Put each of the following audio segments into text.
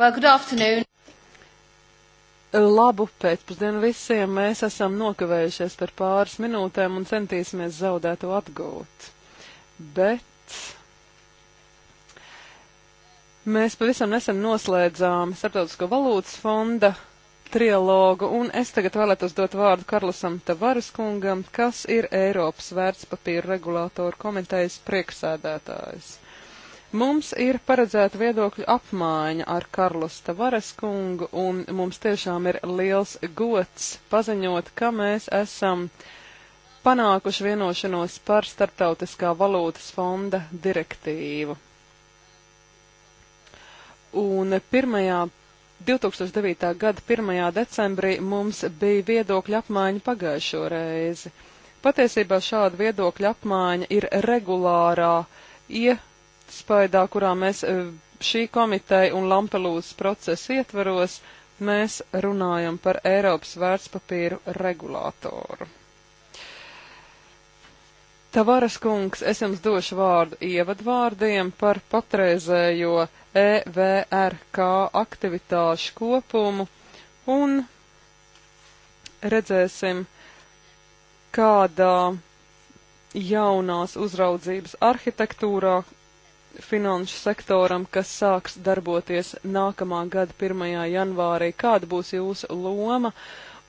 Well, good afternoon. Labu pēcpusdienu visiem. Mēs esam nokavējušies par pāris minūtēm un centīsimies zaudēto atgūt. Bet mēs pavisam nesen noslēdzām Starptautisko valūtas fonda trilogu, un es tagad vēlētos dot vārdu Karlosam Tavares kungam, kas ir Eiropas vērtspapīra regulātoru komitejas priekšsēdētājs. Mums ir paredzēta viedokļu apmaiņa ar Karlos Tavares kungu, un mums tiešām ir liels gods paziņot, ka mēs esam panākuši vienošanos par Startautiskā valūtas fonda direktīvu. Un 1. 2009. gada 1. decembrī mums bija viedokļa apmaiņa pagājušo reizi. Patiesībā šāda viedokļa apmaiņa ir regulārā ie, spaidā, kurā mēs eh, šī komiteja un Lampelūzas procesa ietvaros, mēs runājam par Eiropas vērtspapīru regulātoru. Tavares kungs, es jums došu vārdu ievadvārdiem par patreizējo EVRK aktivitāšu kopumu un redzēsim, kādā jaunās uzraudzības arhitektūrā finanšu sektoram, kas sāks darboties nākamā gada 1. janvārī, kāda būs jūsu loma,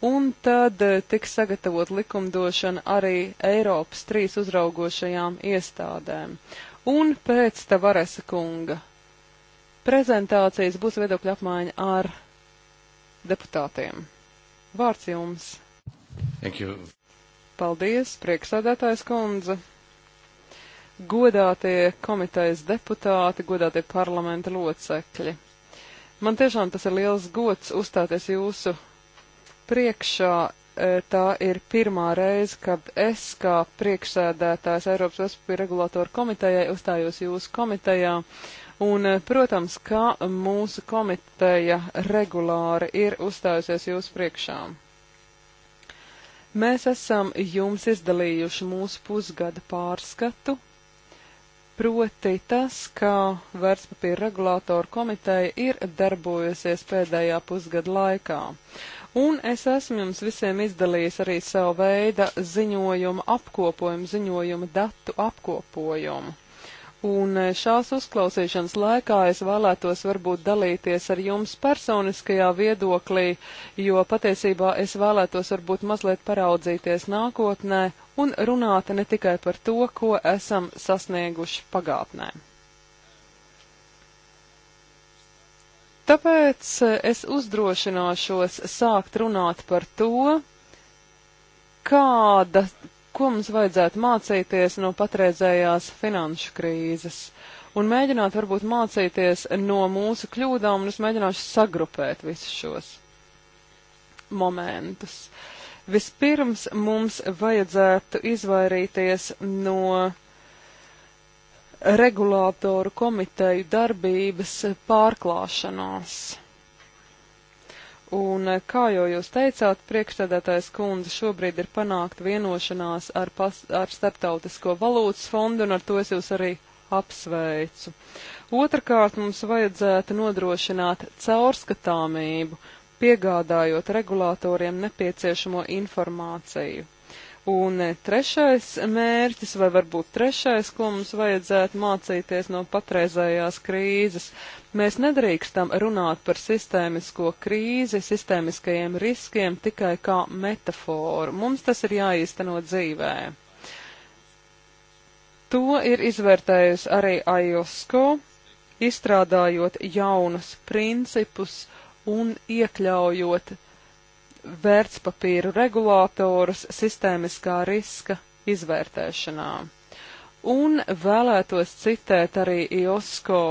un tad eh, tiks sagatavot likumdošana arī Eiropas trīs uzraugošajām iestādēm. Un pēc Tavaresa kunga prezentācijas būs viedokļa apmaiņa ar deputātiem. Vārds jums. Paldies, prieksēdētājs kundze godātie komitejas deputāti, godātie parlamenta locekļi. Man tiešām tas ir liels gods uzstāties jūsu priekšā. E, tā ir pirmā reize, kad es kā priekšsēdētājs Eiropas Vespapīra regulātoru komitejai uzstājos jūsu komitejā. Un, e, protams, ka mūsu komiteja regulāri ir uzstājusies jūsu priekšām. Mēs esam jums izdalījuši mūsu pusgada pārskatu Proti tas, ka vērtspapīra regulātora komiteja ir darbojusies pēdējā pusgada laikā. Un es esmu jums visiem izdalījis arī savu veidu ziņojumu apkopojumu, ziņojumu datu apkopojumu. Un eh, šās uzklausīšanas laikā es vēlētos varbūt dalīties ar jums personiskajā viedoklī, jo patiesībā es vēlētos varbūt mazliet paraudzīties nākotnē un runāt ne tikai par to, ko esam sasnieguši pagātnē. Tāpēc eh, es uzdrošināšos sākt runāt par to, kāda, ko mums vajadzētu mācīties no patreizējās finanšu krīzes. Un mēģināt varbūt mācīties no mūsu kļūdām, un es mēģināšu sagrupēt visus šos momentus. Vispirms mums vajadzētu izvairīties no regulātoru komiteju darbības pārklāšanās. Un, eh, kā jau jūs teicāt, priekšstādātais kundze šobrīd ir panākt vienošanās ar, pas, ar Startautisko valūtas fondu, un ar to es jūs arī apsveicu. Otrakārt, mums vajadzētu nodrošināt caurskatāmību, piegādājot regulātoriem nepieciešamo informāciju. Un eh, trešais mērķis, vai varbūt trešais, ko mums vajadzētu mācīties no patreizējās krīzes, mēs nedrīkstam runāt par sistēmisko krīzi, sistēmiskajiem riskiem tikai kā metaforu. Mums tas ir jāīsteno dzīvē. To ir izvērtējusi arī AIOSCO, izstrādājot jaunus principus un iekļaujot vērtspapīru regulātorus sistēmiskā riska izvērtēšanā. Un vēlētos citēt arī IOSCO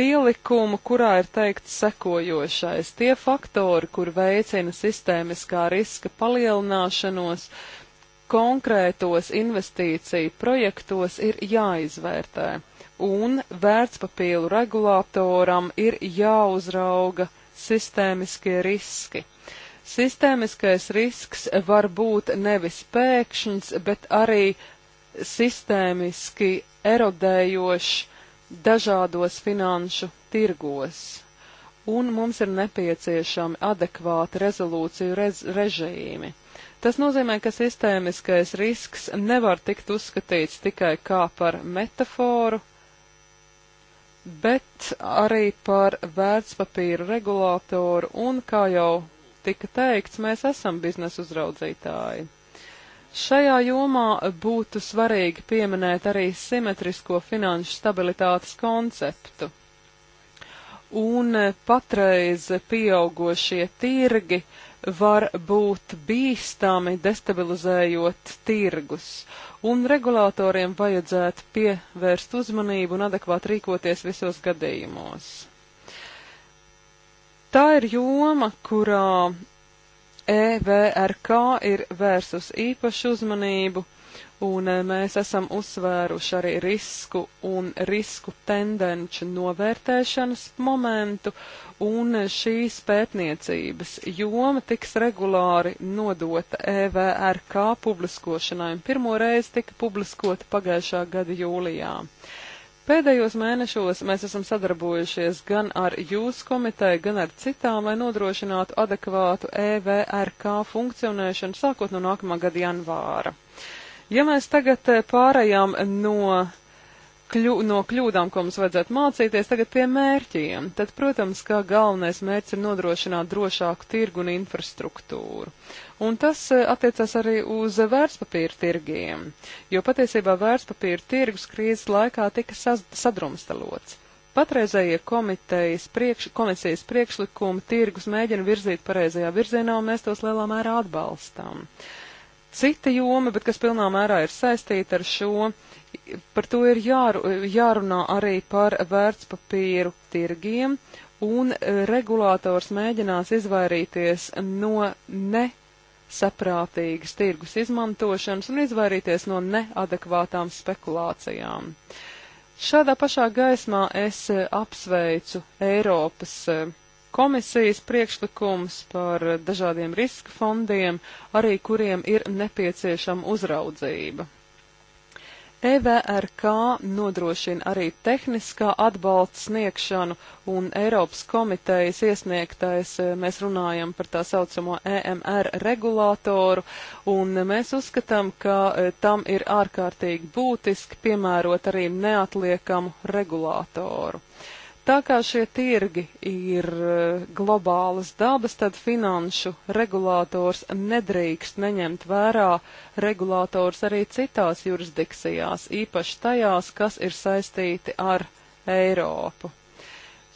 pielikumu, kurā ir teikts sekojošais. Tie faktori, kur veicina sistēmiskā riska palielināšanos, konkrētos investīciju projektos ir jāizvērtē, un vērtspapīru regulātoram ir jāuzrauga sistēmiskie riski. Sistēmiskais risks var būt nevis pēkšņs, bet arī sistēmiski erodējošs dažādos finanšu tirgos. Un mums ir nepieciešami adekvāti rezolūciju rez režīmi. Tas nozīmē, ka sistēmiskais risks nevar tikt uzskatīts tikai kā par metaforu, bet arī par vērtspapīru regulātoru un, kā jau tika teikts, mēs esam biznesa uzraudzītāji. Šajā jomā būtu svarīgi pieminēt arī simetrisko finanšu stabilitātes konceptu. Un patreiz pieaugošie tirgi uh, var būt bīstami destabilizējot tirgus, un regulātoriem vajadzētu pievērst uzmanību un adekvāti rīkoties visos gadījumos. Tā ir joma, kurā EVRK ir vērsus īpašu uzmanību, un eh, mēs esam uzsvēruši arī risku un risku tendenču novērtēšanas momentu, un šīs pētniecības joma tiks regulāri nodota EVRK publiskošanai, un pirmo reizi tika publiskota pagājušā gada jūlijā. Pēdējos mēnešos mēs esam sadarbojušies gan ar jūsu komiteju, gan ar citām, lai nodrošinātu adekvātu EVRK funkcionēšanu sākot no nākamā gada janvāra. Ja mēs tagad eh, pārējām no, kļu, no kļūdām, ko mums vajadzētu mācīties, tagad pie mērķiem, tad, protams, kā galvenais mērķis ir nodrošināt drošāku tirgu un infrastruktūru. Un tas eh, attiecas arī uz vērtspapīra tirgiem, jo patiesībā vērtspapīra tirgus krīzes laikā tika sadrumstalots. Patreizējie priekš, komisijas priekšlikumi tirgus mēģina virzīt pareizajā virzienā, un mēs tos lielā mērā atbalstām. Uh, cita joma, bet kas pilnā mērā ir saistīta ar šo. Par to ir jāru, jārunā arī par vērtspapīru tirgiem, un regulātors mēģinās izvairīties no ne saprātīgas tirgus izmantošanas un izvairīties no neadekvātām spekulācijām. Šādā pašā gaismā es apsveicu Eiropas uh, komisijas priekšlikums par dažādiem riska fondiem, arī kuriem ir nepieciešama uzraudzība. EVRK nodrošina arī tehniskā atbalsta sniegšanu un Eiropas komitejas iesniegtais, eh, mēs runājam par tā saucamo EMR regulātoru, un mēs uzskatām, ka eh, tam ir ārkārtīgi būtiski piemērot arī neatliekamu regulātoru. Uh, Tā kā šie tirgi ir eh, globālas dabas, tad finanšu regulators nedrīkst neņemt vērā regulators arī citās jurisdikcijās, īpaši tajās, kas ir saistīti ar Eiropu.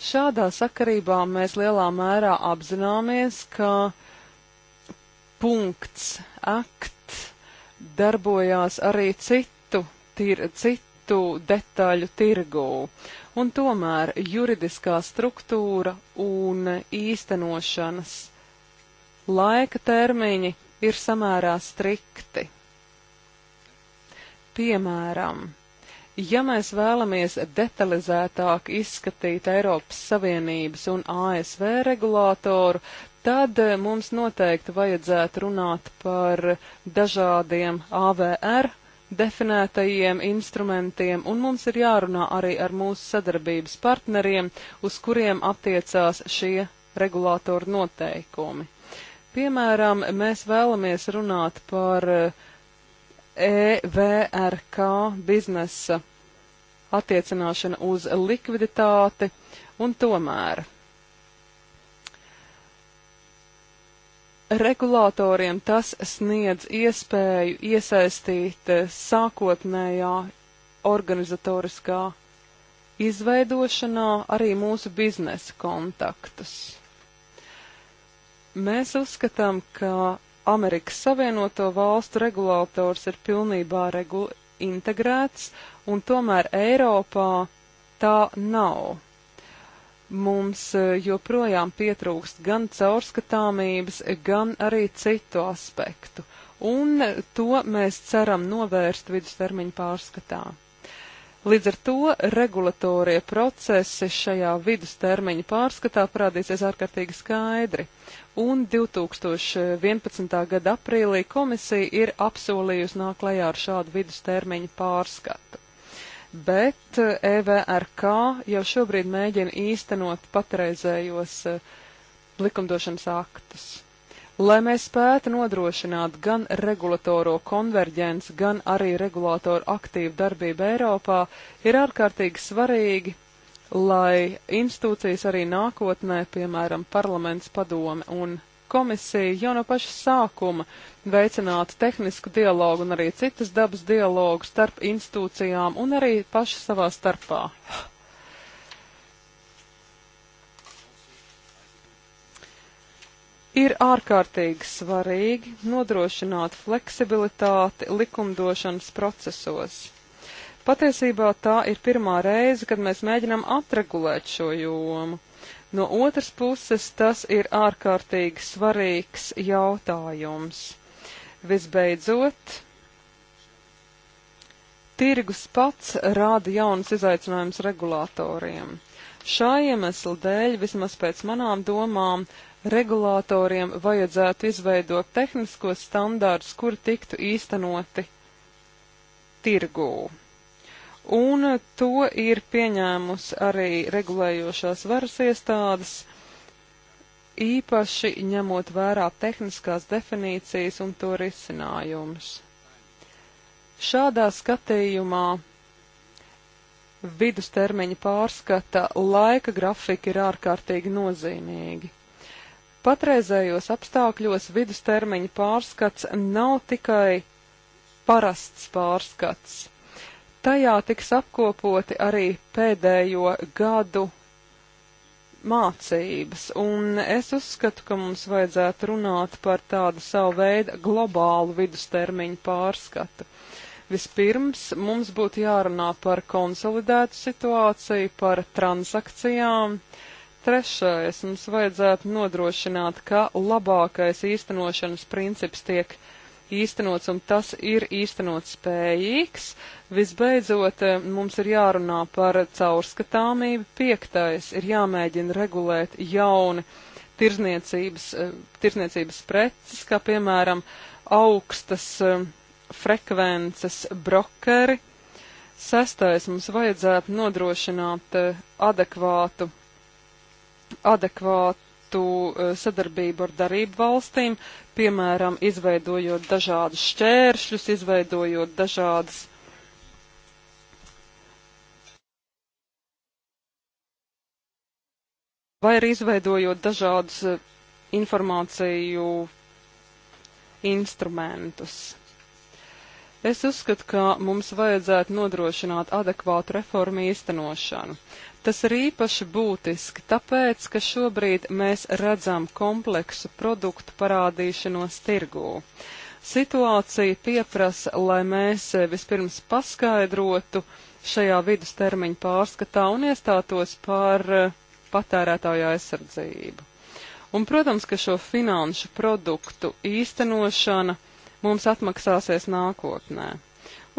Šādā sakarībā mēs lielā mērā apzināmies, ka punkts akt darbojās arī citu, tir, citu detaļu tirgū. Uh, un tomēr juridiskā struktūra un īstenošanas laika termiņi ir samērā strikti. Piemēram, ja mēs vēlamies detalizētāk izskatīt Eiropas Savienības un ASV regulātoru, tad mums noteikti vajadzētu runāt par dažādiem AVR definētajiem instrumentiem, un mums ir jārunā arī ar mūsu sadarbības partneriem, uz kuriem attiecās šie regulātori noteikumi. Piemēram, mēs vēlamies runāt par EVRK eh, e biznesa attiecināšanu uz likviditāti, un tomēr regulātoriem tas sniedz iespēju iesaistīt eh, sākotnējā organizatoriskā izveidošanā arī mūsu biznesa kontaktus. Mēs uzskatām, ka Amerikas Savienoto Valstu regulators ir pilnībā regu integrēts, un tomēr Eiropā tā nav mums e, joprojām pietrūkst gan caurskatāmības, gan arī citu aspektu. Un e, to mēs ceram novērst vidustermiņu pārskatā. Līdz ar to regulatorie procesi šajā vidustermiņa pārskatā parādīsies ārkārtīgi skaidri. Un 2011. gada aprīlī komisija ir apsolījusi nāk lejā ar šādu vidustermiņa pārskatu bet EVRK eh, e jau šobrīd mēģina īstenot patreizējos eh, likumdošanas aktus. Lai mēs spētu nodrošināt gan regulatoro konverģenci, gan arī regulātoru aktīvu darbību Eiropā, ir ārkārtīgi svarīgi, lai institūcijas arī nākotnē, piemēram, parlaments padome un komisija jau no paša sākuma veicinātu tehnisku dialogu un arī citas dabas dialogu starp institūcijām un arī paši savā starpā. Ir ārkārtīgi svarīgi nodrošināt fleksibilitāti likumdošanas procesos. Patiesībā tā ir pirmā reize, kad mēs mēģinām atregulēt šo jomu. No otras puses, tas ir ārkārtīgi svarīgs jautājums. Visbeidzot, tirgus pats rāda jaunas izaicinājumus regulātoriem. Šā iemesla dēļ, vismaz pēc manām domām, regulātoriem vajadzētu izveidot tehniskos standārus, kuri tiktu īstenoti tirgū un to ir pieņēmusi arī regulējošās varas iestādes, īpaši ņemot vērā tehniskās definīcijas un to risinājumus. Šādā skatījumā vidustermiņa pārskata laika grafika ir ārkārtīgi nozīmīgi. Patreizējos apstākļos vidustermiņa pārskats nav tikai parasts pārskats. Tajā tiks apkopoti arī pēdējo gadu mācības, un es uzskatu, ka mums vajadzētu runāt par tādu savu veidu globālu vidustermiņu pārskatu. Vispirms mums būtu jārunā par konsolidētu situāciju, par transakcijām. Trešais, mums vajadzētu nodrošināt, ka labākais īstenošanas princips tiek izmantots īstenots, un tas ir īstenot spējīgs. Visbeidzot, eh, mums ir jārunā par caurskatāmību. Piektais ir jāmēģina regulēt jauni tirzniecības, eh, tirzniecības preces, kā piemēram augstas eh, frekvences brokeri. Sestais mums vajadzētu nodrošināt adekvātu, adekvātu noteiktu eh, sadarbību ar darību valstīm, piemēram, izveidojot dažādus šķēršļus, izveidojot dažādas. Vai arī izveidojot dažādus eh, informāciju instrumentus. Es uzskatu, ka mums vajadzētu nodrošināt adekvātu reformu īstenošanu. Tas ir īpaši būtiski, tāpēc, ka šobrīd mēs redzam kompleksu produktu parādīšanos tirgū. Situācija pieprasa, lai mēs vispirms paskaidrotu šajā vidustermiņa pārskatā un iestātos par eh, patērētāju aizsardzību. Un, protams, ka šo finanšu produktu īstenošana mums atmaksāsies nākotnē.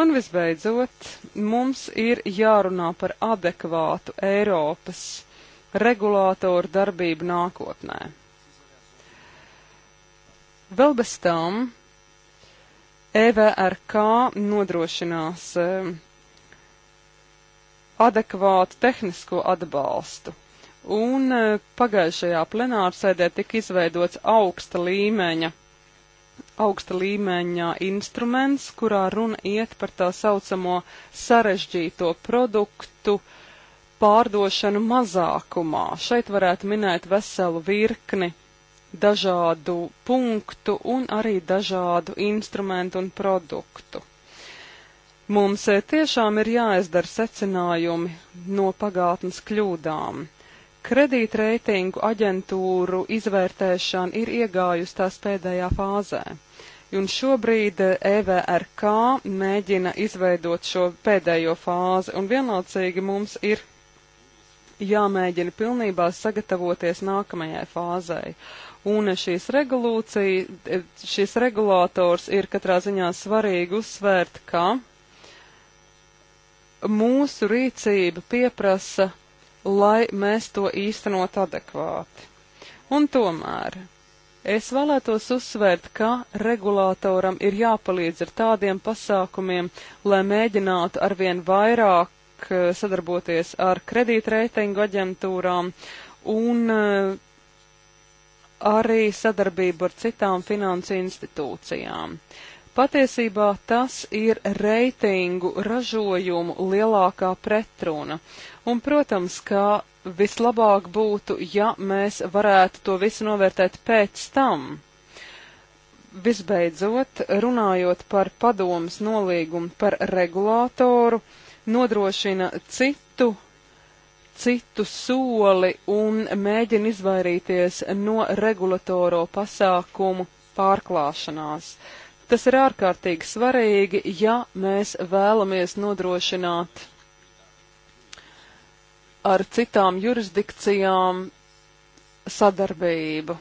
Un visbeidzot, mums ir jārunā par adekvātu Eiropas regulātoru darbību nākotnē. Vēl bez tam EVRK nodrošinās eh, adekvātu tehnisko atbalstu. Un eh, pagājušajā plenārsēdē tika izveidots augsta līmeņa augsta līmeņa instruments, kurā runa iet par tā saucamo sarežģīto produktu pārdošanu mazākumā. Šeit varētu minēt veselu virkni dažādu punktu un arī dažādu instrumentu un produktu. Mums e, tiešām ir jāizdara secinājumi no pagātnes kļūdām. Kredītreitingu aģentūru izvērtēšana ir iegājusi tās pēdējā fāzē, un šobrīd EVRK mēģina izveidot šo pēdējo fāzi, un vienlaicīgi mums ir jāmēģina pilnībā sagatavoties nākamajai fāzei. Un šīs, šīs regulators ir katrā ziņā svarīgi uzsvērt, ka mūsu rīcība pieprasa lai mēs to īstenot adekvāti. Un tomēr es vēlētos uzsvērt, ka regulātoram ir jāpalīdz ar tādiem pasākumiem, lai mēģinātu arvien vairāk eh, sadarboties ar kredītreitingu aģentūrām un eh, arī sadarbību ar citām finansu institūcijām. Patiesībā tas ir reitingu ražojumu lielākā pretruna. Uh, Un, protams, ka vislabāk būtu, ja mēs varētu to visu novērtēt pēc tam. Visbeidzot, runājot par padomas nolīgumu par regulātoru, nodrošina citu, citu soli un mēģina izvairīties no regulatoro pasākumu pārklāšanās. Tas ir ārkārtīgi svarīgi, ja mēs vēlamies nodrošināt ar citām jurisdikcijām sadarbību.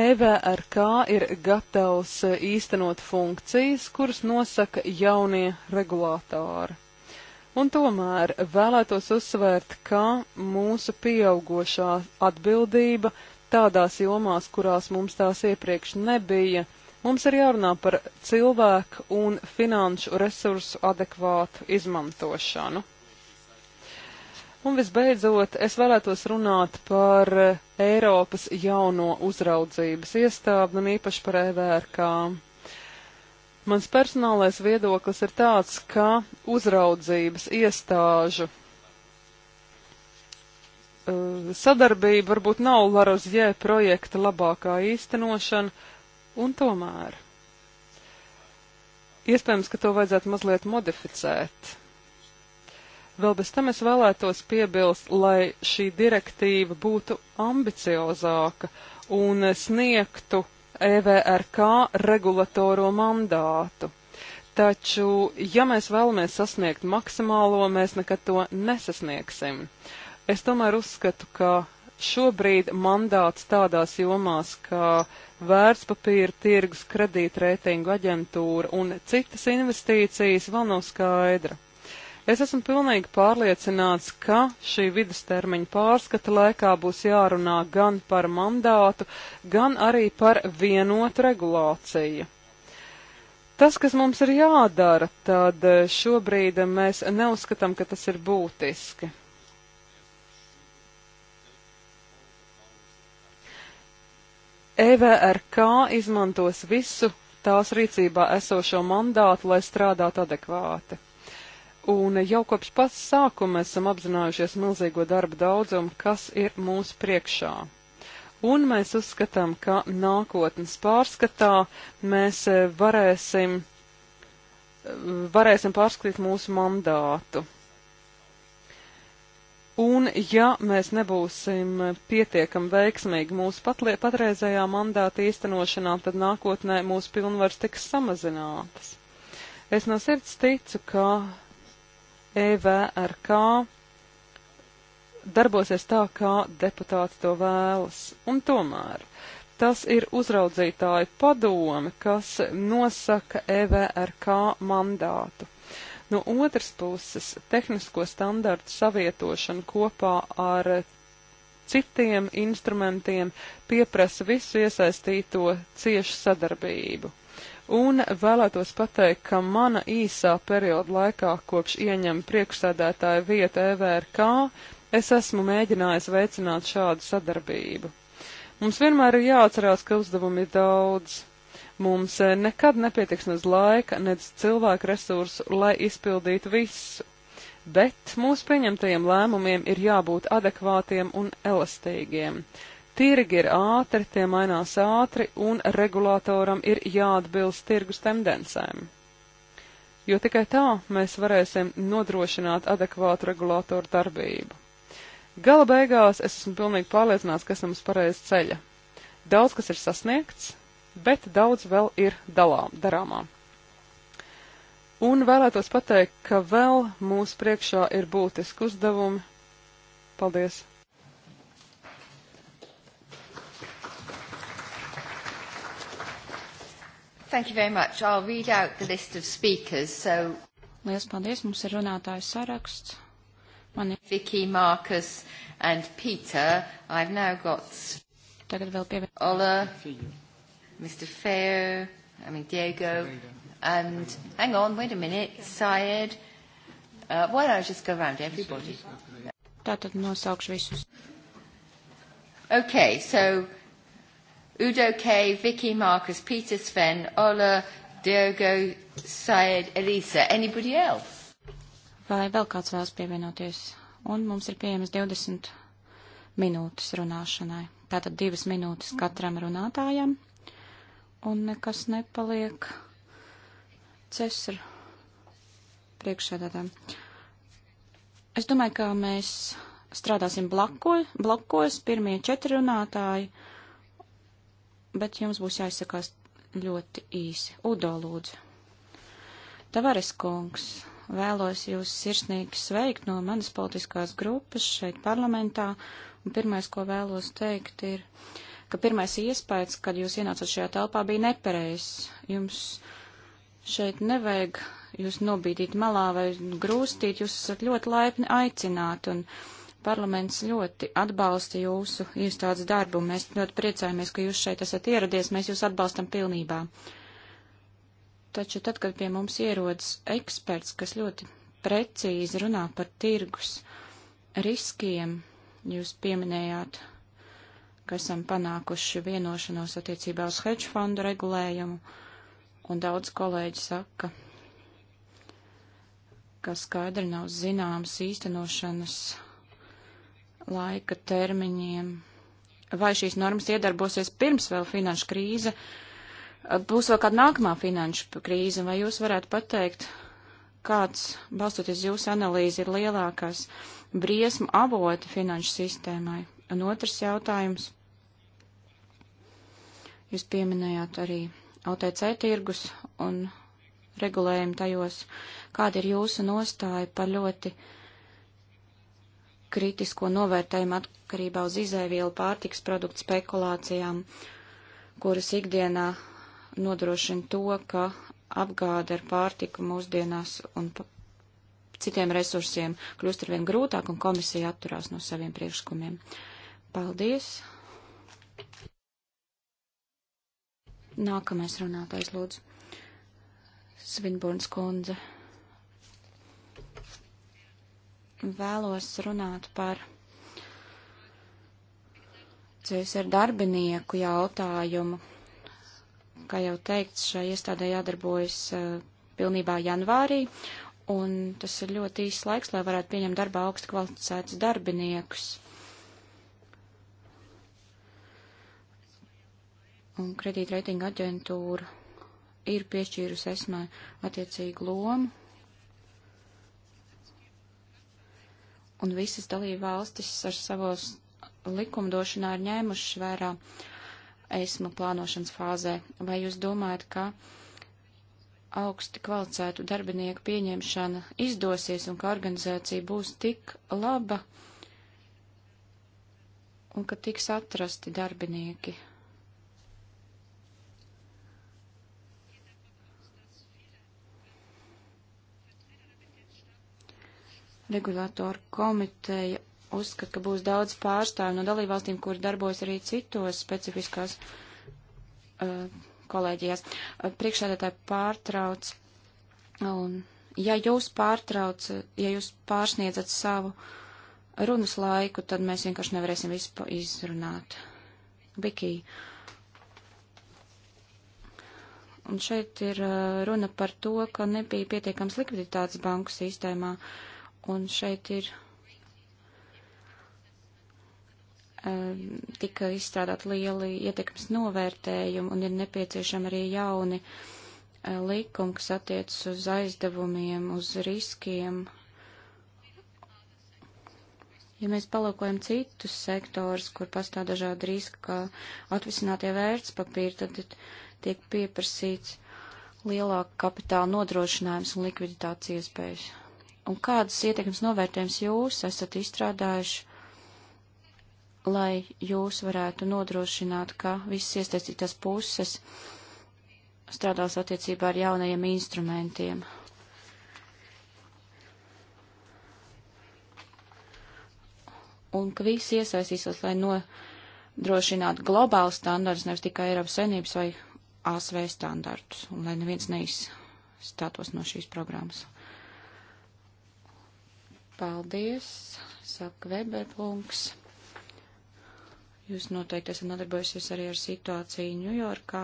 EVRK ir gatavs īstenot funkcijas, kuras nosaka jaunie regulātori. Un tomēr vēlētos uzsvērt, ka mūsu pieaugošā atbildība tādās jomās, kurās mums tās iepriekš nebija, Mums ir jārunā par cilvēku un finanšu resursu adekvātu izmantošanu. Un visbeidzot, es vēlētos runāt par Eiropas jauno uzraudzības iestādi un īpaši par EVRK. Mans personālais viedoklis ir tāds, ka uzraudzības iestāžu eh, sadarbība varbūt nav Larozjē projekta labākā īstenošana, Un tomēr, iespējams, ka to vajadzētu mazliet modificēt. Vēl bez tam es vēlētos piebilst, lai šī direktīva būtu ambiciozāka un sniegtu EVRK regulatoro mandātu. Taču, ja mēs vēlamies sasniegt maksimālo, mēs nekad to nesasniegsim. Es tomēr uzskatu, ka šobrīd mandāts tādās jomās, kā ka vērtspapīra tirgus, kredītreitingu aģentūra un citas investīcijas vēl nav skaidra. Es esmu pilnīgi pārliecināts, ka šī vidustermiņa pārskata laikā būs jārunā gan par mandātu, gan arī par vienotu regulāciju. Tas, kas mums ir jādara, tad šobrīd mēs neuzskatām, ka tas ir būtiski. EVRK izmantos visu tās rīcībā esošo mandātu, lai strādātu adekvāti. Un jau kopš pats sākuma esam apzinājušies milzīgo darba daudzumu, kas ir mūsu priekšā. Un mēs uzskatām, ka nākotnes pārskatā mēs eh, varēsim, eh, varēsim pārskatīt mūsu mandātu. Un ja mēs nebūsim pietiekam veiksmīgi mūsu patreizējā mandāta īstenošanā, tad nākotnē mūsu pilnvars tiks samazinātas. Es no sirds ticu, ka EVRK darbosies tā, kā deputāti to vēlas. Un tomēr tas ir uzraudzītāju padome, kas nosaka EVRK mandātu. No otras puses, tehnisko standartu savietošana kopā ar citiem instrumentiem pieprasa visu iesaistīto ciešu sadarbību. Un vēlētos pateikt, ka mana īsā perioda laikā, kopš ieņem priekšsēdētāja vietu EVRK, es esmu mēģinājis veicināt šādu sadarbību. Mums vienmēr ir jāatcerās, ka uzdevumi ir daudz. Mums eh, nekad nepietiks nec laika, nec cilvēku resursu, lai izpildītu visu. Bet mūsu pieņemtajiem lēmumiem ir jābūt adekvātiem un elastīgiem. Tirgi ir ātri, tie mainās ātri, un regulātoram ir jāatbilst tirgus tendencēm. Jo tikai tā mēs varēsim nodrošināt adekvātu regulātoru darbību. Gala beigās es esmu pilnīgi pārliecināts, ka esam uz pareiz ceļa. Daudz kas ir sasniegts, bet daudz vēl ir dalām, darāmā. Un vēlētos pateikt, ka vēl mūsu priekšā ir būtiski uzdevumi. Paldies! Thank you very much. I'll read out the list of speakers. So... Liels paldies, mums ir runātājs saraksts. Man ir Vicky, Marcus and Peter. I've now got... Tagad vēl pievienot. Ola. Fiju. Mr. Feo, I mean Diego, and hang on, wait a minute, Syed. Uh, why don't I just go around everybody? Tātad nosaukšu visus. Okay, so Udo K, Vicky, Marcus, Peter, Sven, Ola, Diogo, Syed, Elisa. Anybody else? Vai vēl kāds vēlas pievienoties? Un mums ir pieejamas 20 minūtes runāšanai. Tātad divas minūtes katram runātājam un nekas nepaliek cesra priekšsēdētājiem. Es domāju, ka mēs strādāsim blaku, blokos, pirmie četri runātāji, bet jums būs jāizsakās ļoti īsi. Udo lūdzu. Tavares kungs, vēlos jūs sirsnīgi sveikt no manas politiskās grupas šeit parlamentā, un pirmais, ko vēlos teikt, ir ka pirmais iespējas, kad jūs ienācat šajā telpā, bija nepareizs. Jums šeit nevajag jūs nobīdīt malā vai grūstīt, jūs esat ļoti laipni aicināti, un parlaments ļoti atbalsta jūsu iestādes darbu. Mēs ļoti priecājamies, ka jūs šeit esat ieradies, mēs jūs atbalstam pilnībā. Taču tad, kad pie mums ierodas eksperts, kas ļoti precīzi runā par tirgus riskiem, jūs pieminējāt ka esam panākuši vienošanos attiecībā uz hedge fondu regulējumu, un daudz kolēģi saka, ka skaidri nav zināms īstenošanas laika termiņiem, vai šīs normas iedarbosies pirms vēl finanšu krīze, būs vēl kāda nākamā finanšu krīze, vai jūs varētu pateikt, kāds, balstoties jūsu analīzi, ir lielākās briesmu avoti finanšu sistēmai? Un otrs jautājums. Jūs pieminējāt arī OTC tirgus un regulējumu tajos. Kāda ir jūsu nostāja par ļoti kritisko novērtējumu atkarībā uz izēvielu pārtiks produktu spekulācijām, kuras ikdienā nodrošina to, ka apgāde ar pārtiku mūsdienās un citiem resursiem kļūst arvien grūtāk un komisija atturās no saviem priekšlikumiem. Uh, Paldies! Nākamais runātājs lūdzu. Svinburns kundze. Vēlos runāt par ceļus ar darbinieku jautājumu. Kā jau teikts, šai iestādē jādarbojas uh, pilnībā janvārī, un tas ir ļoti īsts laiks, lai varētu pieņemt darbā augstu kvalificētus darbiniekus. un kredītreitinga aģentūra ir piešķīrusi esmai attiecīgu lomu, un visas dalība valstis ar savos likumdošanā ir ņēmušas vērā esmu plānošanas fāzē. Vai jūs domājat, ka augsti kvalificētu darbinieku pieņemšana izdosies un ka organizācija būs tik laba un ka tiks atrasti darbinieki? Regulātoru komiteja uzskata, ka būs daudz pārstāvju no dalībvalstīm, kur darbojas arī citos specifiskās uh, kolēģijās. Uh, Priekšsēdētāji pārtrauc, un ja jūs pārtrauc, ja jūs pārsniedzat savu runas laiku, tad mēs vienkārši nevarēsim visu izrunāt. Bikī. Un šeit ir uh, runa par to, ka nebija pietiekams likviditātes banku sistēmā. Uh, un šeit ir eh, tika izstrādāt lieli ietekmes novērtējumi un ir nepieciešami arī jauni eh, likumi, kas attiecas uz aizdevumiem, uz riskiem. Ja mēs palūkojam citus sektors, kur pastāv dažādi riski, kā atvisinātie vērtspapīri, tad tiek pieprasīts lielāka kapitāla nodrošinājums un likviditācijas iespējas un kādas ietekmes novērtējums jūs esat izstrādājuši, lai jūs varētu nodrošināt, ka visas iesaistītās puses strādās attiecībā ar jaunajiem instrumentiem? Un ka visi iesaistīsies, lai nodrošinātu globālu standartus, nevis tikai Eiropas saimnības vai ASV standartus, un lai neviens neizstātos no šīs programmas. Paldies, saka Weberpunkts. Jūs noteikti esat nodarbojusies arī ar situāciju Ņujorkā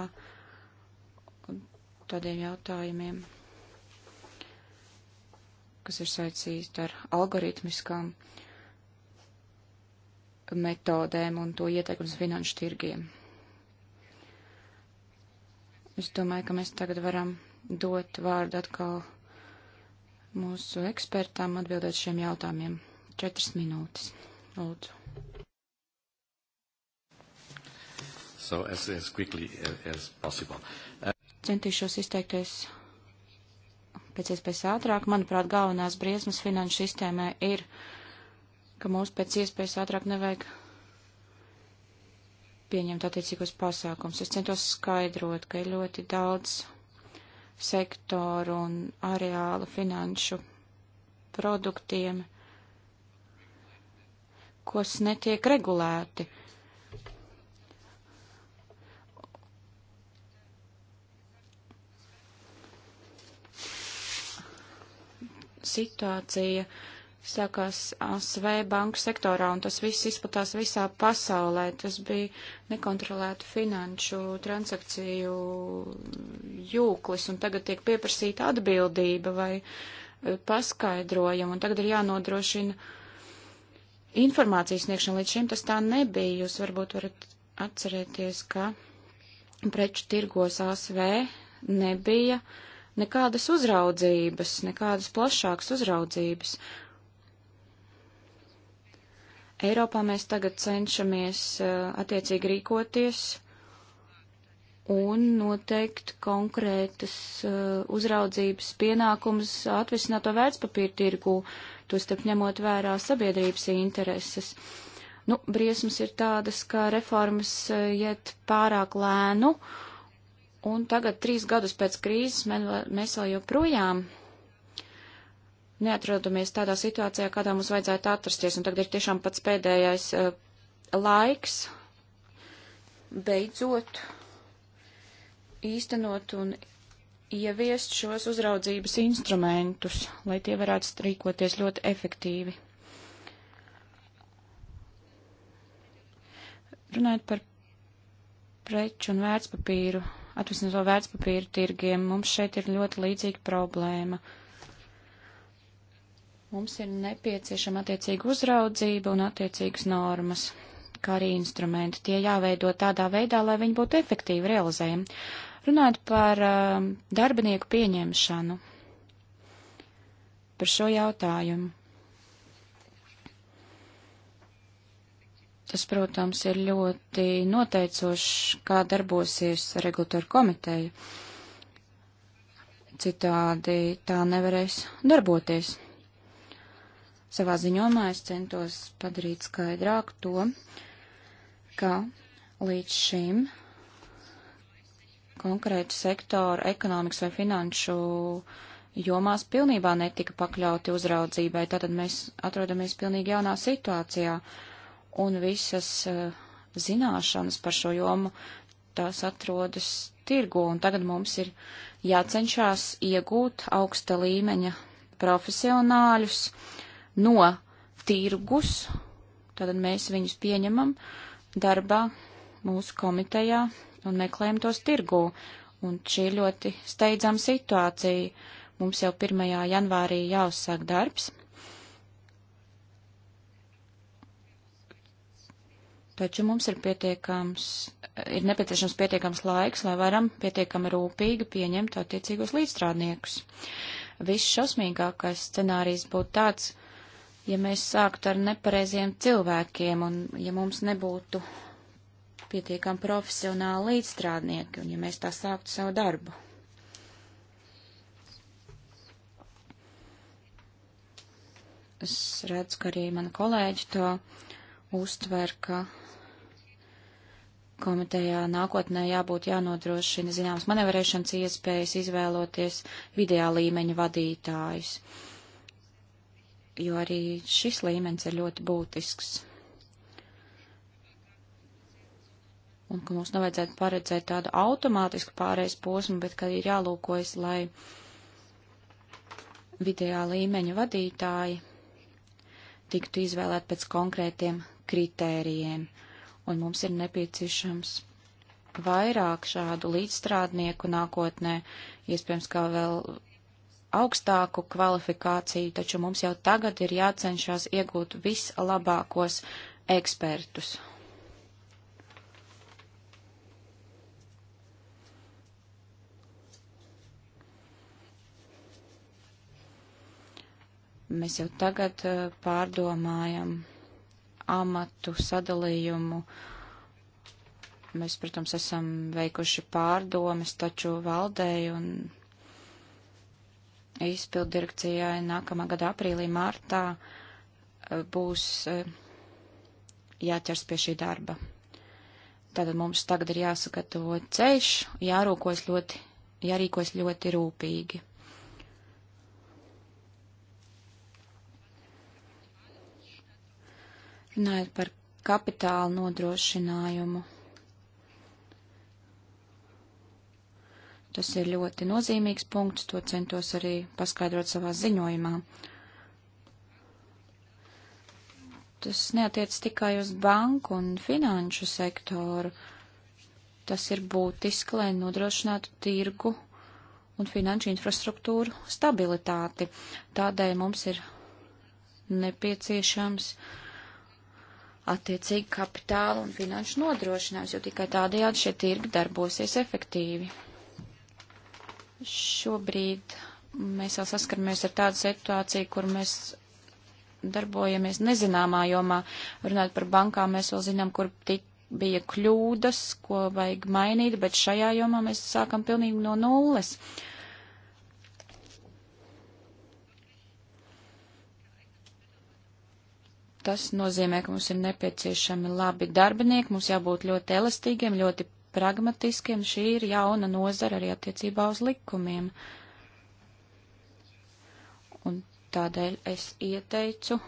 un tādiem jautājumiem, kas ir saistīti ar algoritmiskām metodēm un to ieteikums finanšu tirgiem. Es domāju, ka mēs tagad varam dot vārdu atkal mūsu ekspertām atbildēt šiem jautājumiem. Četras minūtes. Lūdzu. So as, as quickly as possible. Uh... Centīšos izteikties pēc iespējas ātrāk. Manuprāt, galvenās briesmas finanšu sistēmē ir, ka mums pēc iespējas ātrāk nevajag pieņemt attiecīgos pasākums. Es centos skaidrot, ka ir ļoti daudz sektoru un areālu finanšu produktiem, kas netiek regulēti. Situācija uh, sākās ASV banku sektorā, un tas viss izplatās visā pasaulē. Tas bija nekontrolētu finanšu transakciju jūklis, un tagad tiek pieprasīta atbildība vai eh, paskaidrojuma, un tagad ir jānodrošina informācijas sniegšana. Līdz šim tas tā nebija. Jūs varbūt varat atcerēties, ka preču tirgos ASV nebija nekādas uzraudzības, nekādas plašākas uzraudzības. Eiropā mēs tagad cenšamies eh, attiecīgi rīkoties un noteikt konkrētas eh, uzraudzības pienākumus atvisināto vērtspapīru tirgū, to starp ņemot vērā sabiedrības intereses. Nu, briesmas ir tādas, ka reformas eh, iet pārāk lēnu, un tagad, trīs gadus pēc krīzes, mēs vēl joprojām neatrodamies tādā situācijā, kādā mums vajadzētu atrasties, un tagad ir tiešām pats pēdējais uh, laiks beidzot īstenot un ieviest šos uzraudzības instrumentus, lai tie varētu strīkoties ļoti efektīvi. Runājot par preču un vērtspapīru, atvesinot to vērtspapīru tirgiem, mums šeit ir ļoti līdzīga problēma. Uh, Mums ir nepieciešama attiecīga uzraudzība un attiecīgas normas, kā arī instrumenti. Tie jāveido tādā veidā, lai viņi būtu efektīvi realizējami. Runājot par uh, darbinieku pieņemšanu, par šo jautājumu. Tas, protams, ir ļoti noteicošs, kā darbosies regulatora komiteja. Citādi tā nevarēs darboties. Savā ziņojumā es centos padarīt skaidrāk to, ka līdz šim konkrētu sektoru ekonomikas vai finanšu jomās pilnībā netika pakļauti uzraudzībai. Tātad mēs atrodamies pilnīgi jaunā situācijā un visas uh, zināšanas par šo jomu tās atrodas tirgu, un tagad mums ir jācenšās iegūt augsta līmeņa profesionāļus, uh, no tirgus, tad mēs viņus pieņemam darbā mūsu komitejā un meklējam tos tirgū. Un šī ir ļoti steidzama situācija. Mums jau 1. janvārī jāuzsāk darbs. Taču mums ir pietiekams, ir nepieciešams pietiekams laiks, lai varam pietiekami rūpīgi pieņemt attiecīgos līdzstrādniekus. Viss šausmīgākais scenārijs būtu tāds, ja mēs sāktu ar nepareiziem cilvēkiem un ja mums nebūtu pietiekami profesionāli līdzstrādnieki un ja mēs tā sāktu savu darbu. Es redzu, ka arī mana kolēģi to uztver, ka komitejā nākotnē jābūt jānodrošina zināmas manevrēšanas iespējas, izvēloties vidējā līmeņa vadītājus. Uh, jo arī šis līmenis ir ļoti būtisks. Un ka mums nevajadzētu paredzēt tādu automātisku pārējais posmu, bet ka ir jālūkojas, lai vidējā līmeņa vadītāji tiktu izvēlēt pēc konkrētiem kritērijiem, un mums ir nepieciešams vairāk šādu līdzstrādnieku nākotnē, iespējams, kā vēl augstāku kvalifikāciju, taču mums jau tagad ir jācenšas iegūt vislabākos ekspertus. Mēs jau tagad eh, pārdomājam amatu sadalījumu. Mēs, protams, esam veikuši pārdomas, taču valdēju un izpildirekcijai nākamā gada aprīlī, martā e, būs e, jāķers pie šī darba. Tātad mums tagad ir jāsagatavo ceļš, jārūkojas ļoti, jārīkojas ļoti rūpīgi. Runājot par kapitāla nodrošinājumu. Tas ir ļoti nozīmīgs punkts, to centos arī paskaidrot savā ziņojumā. Tas neatiec tikai uz banku un finanšu sektoru. Tas ir būtiski, lai nodrošinātu tirgu un finanšu infrastruktūru stabilitāti. Tādēļ mums ir nepieciešams attiecīgi kapitāla un finanšu nodrošinājums, jo tikai tādējādi šie tirgi darbosies efektīvi. Šobrīd mēs jau saskaramies ar tādu situāciju, kur mēs darbojamies nezināmā jomā. Runāt par bankām, mēs vēl zinām, kur tik bija kļūdas, ko vajag mainīt, bet šajā jomā mēs sākam pilnīgi no nulles. Tas nozīmē, ka mums ir nepieciešami labi darbinieki, mums jābūt ļoti elastīgiem, ļoti pragmatiskiem. Šī ir jauna nozara arī attiecībā uz likumiem. Un tādēļ es ieteicu,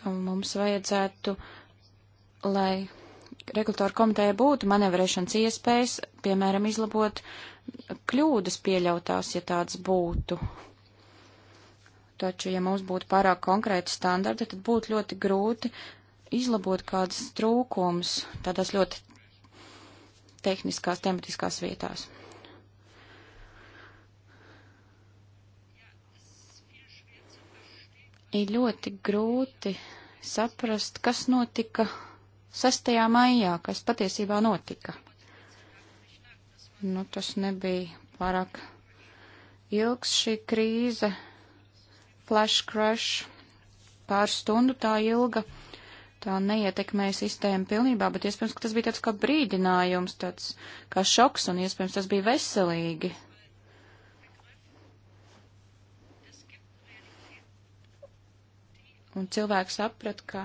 ka mums vajadzētu, lai regulatora komiteja būtu manevrēšanas iespējas, piemēram, izlabot kļūdas pieļautās, ja tāds būtu. Taču, ja mums būtu pārāk konkrēti standarti, tad būtu ļoti grūti izlabot kādas trūkums tādās ļoti tehniskās, tematiskās vietās. Ir ļoti grūti saprast, kas notika 6. maijā, kas patiesībā notika. Nu, tas nebija pārāk ilgs šī krīze, flash crash, pāris stundu tā ilga, tā neietekmēja sistēmu pilnībā, bet iespējams, ka tas bija tāds kā brīdinājums, tāds kā šoks, un iespējams tas bija veselīgi. Un cilvēks saprat, ka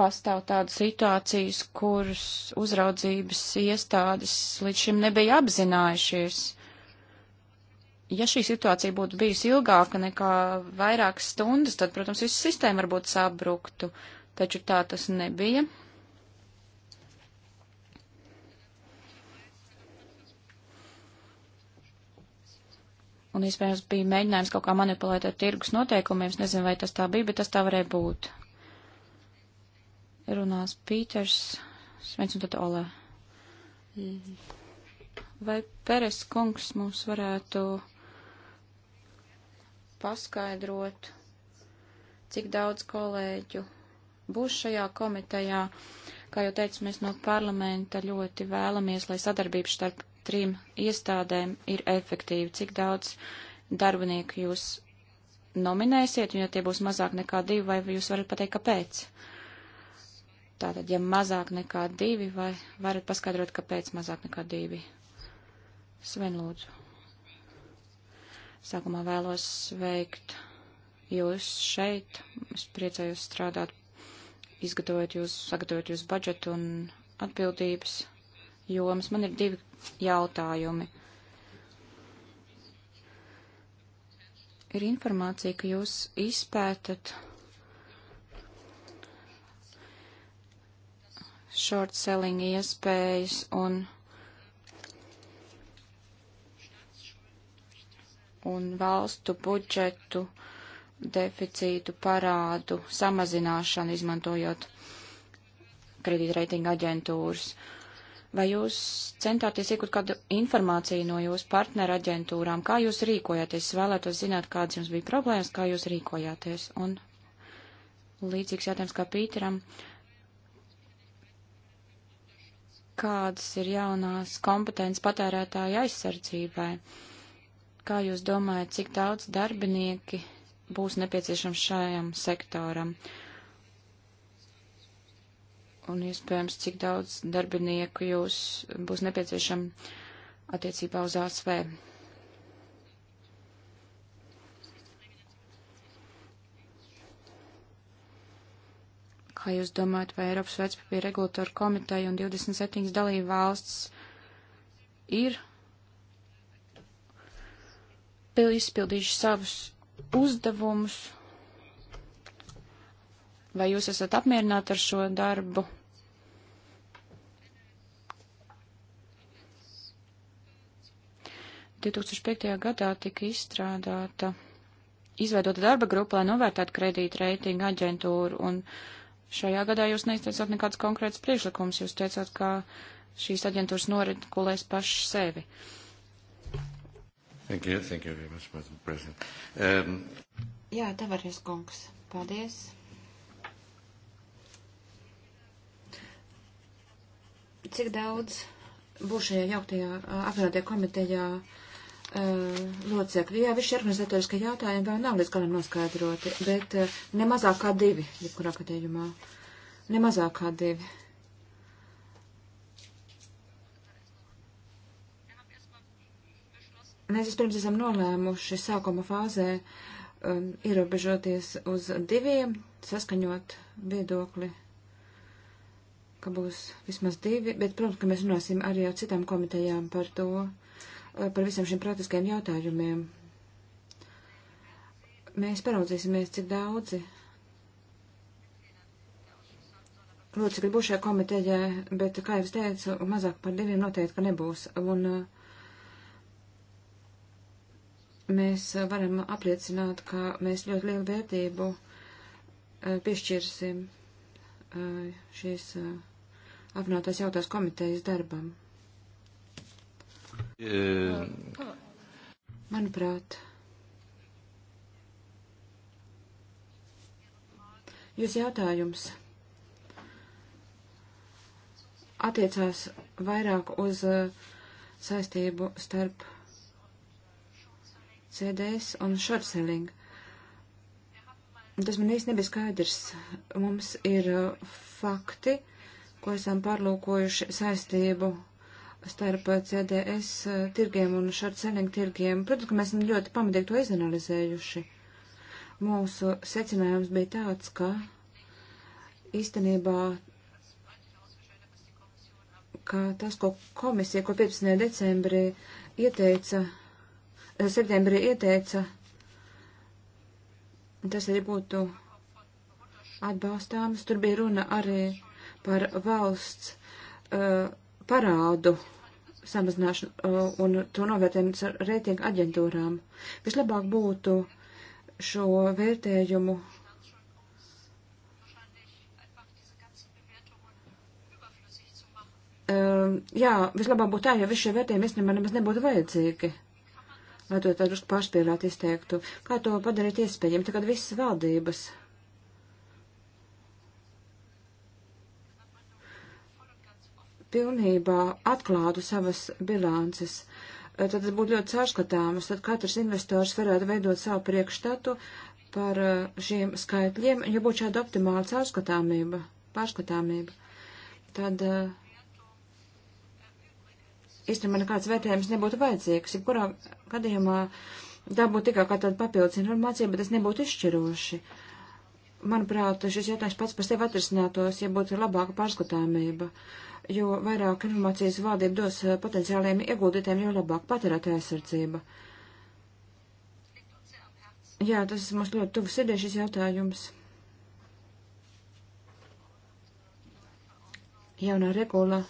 pastāv tādas situācijas, kuras uzraudzības iestādes līdz šim nebija apzinājušies ja šī situācija būtu bijusi ilgāka nekā vairākas stundas, tad, protams, visa sistēma varbūt sabruktu, taču tā tas nebija. Un, iespējams, bija mēģinājums kaut kā manipulēt ar tirgus noteikumiem. Es nezinu, vai tas tā bija, bet tas tā varēja būt. Runās Pīters, Svens un tad Olē. Vai Peres kungs mums varētu paskaidrot, cik daudz kolēģu būs šajā komitejā. Kā jau teicu, mēs no parlamenta ļoti vēlamies, lai sadarbība starp trim iestādēm ir efektīva. Cik daudz darbinieku jūs nominēsiet, un ja tie būs mazāk nekā divi, vai jūs varat pateikt, kāpēc? Tātad, ja mazāk nekā divi, vai varat paskaidrot, kāpēc mazāk nekā divi? Sven, lūdzu. Sākumā vēlos sveikt jūs šeit. Es priecājos strādāt, izgatavot jūs, sagatavot jūs budžetu un atbildības jomas. Man ir divi jautājumi. Ir informācija, ka jūs izpētat short selling iespējas un un valstu budžetu deficītu parādu samazināšanu, izmantojot kredītreitinga aģentūras. Vai jūs centāties iegūt kādu informāciju no jūsu partneru aģentūrām? Kā jūs rīkojāties? Es vēlētos zināt, kādas jums bija problēmas, kā jūs rīkojāties. Un līdzīgs jautājums kā Pīteram. Kādas ir jaunās kompetences patērētāja aizsardzībai? Uh, Kā jūs domājat, cik daudz darbinieki būs nepieciešams šajam sektoram? Un iespējams, cik daudz darbinieku jūs būs nepieciešams attiecībā uz ASV? Kā jūs domājat, vai Eiropas vecpapīra regulatoru komiteja un 27 dalību valsts ir izpildījuši savus uzdevumus. Vai jūs esat apmierināti ar šo darbu? gadā tika izstrādāta, izveidota darba grupa, lai novērtētu kredīta reitinga aģentūru, un šajā gadā jūs neizteicāt nekāds konkrēts priekšlikums, jūs teicāt, ka šīs aģentūras noregulēs paši sevi. Uh, Thank you, thank you very much, Madam President. Um... Jā, Tavares kungs, paldies. Cik daudz būs šajā jauktajā apvienotajā komitejā uh, locekļi? Jā, visi organizatoriskie jautājumi vēl nav līdz galam noskaidroti, bet uh, ne mazāk kā divi, jebkurā gadījumā. Ne mazāk kā divi. Mēs vispirms esam nolēmuši sākuma fāzē um, ierobežoties uz diviem, saskaņot viedokli, ka būs vismaz divi, bet, protams, ka mēs runāsim arī ar citām komitejām par to, uh, par visiem šiem praktiskajiem jautājumiem. Mēs paraudzīsimies, cik daudzi locekļi būs šajā komitejā, bet, kā jau es teicu, mazāk par diviem noteikti, ka nebūs. Un, uh, mēs varam apliecināt, ka mēs ļoti lielu vērtību e, piešķirsim e, šīs e, apvienotās jautās komitejas darbam. Manuprāt, jūs jautājums attiecās vairāk uz saistību starp CDS un short selling. Tas man īsti nebija skaidrs. Mums ir uh, fakti, ko esam pārlūkojuši saistību starp CDS uh, tirgiem un short selling tirgiem. Protams, ka mēs esam ļoti pamatīgi to izanalizējuši. Mūsu secinājums bija tāds, ka īstenībā ka tas, ko komisija, ko 15. decembrī ieteica septembrī ieteica, tas arī būtu atbalstāms. Tur bija runa arī par valsts uh, parādu samazināšanu uh, un to novērtējumu ar reitingu aģentūrām. Vislabāk būtu šo vērtējumu Uh, jā, vislabāk būtu tā, ja visi šie vērtējumi īstenībā nemaz nebūtu vajadzīgi. Uh, lai to tādu pārspīlēt izteiktu. Kā to padarīt iespējami, tagad visas valdības. pilnībā atklātu savas bilances, tad tas būtu ļoti caurskatāmas, tad katrs investors varētu veidot savu priekšstatu par eh, šiem skaitļiem, ja būtu šāda optimāla caurskatāmība, pārskatāmība, tad uh, īstenībā nekāds vērtējums nebūtu vajadzīgs. Jebkurā gadījumā dabūt tikai kā tāda papildus informācija, bet tas nebūtu izšķiroši. Manuprāt, šis jautājums pats par sevi atrisinātos, ja būtu labāka pārskatāmība, jo vairāk informācijas valdība dos potenciāliem ieguldītēm, jo labāk patērētāja aizsardzība. Jā, tas mums ļoti tuvu sirdī šis jautājums. Jaunā regula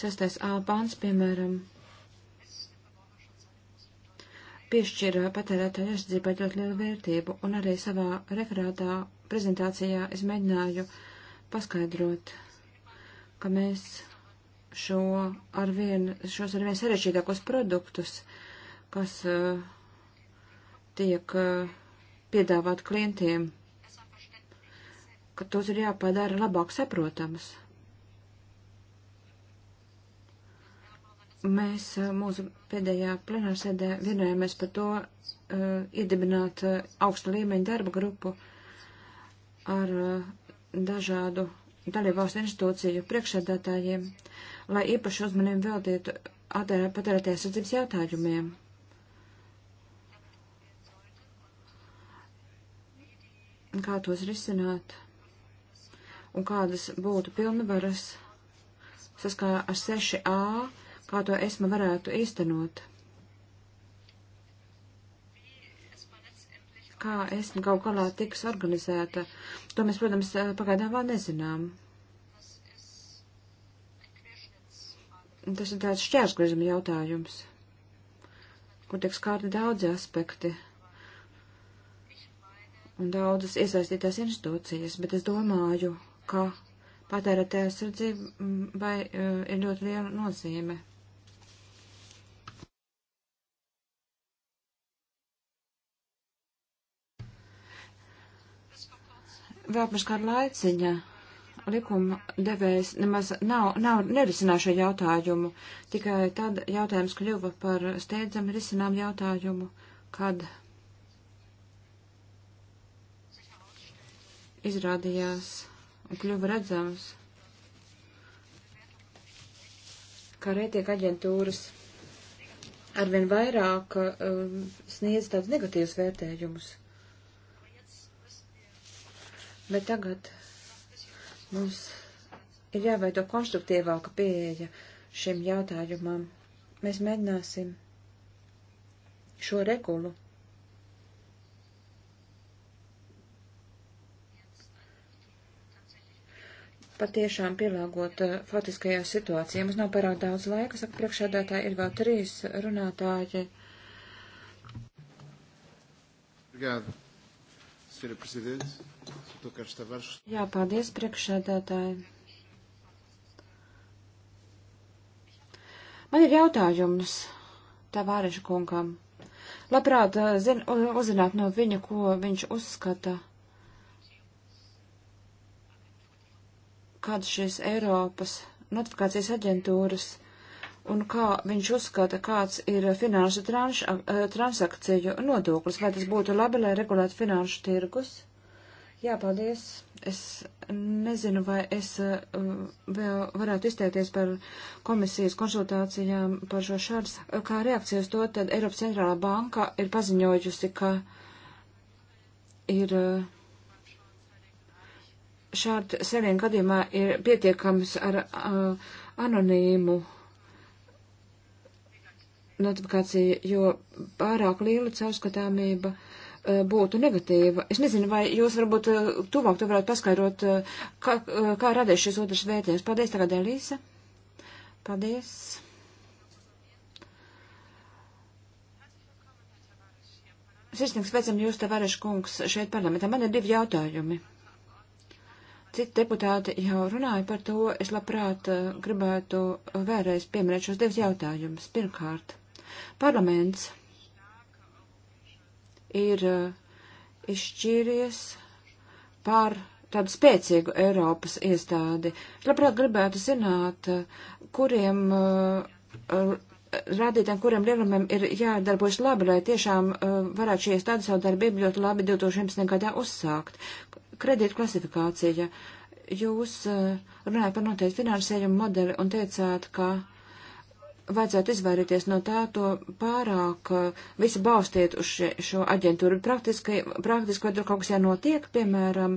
Sestais āpāns, piemēram, piešķir patērētāju aizsardzībai ļoti lielu vērtību, un arī savā referātā prezentācijā es mēģināju paskaidrot, ka mēs šo arvien, šos arvien sarežģītākos produktus, kas uh, tiek uh, piedāvāt klientiem, ka tos ir jāpadara labāk saprotamus. Mēs eh, mūsu pēdējā plenārsēdē vienojāmies par to uh, iedibināt uh, eh, augstu līmeņu darba grupu ar uh, dažādu dalībvalstu institūciju priekšsēdētājiem, lai īpaši uzmanību veltītu patērētāju aizsardzības jautājumiem. Kā tos risināt? Un kādas būtu pilnvaras saskaņā ar 6a kā to esmu varētu īstenot. Kā esmu kaut galā tiks organizēta, to mēs, protams, pagaidām vēl nezinām. Tas ir tāds šķērsgriezuma jautājums, kur tiek skārti daudzi aspekti un daudzas iesaistītās institūcijas, bet es domāju, ka patērētāja aizsardzībai mm, uh, eh, ir ļoti liela nozīme. vēl pirms kāda laiciņa likuma devējs nemaz nav, nav nerisinājuši šo jautājumu, tikai tad jautājums kļuva par steidzami risinām jautājumu, kad izrādījās un kļuva redzams, ka rētiek aģentūras arvien vairāk um, sniedz tādus negatīvus vērtējumus. Bet tagad mums ir jāveido konstruktīvāka pieeja šim jautājumam. Mēs mēģināsim šo regulu patiešām pielāgot uh, faktiskajā situācijā. Mums nav pārāk daudz laika, saka priekšādātāji, ir vēl trīs runātāji. Obrigado. Sra. Presidente, Sr. Carlos Tavares. Jā, paldies, priekšsēdētāji. Man ir jautājums Tavāreša kungam. Labprāt, eh, zin, uzzināt no viņa, ko viņš uzskata, kāds šīs Eiropas notifikācijas aģentūras un kā viņš uzskata, kāds ir finanšu tranš, transakciju nodoklis, vai tas būtu labi, lai regulētu finanšu tirgus. Jā, paldies. Es nezinu, vai es vēl varētu izteikties par komisijas konsultācijām par šo šāds. Kā reakcija uz to, tad Eiropas centrālā banka ir paziņojusi, ka ir šādi sēdien gadījumā ir pietiekams ar uh, anonīmu uh, notifikācija, jo pārāk liela caurskatāmība eh, būtu negatīva. Es nezinu, vai jūs varbūt eh, tuvāk to varētu paskaidrot, eh, kā, kā radies šis otrs vērtējums. Paldies tagad, Elīsa. Paldies. Sirsnīgs veicam jūs, tavarešu kungs, šeit parlamentā. Man ir divi jautājumi. Citi deputāti jau runāja par to. Es labprāt gribētu vēlreiz pieminēt šos divus jautājumus. Pirmkārt. Parlaments ir eh, izšķīries par tādu spēcīgu Eiropas iestādi. Labprāt gribētu zināt, kuriem eh, rādītājiem, kuriem lielumiem ir jādarbojas labi, lai tiešām eh, varētu šī iestāde savu darbību ļoti labi 2011. gadā uzsākt. Kredītu klasifikācija. Jūs runājat par noteikti finansējumu modeli un teicāt, ka vajadzētu izvairīties no tā, to pārāk uh, visi balstiet uz še, šo aģentūru. Praktiski, praktiski vai tur kaut kas jānotiek, piemēram,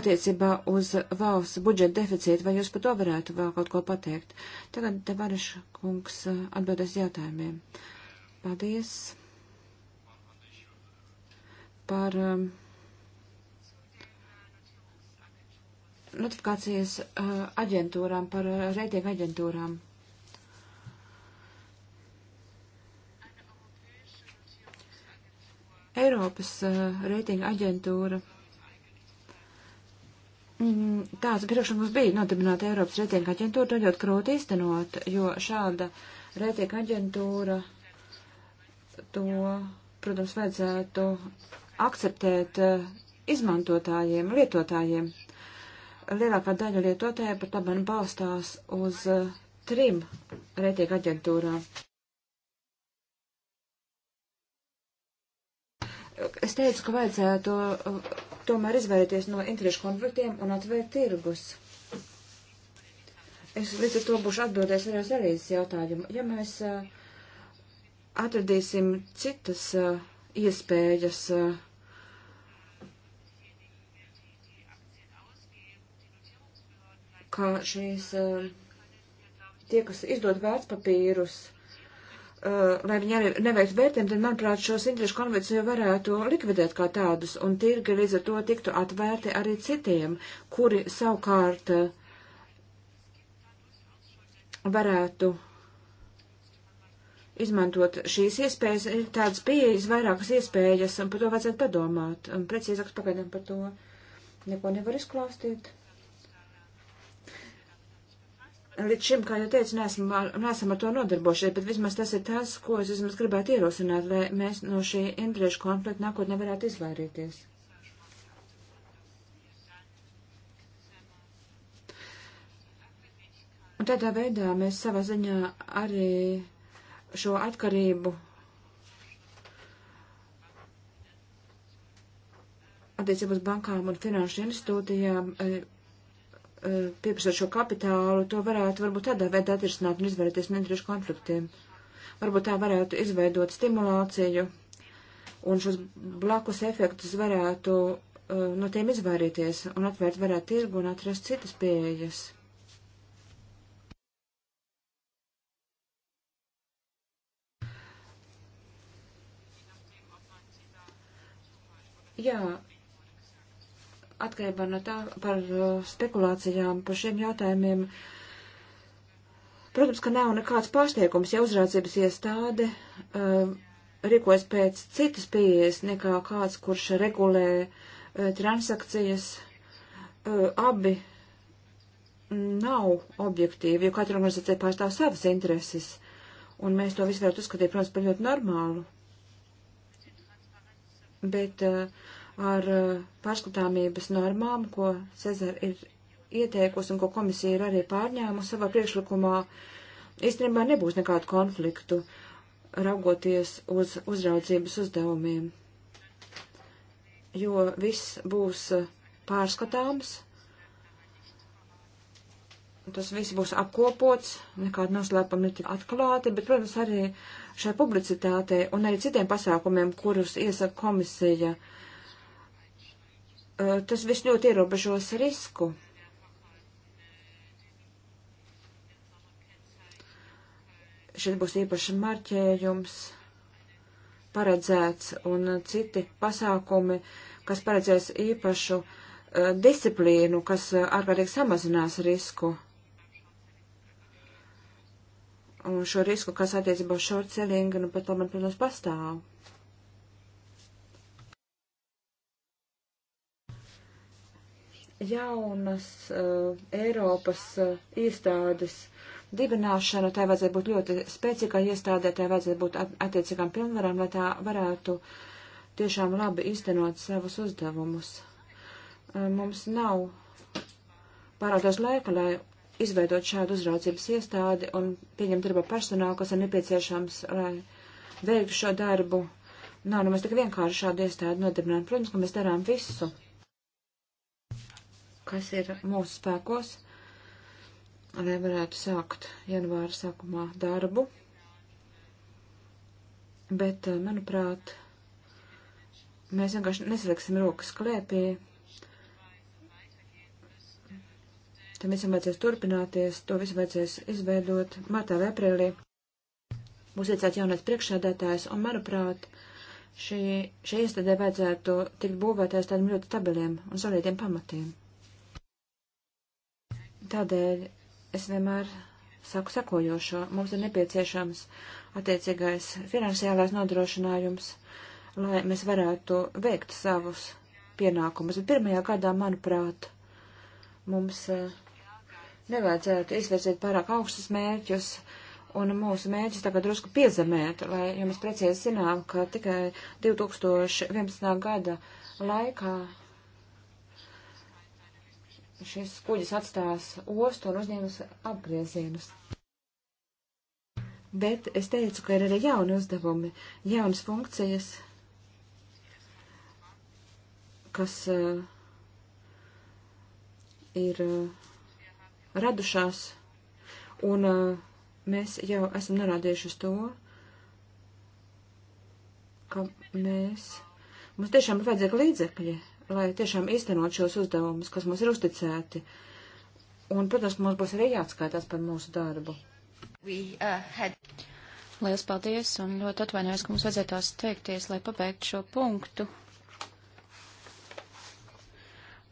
attiecībā uz valsts budžeta deficītu, vai jūs par to varētu vēl kaut ko pateikt? Tagad te Variša kungs uh, atbildēs jautājumiem. Paldies par um, notifikācijas uh, aģentūrām, par uh, reitinga aģentūrām. Eiropas uh, reitinga aģentūra. Mm, tāds priekšlikums mums bija nodibināt Eiropas reitinga aģentūru, to ļoti grūti īstenot, jo šāda reitinga aģentūra to, protams, vajadzētu akceptēt uh, izmantotājiem, lietotājiem. Lielākā daļa lietotāja pat labāk balstās uz uh, trim reitinga aģentūrām. Es teicu, ka vajadzētu uh, tomēr izvairīties no interešu konfliktiem un atvērt tirgus. Es līdz ar to būšu atbildējis arī uz Elīzes jautājumu. Ja mēs uh, atradīsim citas uh, iespējas kā šīs tie, kas izdod vērtspapīrus, lai eh, viņi arī neveic vērtējumu, tad, manuprāt, šos interešu konvenciju varētu likvidēt kā tādus, un tirgi līdz ar to tiktu atvērti arī citiem, kuri savukārt eh, varētu izmantot šīs iespējas, ir tādas pieejas, vairākas iespējas, un par to vajadzētu padomāt, un precīzāk pagaidām par to neko nevar izklāstīt. Līdz šim, kā jau teicu, neesam, neesam ar to nodarbojušies, bet vismaz tas ir tas, ko es vismaz gribētu ierosināt, lai mēs no šī interešu konflikta nākotnē varētu izvairīties. Un tādā veidā mēs savā ziņā arī šo atkarību attiecībā uz bankām un finanšu institūtijām eh, Eh, pieprasot šo kapitālu, to varētu varbūt tādā veidā atrisināt un izvairīties nedrīkst konfliktiem. Varbūt tā varētu izveidot stimulāciju un šos blakus efektus varētu eh, no tiem izvairīties un atvērt varētu tirgu un atrast citas pieejas. Jā, atkarībā no tā par uh, spekulācijām, par šiem jautājumiem. Protams, ka nav nekāds pārsteigums, ja uzraudzības iestāde uh, rīkojas pēc citas pieejas nekā kāds, kurš regulē uh, transakcijas. Uh, abi nav objektīvi, jo katra organizācija pārstāv savas intereses. Un mēs to visu varētu uzskatīt, protams, par ļoti normālu. Bet uh, ar eh, pārskatāmības normām, ko Cezar ir ieteikusi un ko komisija ir arī pārņēmusi savā priekšlikumā, īstenībā nebūs nekādu konfliktu, raugoties uz uzraudzības uzdevumiem, jo viss būs eh, pārskatāms, tas viss būs apkopots, nekāda noslēpuma netika atklāti, bet, protams, arī šai publicitātei un arī citiem pasākumiem, kurus iesaka komisija, uh, Eh, tas viss ļoti ierobežos risku. Šeit būs īpaši marķējums paredzēts un citi pasākumi, kas paredzēs īpašu uh, disciplīnu, kas uh, ārkārtīgi samazinās risku. Un šo risku, kas attiecībā uz short sellingu, nu pat labi, protams, pastāv. jaunas uh, Eiropas uh, iestādes dibināšana, tai vajadzēja būt ļoti spēcīgai iestādē, tai vajadzēja būt at attiecīgām pilnvarām, lai tā varētu tiešām labi iztenot savus uzdevumus. Uh, mums nav pārādās laika, lai izveidot šādu uzraudzības iestādi un pieņemt darba personālu, kas ir nepieciešams, lai veiktu šo darbu. Nav nemaz nu, tik vienkārši šādu iestādi nodibināt. Protams, ka mēs darām visu kas ir mūsu spēkos, lai varētu sākt janvāra sākumā darbu. Bet, eh, manuprāt, mēs vienkārši nesaliksim rokas klēpī. Tam visam vajadzēs turpināties, to visu vajadzēs izveidot martā vai aprīlī. Būs iecēts jaunais priekšsēdētājs, un, manuprāt, šī, šī iestādē vajadzētu tikt būvētais tādiem ļoti stabiliem un solidiem pamatiem. Tādēļ es vienmēr saku sekojošo. Mums ir nepieciešams attiecīgais finansiālais nodrošinājums, lai mēs varētu veikt savus pienākumus. Bet pirmajā gadā, manuprāt, mums eh, nevajadzētu izvirzīt pārāk augstus mērķus un mūsu mērķus tagad drusku piezemēt, lai jau mēs precīzi zinām, ka tikai 2011. gada laikā šis kuģis atstās ostu un uzņēmis apgriezienus. Bet es teicu, ka ir arī jauni uzdevumi, jaunas funkcijas, kas uh, ir uh, radušās, un uh, mēs jau esam norādījuši uz to, ka mēs, mums tiešām ir vajadzīgi līdzekļi, lai tiešām īstenot šos uzdevumus, kas mums ir uzticēti. Un, protams, mums būs arī jāatskaitās par mūsu darbu. We, uh, had... Lielas paldies un ļoti atvainojos, ka mums vajadzētu steigties, lai pabeigtu šo punktu.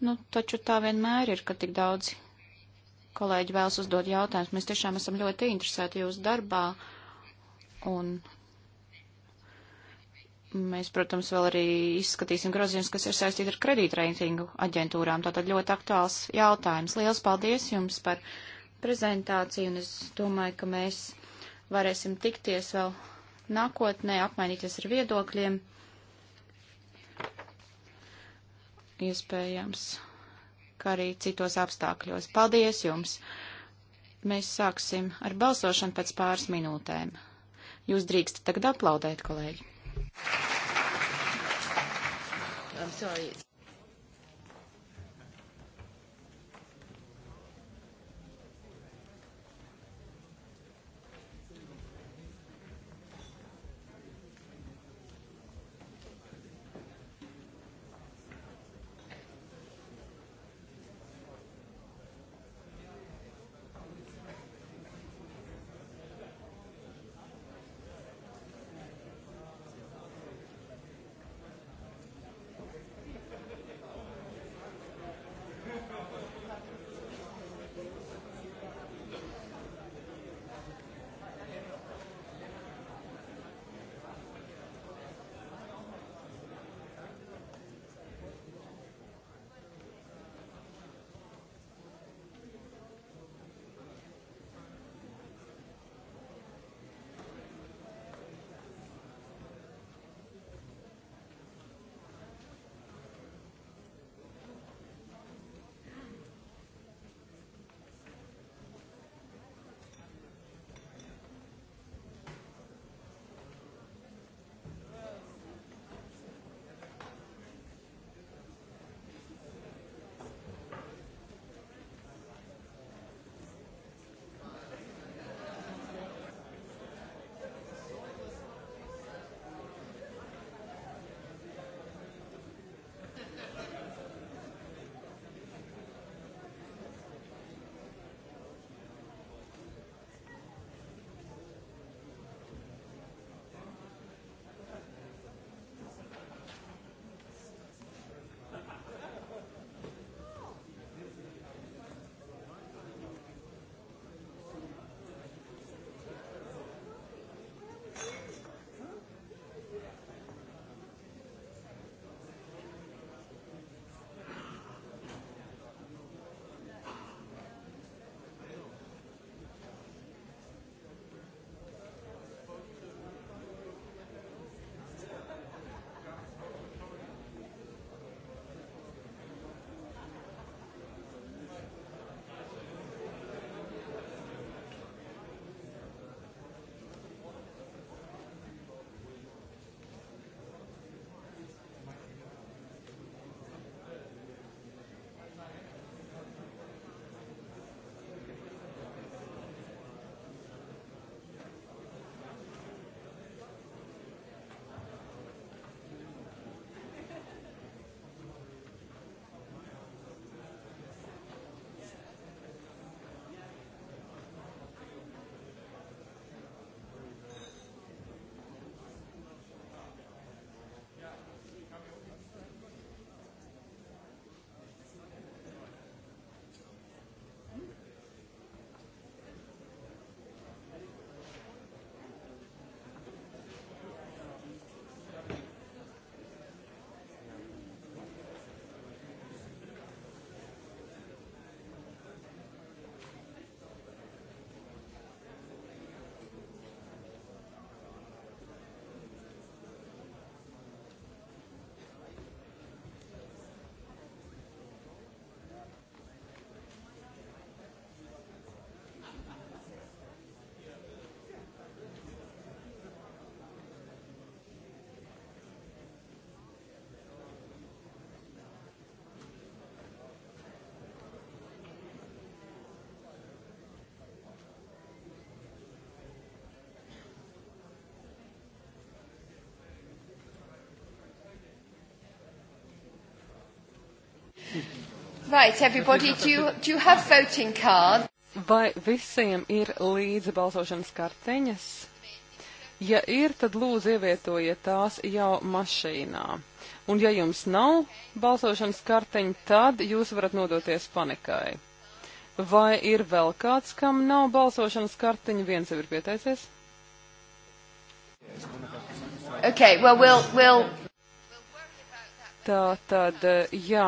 Nu, taču tā vienmēr ir, ka tik daudzi kolēģi vēlas uzdot jautājumus. Mēs tiešām esam ļoti interesēti jūsu darbā un Mēs, protams, vēl arī izskatīsim grozījumus, kas ir saistīti ar kredītreitingu aģentūrām. Tātad ļoti aktuāls jautājums. Liels paldies jums par prezentāciju, un es domāju, ka mēs varēsim tikties vēl nākotnē, apmainīties ar viedokļiem. Iespējams, ka arī citos apstākļos. Paldies jums! Mēs sāksim ar balsošanu pēc pāris minūtēm. Jūs drīkstat tagad aplaudēt, kolēģi! I'm sorry. Right, everybody, do you, do you have voting card? Vai visiem ir līdzi balsošanas karteņas? Ja ir, tad lūdzu ievietojiet tās jau mašīnā. Un ja jums nav balsošanas karteņa, tad jūs varat nodoties panikai. Vai ir vēl kāds, kam nav balsošanas karteņa? Viens jau ir pieteicies. Okay, well, we'll, we'll Tā tad, jā,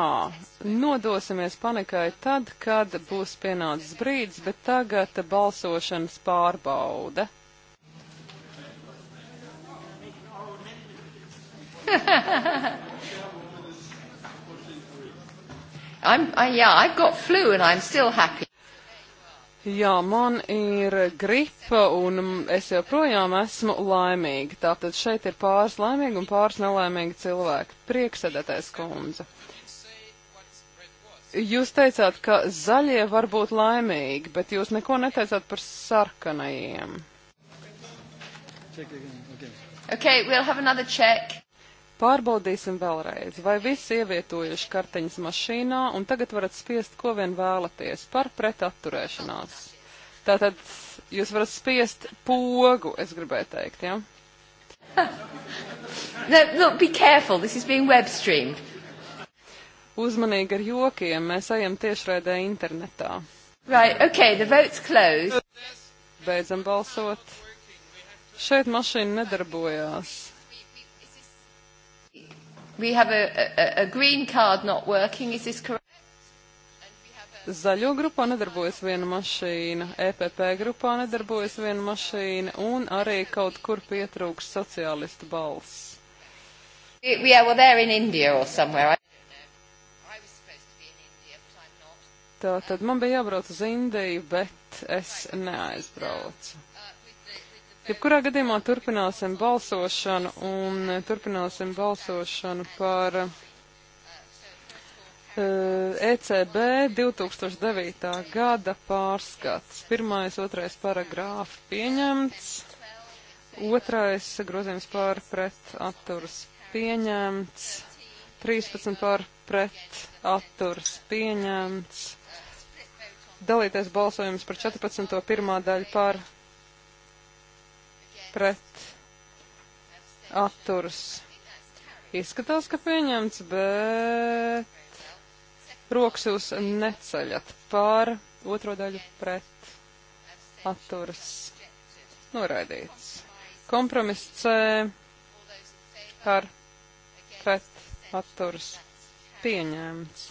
nodosimies panikai tad, kad būs pienācis brīdis, bet tagad balsošanas pārbaude. I'm, I, yeah, I've got flu and I'm still happy. Jā, man ir gripa un es joprojām esmu laimīga. Tātad šeit ir pāris laimīgi un pāris nelaimīgi cilvēki. Prieksēdētais kundze. Jūs teicāt, ka zaļie var būt laimīgi, bet jūs neko neteicāt par sarkanajiem. Okay, we'll have another check. Pārbaudīsim vēlreiz, vai viss ievietojuši karteņas mašīnā, un tagad varat spiest, ko vien vēlaties par pretatturēšanās. Tātad jūs varat spiest pogu, es gribēju teikt, jā? Ja? no, no, be careful, this is being web streamed. Uzmanīgi ar jokiem, mēs ejam tiešraidē internetā. Right, okay, the vote's closed. Beidzam balsot. Šeit mašīna nedarbojās. We have a, a, a green card not working, is this correct? Zaļo grupā nedarbojas viena mašīna, EPP grupā nedarbojas viena mašīna un arī kaut kur pietrūks sociālistu balss. Yeah, well, they're in India or somewhere. I Tā tad man bija jābrauc uz Indiju, bet es neaizbraucu. Jebkurā gadījumā turpināsim balsošanu un e, turpināsim balsošanu par uh, ECB 2009. gada pārskats. Pirmais, otrais paragrāfi pieņemts, otrais grozījums pār pret atturs pieņemts, 13 pār pret atturs pieņemts, dalīties balsojums par 14. pirmā daļu pār pret pret atturs. Izskatās, ka pieņemts, bet rokas jūs neceļat pār otro daļu pret atturs. Noraidīts. Kompromiss C par pret atturs pieņēmts.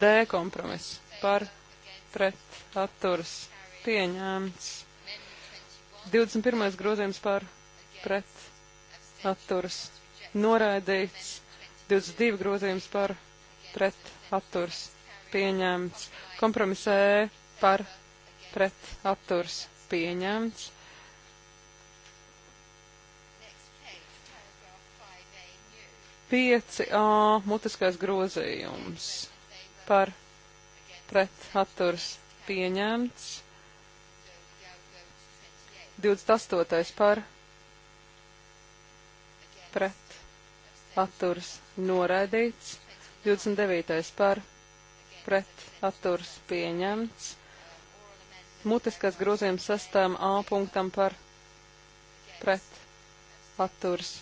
D kompromiss par pret atturs pieņēmts pieņēmts. 21. grozījums par pret atturas noraidīts. 22 grozījums par pret atturas pieņemts. Kompromisē e par pret atturas pieņemts. Pieci A mutiskais grozījums par pret atturas pieņemts. 28. par pret atturs noraidīts, 29. par pret atturs pieņemts, mutiskais grozījums sastāvam A punktam par pret atturs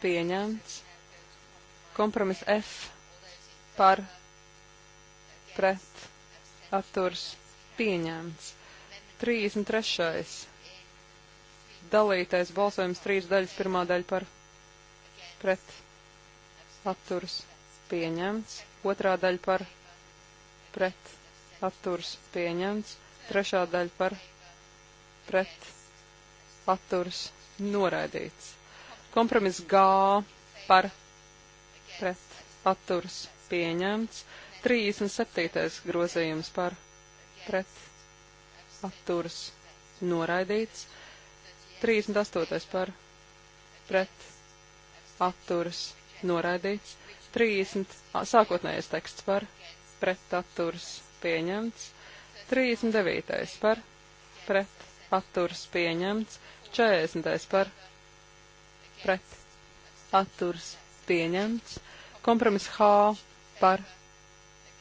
pieņemts, kompromis F par pret atturs pieņemts, 33 dalītais balsojums trīs daļas, pirmā daļa par pret atturs pieņemts, otrā daļa par pret atturs pieņemts, trešā daļa par pret atturs noraidīts. Kompromiss G par pret atturs pieņemts, 37. grozījums par pret atturs noraidīts. 38. par pret atturas noraidīts. 30. sākotnējais teksts par pret atturas pieņemts. 39. par pret atturas pieņemts. 40. par pret atturas pieņemts. Kompromiss H par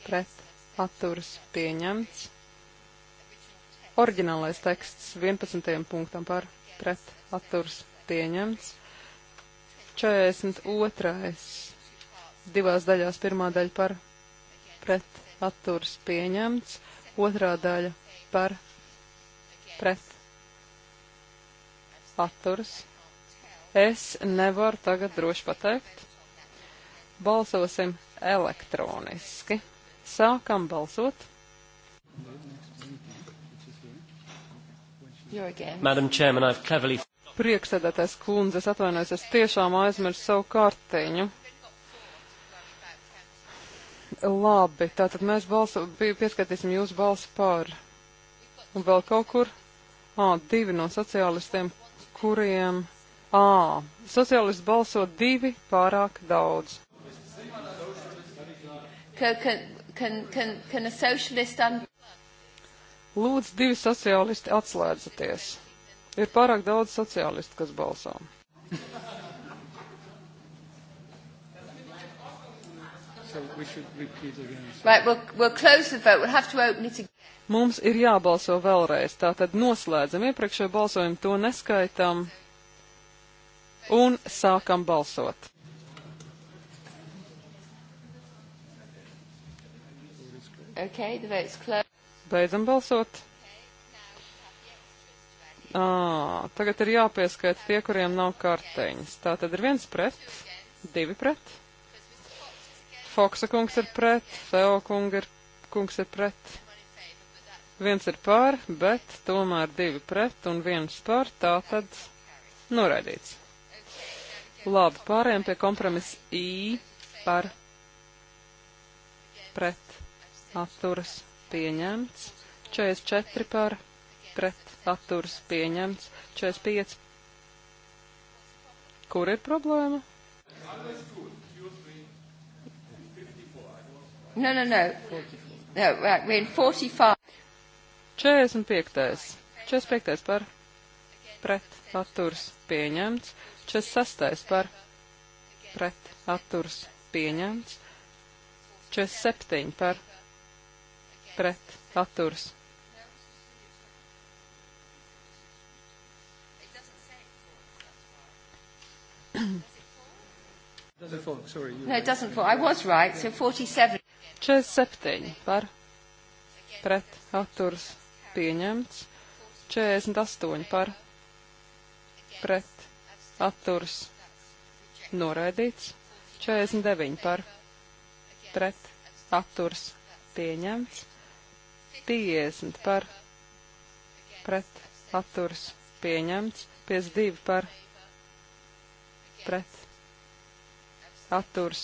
pret atturas pieņemts. Oriģinālais teksts 11. punktam par pret pret atturs pieņemts. 42. divās daļās pirmā daļa par pret atturs pieņemts, otrā daļa par pret atturs. Es nevaru tagad droši pateikt. Balsosim elektroniski. Sākam balsot. Next. Madam Chairman, I've cleverly... Prieksēdētais kundze, es atvainojos, es tiešām aizmirsu savu kartiņu. Labi, tātad mēs balsu, pieskatīsim jūsu balsu par. Un vēl kaut kur? Ā, divi no sociālistiem, kuriem. Ā, sociālisti balso divi pārāk daudz. Can, can, can, can, can a socialist un... Lūdzu, divi sociālisti atslēdzaties. Ir pārāk daudz sociālistu, kas balsā. Right, we'll, we'll close the vote. We'll have to open it again. Mums ir jābalso vēlreiz. Tātad noslēdzam iepriekšējo balsojumu, to neskaitam un sākam balsot. Okay, the vote's closed. Beidzam balsot. À, tagad ir jāpieskaita tie, kuriem nav karteņas. Tā tad ir viens pret, divi pret. Foksa kungs ir pret, Feo kunga ir, kungs ir pret. Viens ir pār, bet tomēr divi pret un viens pār, tā tad noraidīts. Labi, pārējām pie kompromisa I par pret atturas pieņemts, 44 par pret atturs pieņemts, 45. Kur ir problēma? No, no, no. No, right, we're in 45. 45. 45 par pret atturs pieņemts, 46 par pret atturs pieņemts, 47 par pret pret atturs. No, it doesn't fall. I was right, so 47. 47 par pret atturs pieņemts, 48 par pret atturs noraidīts, 49 par pret atturs pieņemts, 50 par pret atturs pieņemts, 52 par pret atturs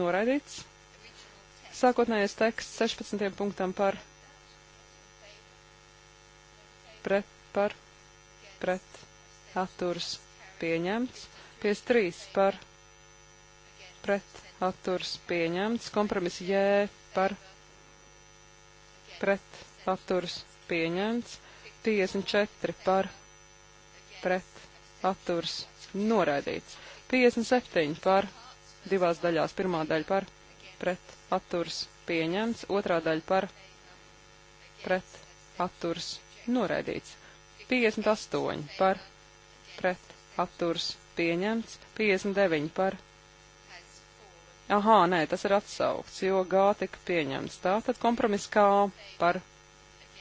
noraidīts. Sākotnējais teksts 16 punktam par pret par pret atturs pieņemts, 53 par pret atturs pieņemts, kompromiss jē par pret pret atturas pieņemts, 54 par pret atturas noraidīts, 57 par divās daļās, pirmā daļa par pret atturas pieņemts, otrā daļa par pret atturas noraidīts, 58 par pret atturas pieņemts, 59 par pret Aha, nē, tas ir atsaukts, jo G tika pieņemts. Tā tad kompromiss K par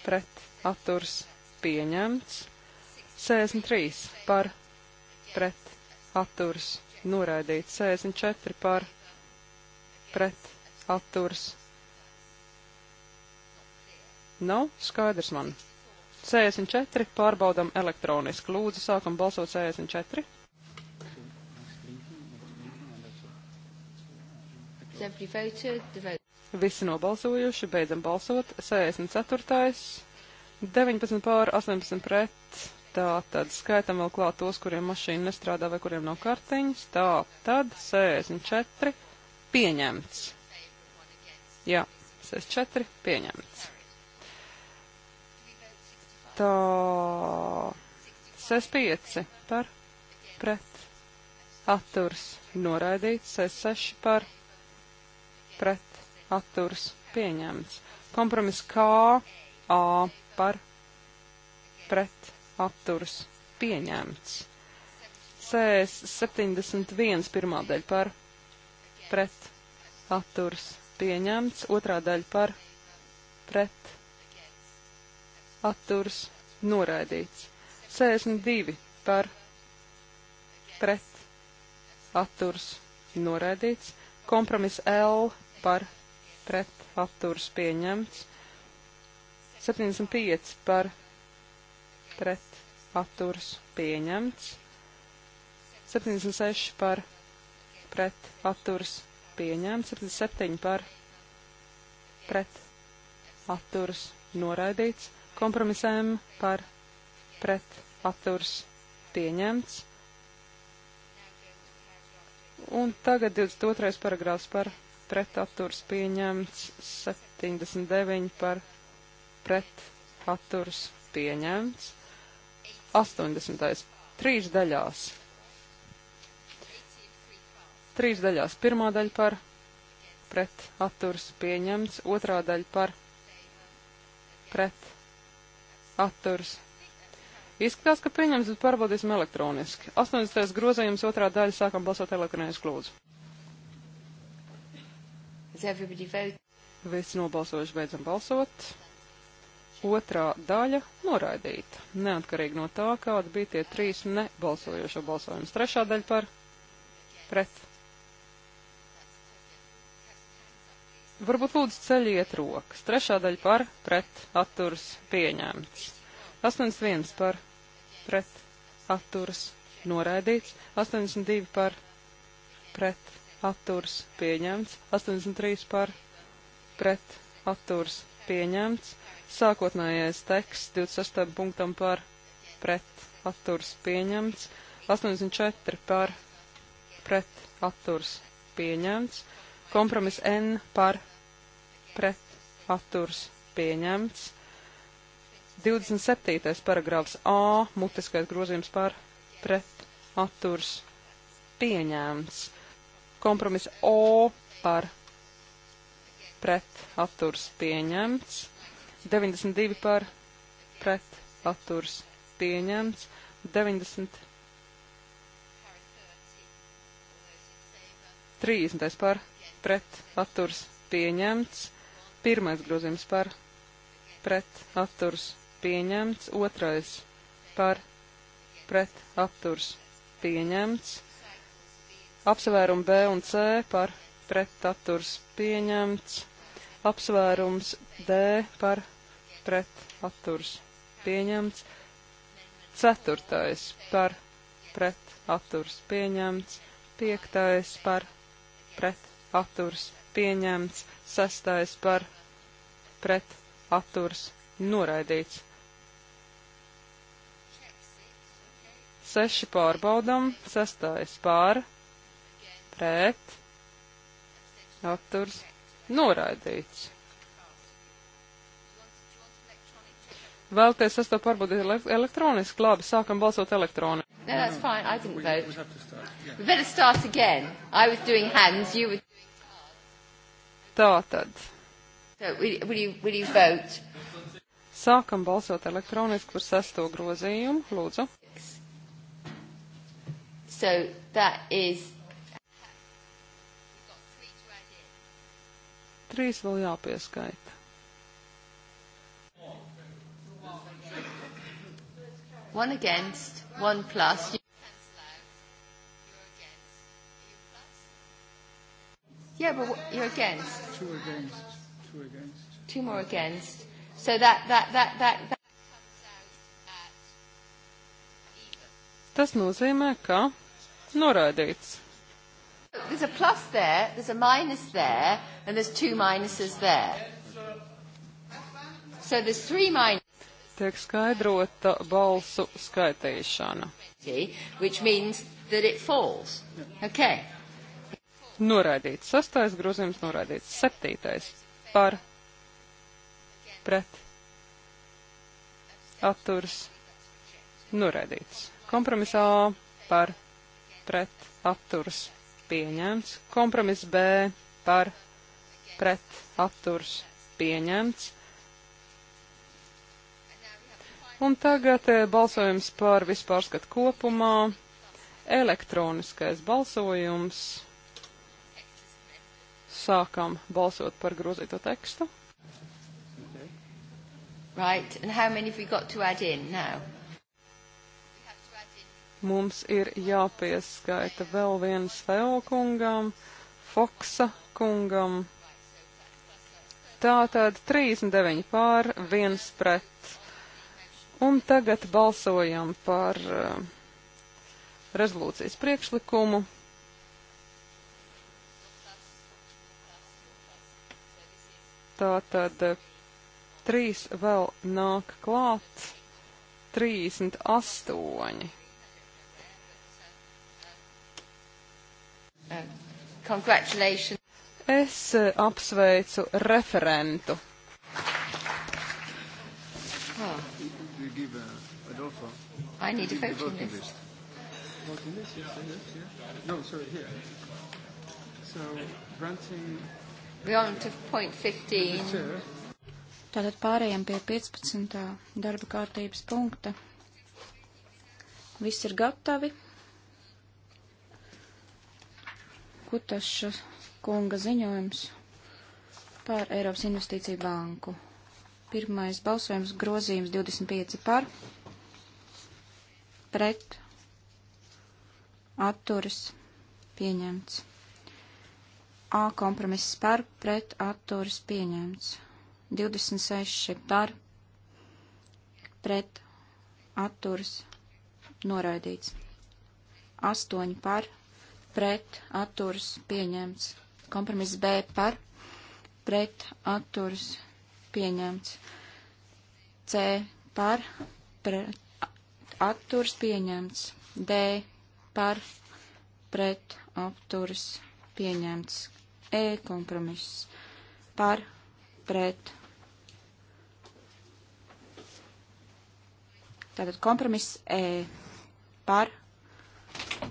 pret atturs pieņemts. 63 par pret atturs noraidīts. 64 par pret atturs. Nav nu, skaidrs man. 64 pārbaudam elektroniski. Lūdzu, sākam balsot 64. Visi nobalsojuši, beidzam balsot. 64. 19 pār 18 pret. Tā tad skaitam vēl klāt tos, kuriem mašīna nestrādā vai kuriem nav kartiņas. Tā tad 64 pieņemts. Jā, 64 pieņemts. Tā 65 par pret. Atturs noraidīts 66 par pret pret atturs pieņemts. Kompromiss kā A par pret atturs pieņemts. CS 71 pirmā daļa par pret atturs pieņemts, otrā daļa par pret atturs noraidīts. 62 par pret atturs noraidīts. Kompromiss L par pret atturs pieņemts. 75 par pret atturs pieņemts. 76 par pret atturs pieņemts. 77 par pret atturs noraidīts. Kompromisēm par pret atturs pieņemts. Un tagad 22. paragrāfs par pret atturs pieņemts, 79 par pret atturs pieņemts, 80. trīs daļās. Trīs daļās. Pirmā daļa par pret atturs pieņemts, otrā daļa par pret atturs. Izskatās, ka pieņems, bet pārbaudīsim elektroniski. 80. grozījums otrā daļa sākam balsot elektroniski lūdzu. Visi nobalsojuši beidzam balsot. Otrā daļa noraidīta, neatkarīgi no tā, kāda bija tie trīs nebalsojošo balsojums. Trešā daļa par pret. Varbūt lūdzu ceļiet rokas. Trešā daļa par pret atturs pieņemts. 81 par pret atturs noraidīts. 82 par pret atturs atturs pieņemts, 83 par pret atturs pieņemts, sākotnējais teksts 26. punktam par pret atturs pieņemts, 84 par pret atturs pieņemts, kompromiss N par pret atturs pieņemts, 27. paragrāfs A mutiskais grozījums par pret atturs pieņemts. Kompromis O par pret atturs pieņemts. 92 par pret atturs pieņemts. 90. 30. par pret atturs pieņemts. Pirmais grozījums par pret atturs pieņemts. Otrais par pret atturs pieņemts. Apsvērumi B un C par pretaturs pieņemts. Apsvērums D par pretaturs pieņemts. Ceturtais par pretaturs pieņemts. Piektais par pretaturs pieņemts. Sestais par pretaturs noraidīts. Seši pārbaudam, sestais pār, pret, atturs, noraidīts. Vēlties sesto pārbaudīt ele elektroniski, labi, sākam balsot elektroniski. No, that's mm. fine, I didn't we, vote. We, start, yeah. we better start again. I was doing hands, you were doing cards. Tātad. So, will, will, you, will you vote? Sākam balsot elektroniski par sesto grozījumu, lūdzu. So that is trīs vēl jāpieskaita. One against, one plus. Yeah, but you're against. Two against. Two against. Two more against. So that that that that. that Tas nozīmē, ka noraidīts. There's a plus there, there's a minus there, and there's two minuses there. So there's three minuses. Tiek skaidrota balsu skaitīšana. Which means that it falls. Okay. Noraidīts sastais grozījums, noraidīts septītais par pret atturs noraidīts. Kompromisā par pret atturs pieņemts. Kompromiss B par pret atturs pieņemts. Un tagad eh, balsojums par vispārskatu kopumā. Elektroniskais balsojums. Sākam balsot par grozīto tekstu. Right, and how many have we got to add in now? mums ir jāpieskaita vēl viens Feo kungam, Foksa kungam. Tātad 39 pār, 1 pret. Un tagad balsojam par uh, rezolūcijas priekšlikumu. Tātad eh, trīs vēl nāk klāt, 38 Congratulations. Es eh, apsveicu referentu. Oh. I need a voting list. list. Voting list, yes, yes, yes. No, sorry, here. So, granting... We're on to point 15. Tātad pārējām pie 15. darba kārtības punkta. Viss ir gatavi. Kutaša kunga ziņojums par Eiropas investīciju banku. Pirmais balsojums grozījums 25 par, pret, atturis, pieņemts. A kompromiss par, pret, atturis, pieņemts. 26 par, pret, atturis, noraidīts. 8 par, pret pret atturas pieņemts. Kompromiss B par pret atturas pieņemts. C par pret atturas pieņemts. D par pret atturas pieņemts. E kompromiss par pret. Tātad kompromiss E par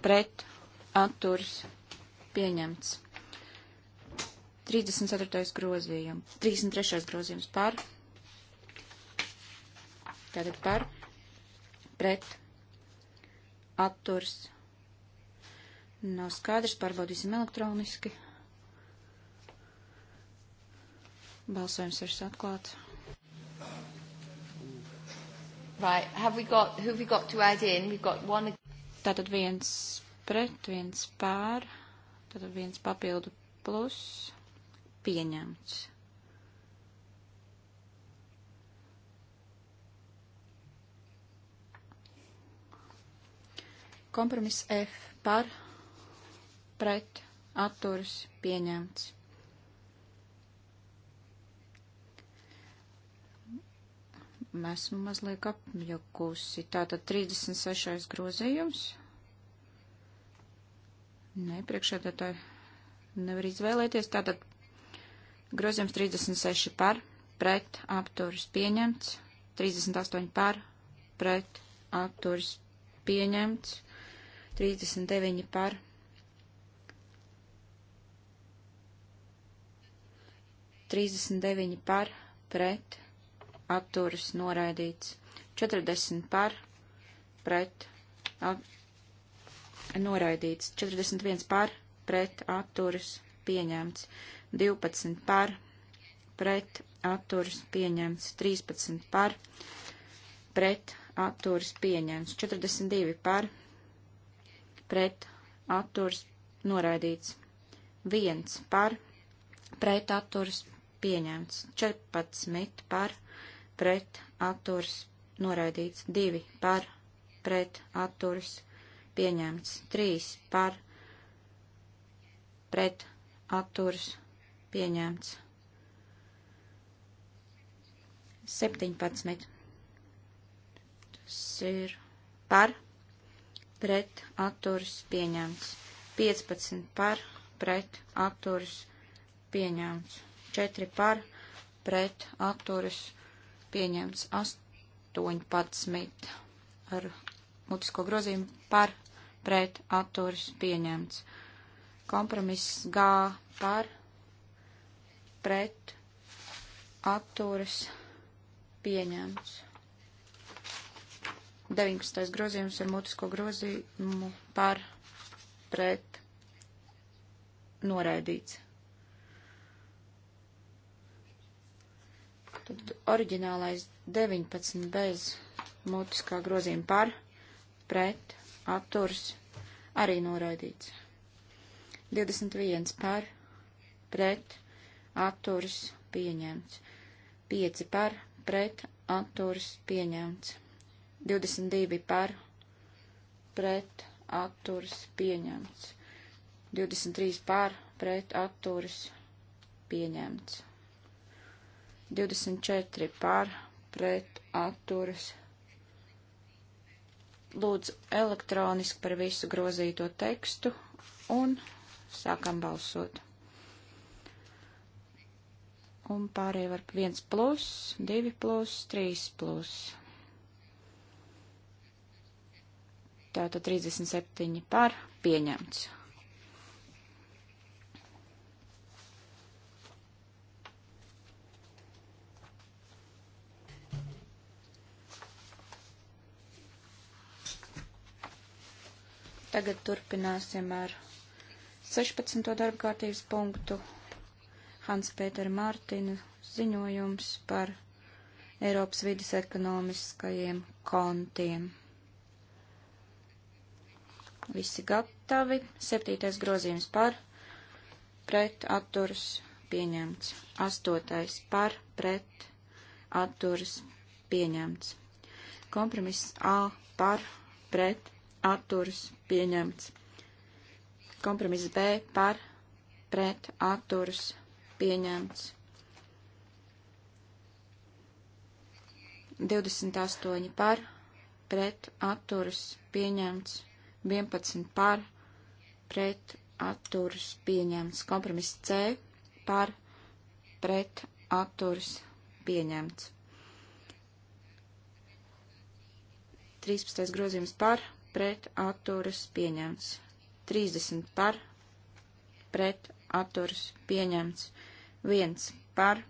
pret atturs pieņemts. 34. grozījums, 33. grozījums par, tātad par, pret, atturs. Nav skaidrs, pārbaudīsim elektroniski. Balsojums ir atklāts. Right, have we got, who have we got to add in? We've got one. Tātad viens pret, viens pār, tad viens papildu plus pieņemts. Kompromiss F par, pret, atturas pieņemts. esmu mazliet apjukusi. Tātad 36. grozījums Nē, priekšēdētāji nevar izvēlēties. Tātad grozījums 36 par, pret, apturis pieņemts, 38 par, pret, apturis pieņemts, 39 par. Trīsdesmit deviņi par, pret, apturas noraidīts, četrdesmit par, pret, apturas noraidīts, 41 par, pret atturas pieņemts, 12 par, pret atturas pieņemts, 13 par, pret atturas pieņemts, 42 par, pret atturas noraidīts, 1 par, pret atturas pieņemts, 14 par, pret atturas noraidīts, 2 par, pret atturas pieņemts pieņemts. 3 par pret atturs pieņemts. 17. Tas ir par pret atturs pieņemts. 15 par pret atturs pieņemts. 4 par pret atturs pieņemts. 18 ar mutisko grozījumu par pret atturas pieņemts. Kompromiss G par pret atturas pieņemts. 19. grozījums ar mutisko grozījumu par pret noraidīts. Tad oriģinālais 19 bez mutiskā grozījuma par pret atturs arī noraidīts. 21 par, pret, atturs pieņemts. 5 par, pret, atturs pieņemts. 22 par, pret, atturs pieņemts. 23 par, pret, atturs pieņemts. 24 par, pret, atturs pieņemts lūdzu elektroniski par visu grozīto tekstu un sākam balsot. Un pārējie var 1 plus, 2 plus, 3 plus. Tātad 37 par pieņemts. Tagad turpināsim ar 16. darba kārtības punktu Hans Pētera Mārtina ziņojums par Eiropas vidas ekonomiskajiem kontiem. Visi gatavi. Septītais grozījums par pret atturas pieņemts. Astotais par pret atturas pieņemts. Kompromiss A par pret atturas pieņemts. Kompromiss B par pret atturas pieņemts. 28 par pret atturas pieņemts. 11 par pret atturas pieņemts. Kompromiss C par pret atturas pieņemts. 13. grozījums par pret atturas pieņemts. 30 par pret atturas pieņemts. 1 par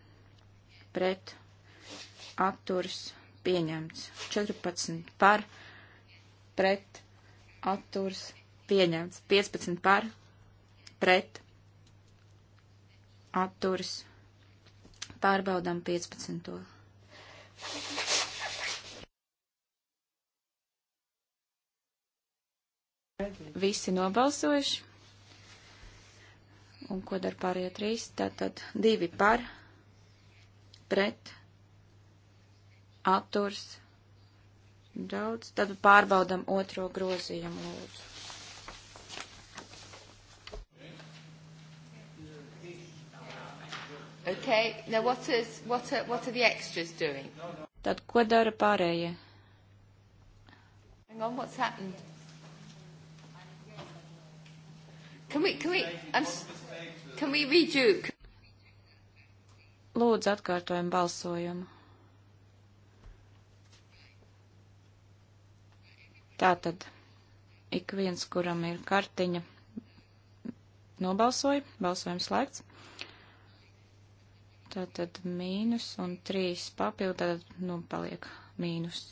pret atturas pieņemts. 14 par pret atturas pieņemts. 15 par pret atturas. Pārbaudām 15. Visi nobalsojuši. Un ko dar pārējie trīs? Tātad divi par, pret, atturs, daudz. Tad pārbaudam otro grozījumu lūdzu. Okay, now what, is, what, are, what are the extras doing? Tad ko dara pārējie? Hang on, what's happened? Can we, can we, I'm, can we redo? Lūdzu, atkārtojam balsojumu. Tātad, ik viens, kuram ir kartiņa, nobalsoja, balsojums slēgts. Tātad mīnus un trīs papildu, tātad, nu, paliek mīnus.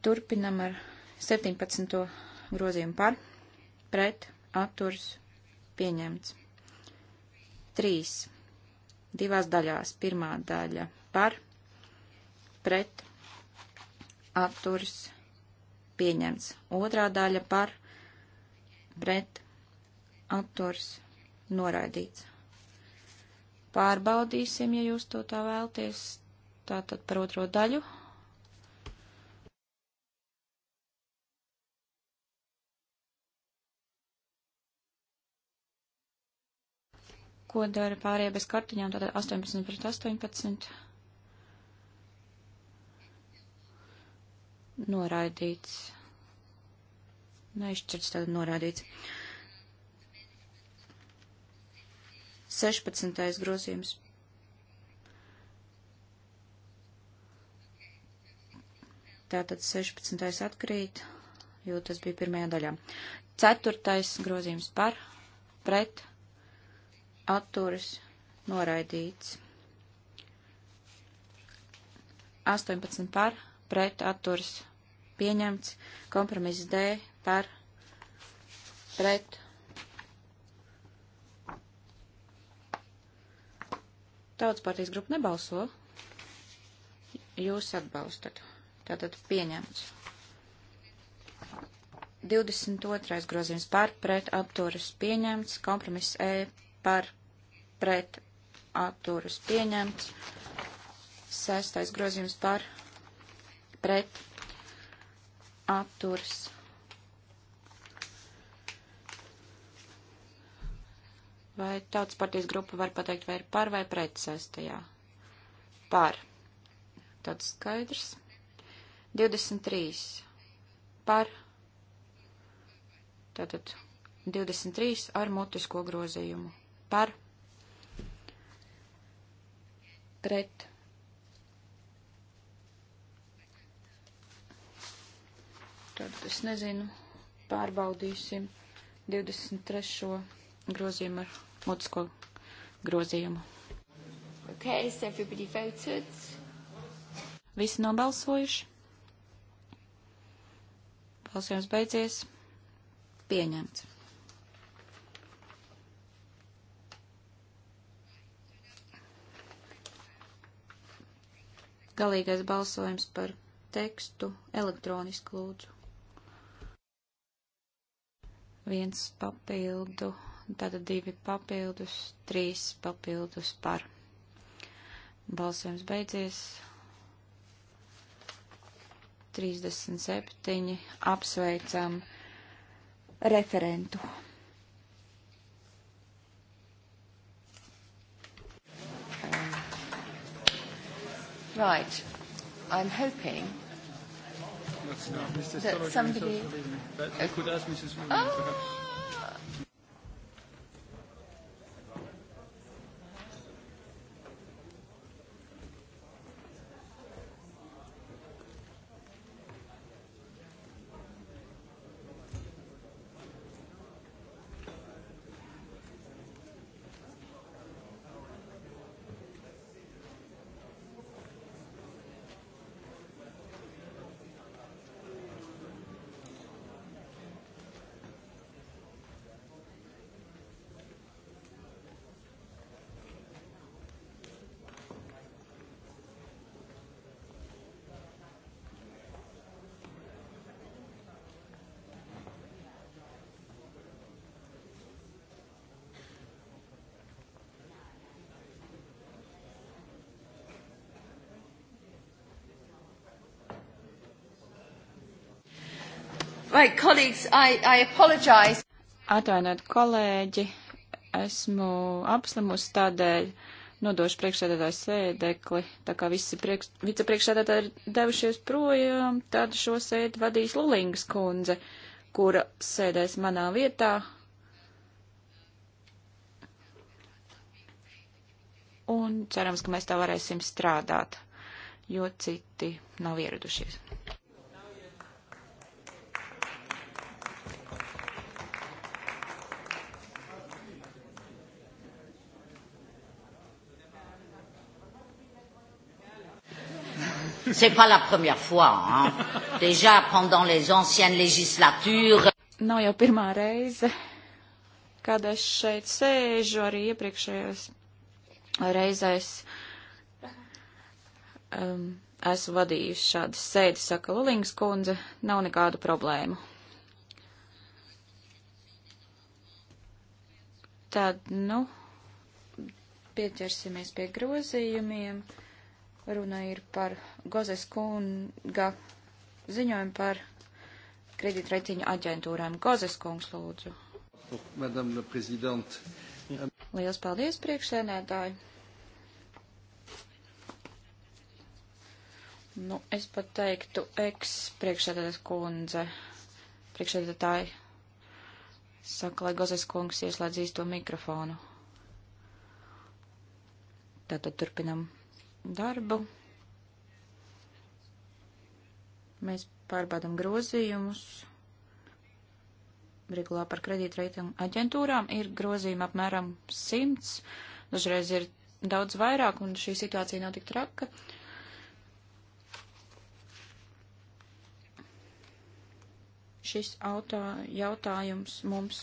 Turpinam ar 17. grozījumu par pret atturs pieņemts. 3. Divās daļās. Pirmā daļa par pret atturs pieņemts. Otrā daļa par pret atturs noraidīts. Pārbaudīsim, ja jūs to tā vēlties. Tātad par otro daļu ko dara pārējie bez kartiņām, tātad 18 pret 18. Noraidīts. Neizšķirts, tātad noraidīts. 16. grozījums. Tātad 16. atkrīt, jo tas bija pirmajā daļā. 4. grozījums par, pret, atturas noraidīts. 18 par, pret atturas pieņemts, kompromiss D par, pret. Tautas partijas grupa nebalso, jūs atbalstat. Tātad pieņemts. 22. grozījums par, pret atturas pieņemts, kompromiss E par pret atturas pieņemts. Sestais grozījums par pret atturas. Vai tautas partijas grupa var pateikt, vai ir par vai pret sestajā? Par. Tad skaidrs. 23. Par. Tātad 23 ar mutisko grozījumu par pret. Tad es nezinu, pārbaudīsim 23. grozījumu ar mutisko grozījumu. Okay, so everybody voted. Visi nobalsojuši. Balsojums beidzies. Pieņemts. Galīgais balsojums par tekstu elektroniski lūdzu. Viens papildu, tātad divi papildus, trīs papildus par. Balsojums beidzies. 37. Apsveicam referentu. Right. I'm hoping no, no, that somebody... But I oh. could ask Mrs. Williams, oh. perhaps. Right, colleagues, I, I apologize. Atvainojiet, kolēģi, esmu apslimusi tādēļ nodošu priekšsēdētāju sēdekli, tā kā visi priekš, vicepriekšsēdētāji ir devušies projām, tad šo sēdi vadīs Lulingas kundze, kura sēdēs manā vietā. Un cerams, ka mēs tā varēsim strādāt, jo citi nav ieradušies. C'est pas la première fois. Hein? Déjà pendant les anciennes législatures. Nav jau pirmā reize, kad es šeit sēžu arī iepriekšējās reizēs. Um, esmu vadījusi šādas sēdes, saka Lulīngas kundze, nav nekādu problēmu. Tad, nu, pieķersimies pie grozījumiem. Uh, Runa ir par Gozes kunga ziņojumu par kredītreitiņu aģentūrām. Gozes kungs, lūdzu. Liels paldies, priekšsēnētāji. Nu, es pat teiktu, eks-priekšsēdētājs kundze, priekšsēdētāji, saka, lai Gozes kungs ieslēdz īsto mikrofonu. Tātad turpinam darbu. Mēs pārbaudam grozījumus. Regulā par kredītreitingu aģentūrām ir grozījumi apmēram 100, dažreiz ir daudz vairāk, un šī situācija nav tik traka. Šis auto jautājums mums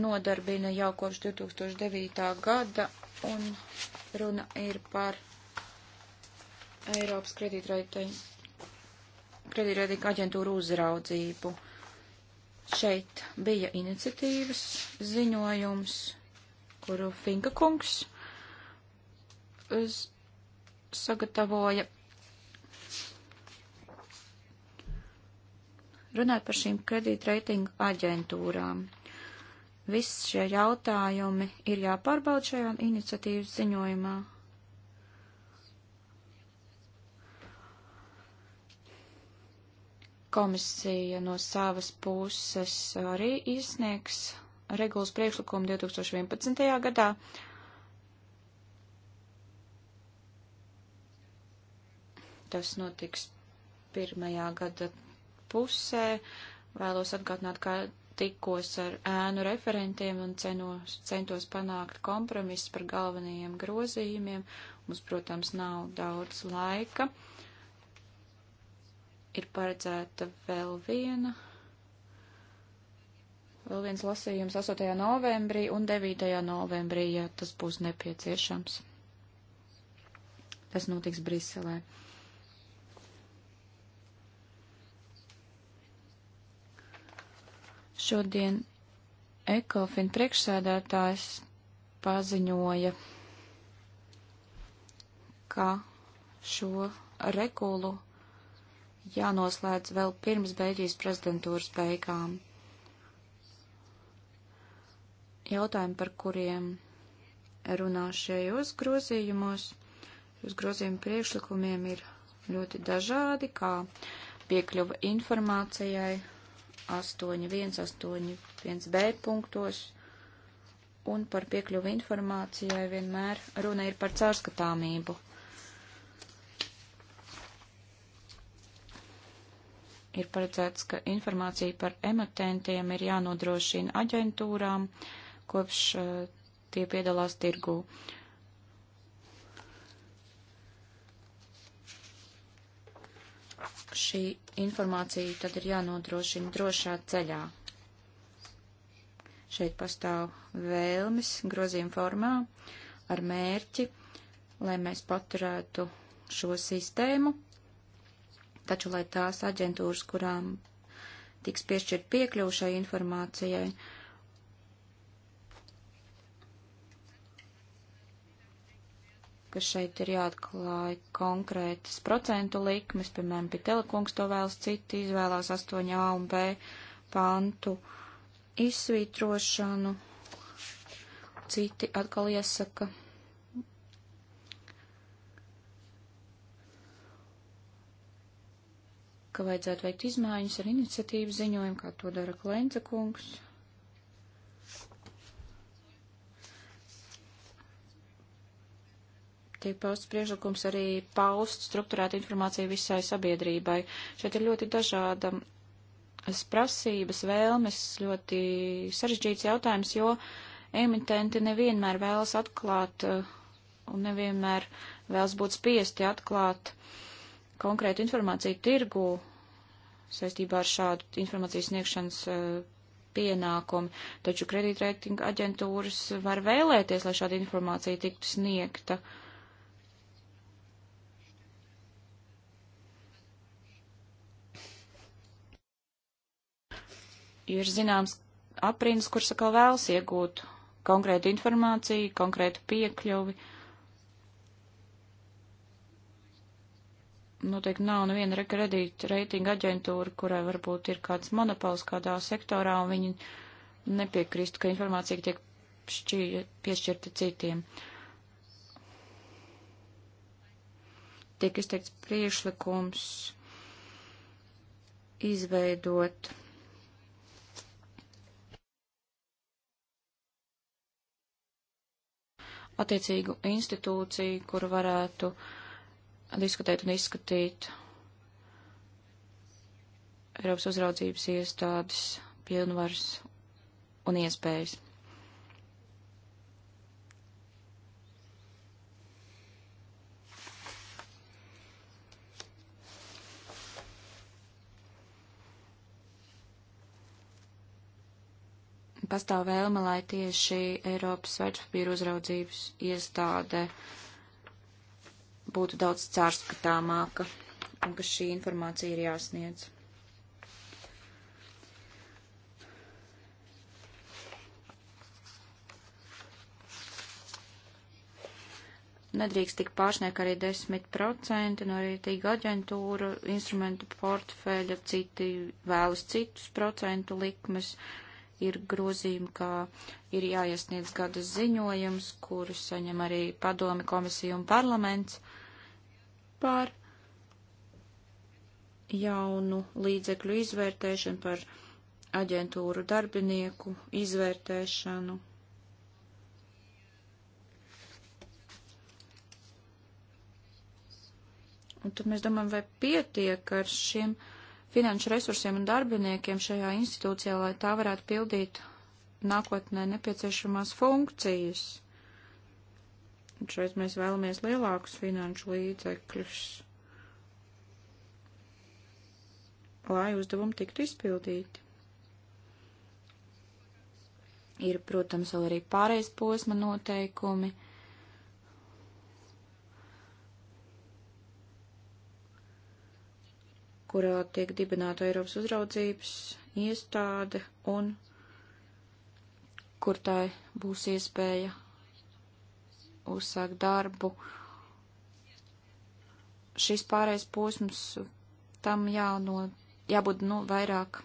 nodarbina jau kopš 2009. gada, un Runa ir par Eiropas kredītreitinga aģentūru uzraudzību. Šeit bija iniciatīvas ziņojums, kuru Finka kungs sagatavoja. Runāt par šīm kredītreitinga aģentūrām. Viss šie jautājumi ir jāpārbauda šajā iniciatīvas ziņojumā. Komisija no savas puses arī izsniegs regulas priekšlikumu 2011. gadā. Tas notiks pirmajā gada pusē. Vēlos atgādināt, ka tikos ar ēnu referentiem un cenos, centos panākt kompromisus par galvenajiem grozījumiem. Mums, protams, nav daudz laika. Ir paredzēta vēl viena. Vēl viens lasījums 8. novembrī un 9. novembrī, ja tas būs nepieciešams. Tas notiks Briselē. Šodien Ekofin priekšsēdētājs paziņoja, ka šo regulu jānoslēdz vēl pirms Beļģijas prezidentūras beigām. Jautājumi, par kuriem runā šajos grozījumos, šos grozījumu priekšlikumiem ir ļoti dažādi, kā piekļuva informācijai, 8.1, 8.1b punktos, un par piekļuvu informācijai vienmēr runa ir par caurskatāmību. Ir paredzēts, ka informācija par emitentiem ir jānodrošina aģentūrām, kopš uh, tie piedalās tirgū. Uh, šī informācija tad ir jānodrošina drošā ceļā. Šeit pastāv vēlmes grozījuma formā ar mērķi, lai mēs paturētu šo sistēmu, taču lai tās aģentūras, kurām tiks piešķirt piekļuvu šai informācijai, uh, ka šeit ir jāatklāj konkrētas procentu likmes, piemēram, Pitelekungs to vēlas citi, izvēlās 8a un b pantu izsvītrošanu, citi atkal iesaka. ka vajadzētu veikt izmaiņas ar iniciatīvu ziņojumu, kā to dara Klenca kungs. tiek pausts priešlikums arī paust struktūrēt informāciju visai sabiedrībai. Šeit ir ļoti dažāda prasības, vēlmes, ļoti sarežģīts jautājums, jo emitenti nevienmēr vēlas atklāt eh, un nevienmēr vēlas būt spiesti atklāt konkrētu informāciju tirgu saistībā ar šādu informācijas sniegšanas eh, pienākumi, taču kredītreitinga aģentūras var vēlēties, lai šāda informācija tiktu sniegta. Uh, ir zināms aprindas, kuras atkal vēlas iegūt konkrētu informāciju, konkrētu piekļuvi. Noteikti nav neviena kredīta reitinga aģentūra, kurai varbūt ir kāds monopols kādā sektorā, un viņi nepiekrīstu, ka informācija tiek šķī, piešķirta citiem. Tiek izteikts priešlikums izveidot attiecīgu institūciju, kur varētu diskutēt un izskatīt Eiropas uzraudzības iestādes pilnvars un iespējas. pastāv vēlme, lai tieši Eiropas vērtspapīra uzraudzības iestāde būtu daudz cārskatāmāka un ka šī informācija ir jāsniedz. Nedrīkst tik pāršniek arī 10% no rītīga aģentūra, instrumentu portfeļa, citi vēlas citus procentu likmes. Uh, ir grozījumi, kā ir jāiesniedz gada ziņojums, kurus saņem arī padomi komisija un parlaments par jaunu līdzekļu izvērtēšanu, par aģentūru darbinieku izvērtēšanu. Un tad mēs domājam, vai pietiek ar šiem uh, finanšu resursiem un darbiniekiem šajā institūcijā, lai tā varētu pildīt nākotnē nepieciešamās funkcijas. Un šeit mēs vēlamies lielākus finanšu līdzekļus, lai uzdevumi tiktu izpildīti. Ir, protams, vēl arī pārējais posma noteikumi, kurā tiek dibināta Eiropas uzraudzības iestāde un kur tai būs iespēja uzsākt darbu. Šis pārējais posms tam jāno, jābūt nu, vairāk.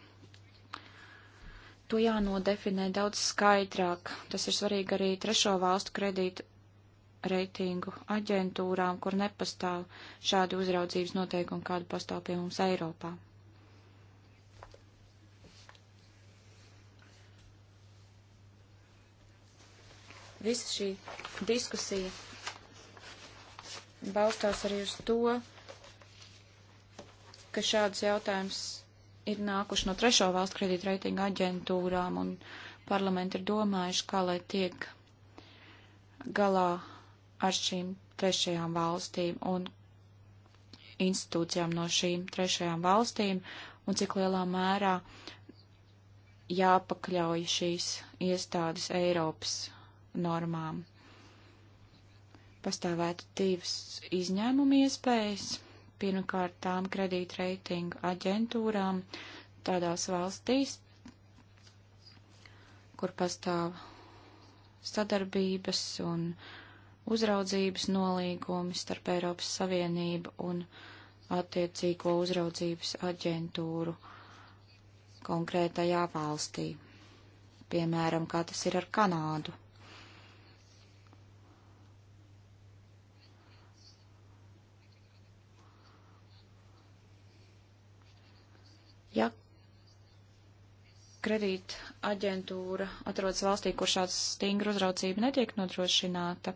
To jānodefinē daudz skaidrāk. Tas ir svarīgi arī trešo valstu kredītu reitingu aģentūrām, kur nepastāv šādi uzraudzības noteikumi, kādu pastāv pie mums Eiropā. Visa šī diskusija balstās arī uz to, ka šāds jautājums ir nākuši no trešo valstu kredītreitinga aģentūrām un parlamenti ir domājuši, kā lai tiek galā ar šīm trešajām valstīm un institūcijām no šīm trešajām valstīm un cik lielā mērā jāpakļauj šīs iestādes Eiropas normām. Pastāvētu divas izņēmuma iespējas. Pirmkārt, tām kredītreitingu aģentūrām tādās valstīs, kur pastāv sadarbības un uh, uzraudzības nolīgumi starp Eiropas Savienību un attiecīgo uzraudzības aģentūru konkrētajā valstī, piemēram, kā tas ir ar Kanādu. Ja kredīta aģentūra atrodas valstī, kur šāds stingra uzraucība netiek nodrošināta,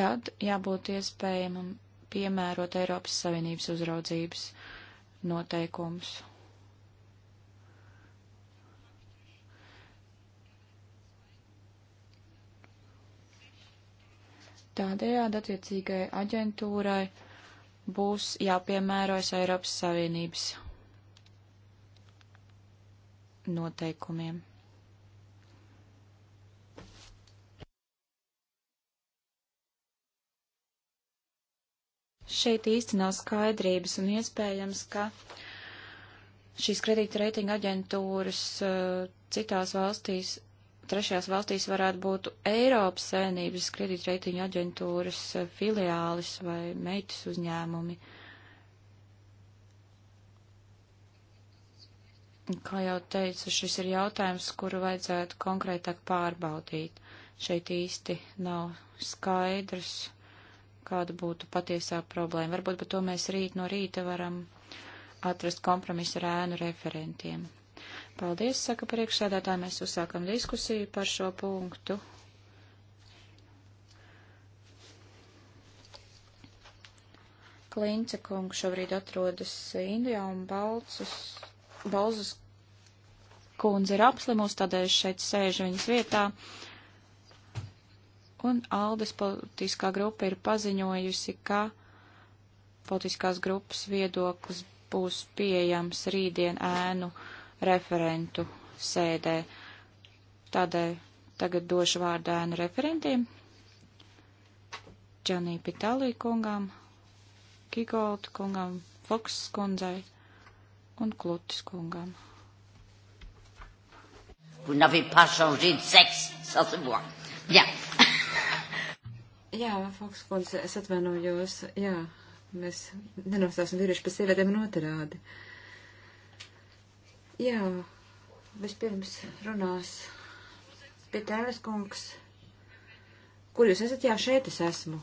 tad jābūt iespējamam piemērot Eiropas Savienības uzraudzības noteikumus. Tādējādi attiecīgai aģentūrai būs jāpiemērojas Eiropas Savienības noteikumiem. Šeit īsti nav skaidrības un iespējams, ka šīs kredīta reitinga aģentūras eh, citās valstīs, trešajās valstīs varētu būt Eiropas saimnības kredīta reitinga aģentūras eh, filiālis vai meitas uzņēmumi. Kā jau teicu, šis ir jautājums, kuru vajadzētu konkrētāk pārbaudīt. Šeit īsti nav skaidrs kāda būtu patiesā problēma. Varbūt par to mēs rīt no rīta varam atrast kompromisu ar ēnu referentiem. Paldies, saka priekšsēdētāji, mēs uzsākam diskusiju par šo punktu. Klince kungs šobrīd atrodas Indijā un Balcus, Balzas kundze ir apslimusi, tādēļ šeit sēž viņas vietā. Uh, un Aldes politiskā grupa ir paziņojusi, ka politiskās grupas viedoklis būs pieejams rītdien ēnu referentu sēdē. Tādēļ tagad došu vārdu ēnu referentiem. Džanī Pitalī kungām, Kigolt kungām, Foks kundzei un Klutis kungām. Vous n'avez pas changé de sexe, ça c'est moi. Bien. Jā, Foks kundze, es atvainojos. Jā, mēs nenostāsim vīriešu pēc sievietēm un otrādi. Jā, vispirms runās pie tēves kungs. Kur jūs esat? Jā, šeit es esmu.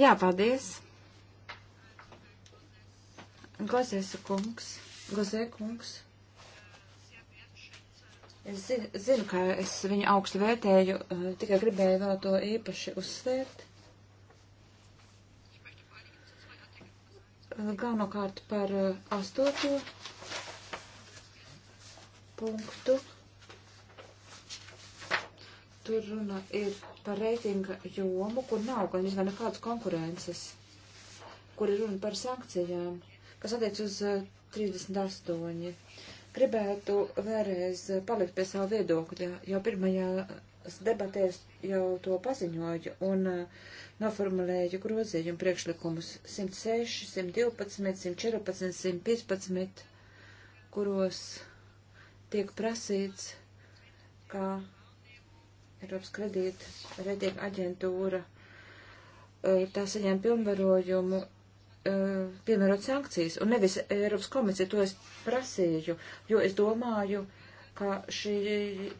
Jā, paldies. Gozēs kungs, Gozē kungs. Es zinu, zinu, ka es viņu augstu vērtēju, eh, tikai gribēju vēl to īpaši uzsvērt. Eh, galvenokārt par eh, astoto punktu. Tur runa ir par reitinga jomu, kur nav gan vispār nekādas konkurences, kur ir runa par sankcijām, kas attiec uz 38. Gribētu vēlreiz palikt pie savu viedokļa. Jau pirmajās debatēs jau to paziņoju un uh, noformulēju grozījumu priekšlikumus 106, 112, 114, 115, kuros tiek prasīts, ka Eiropas kredīta reitinga aģentūra uh, tā saņem pilnvarojumu Eh, piemērot sankcijas, un nevis Eiropas komisija, to es prasīju, jo es domāju, ka šī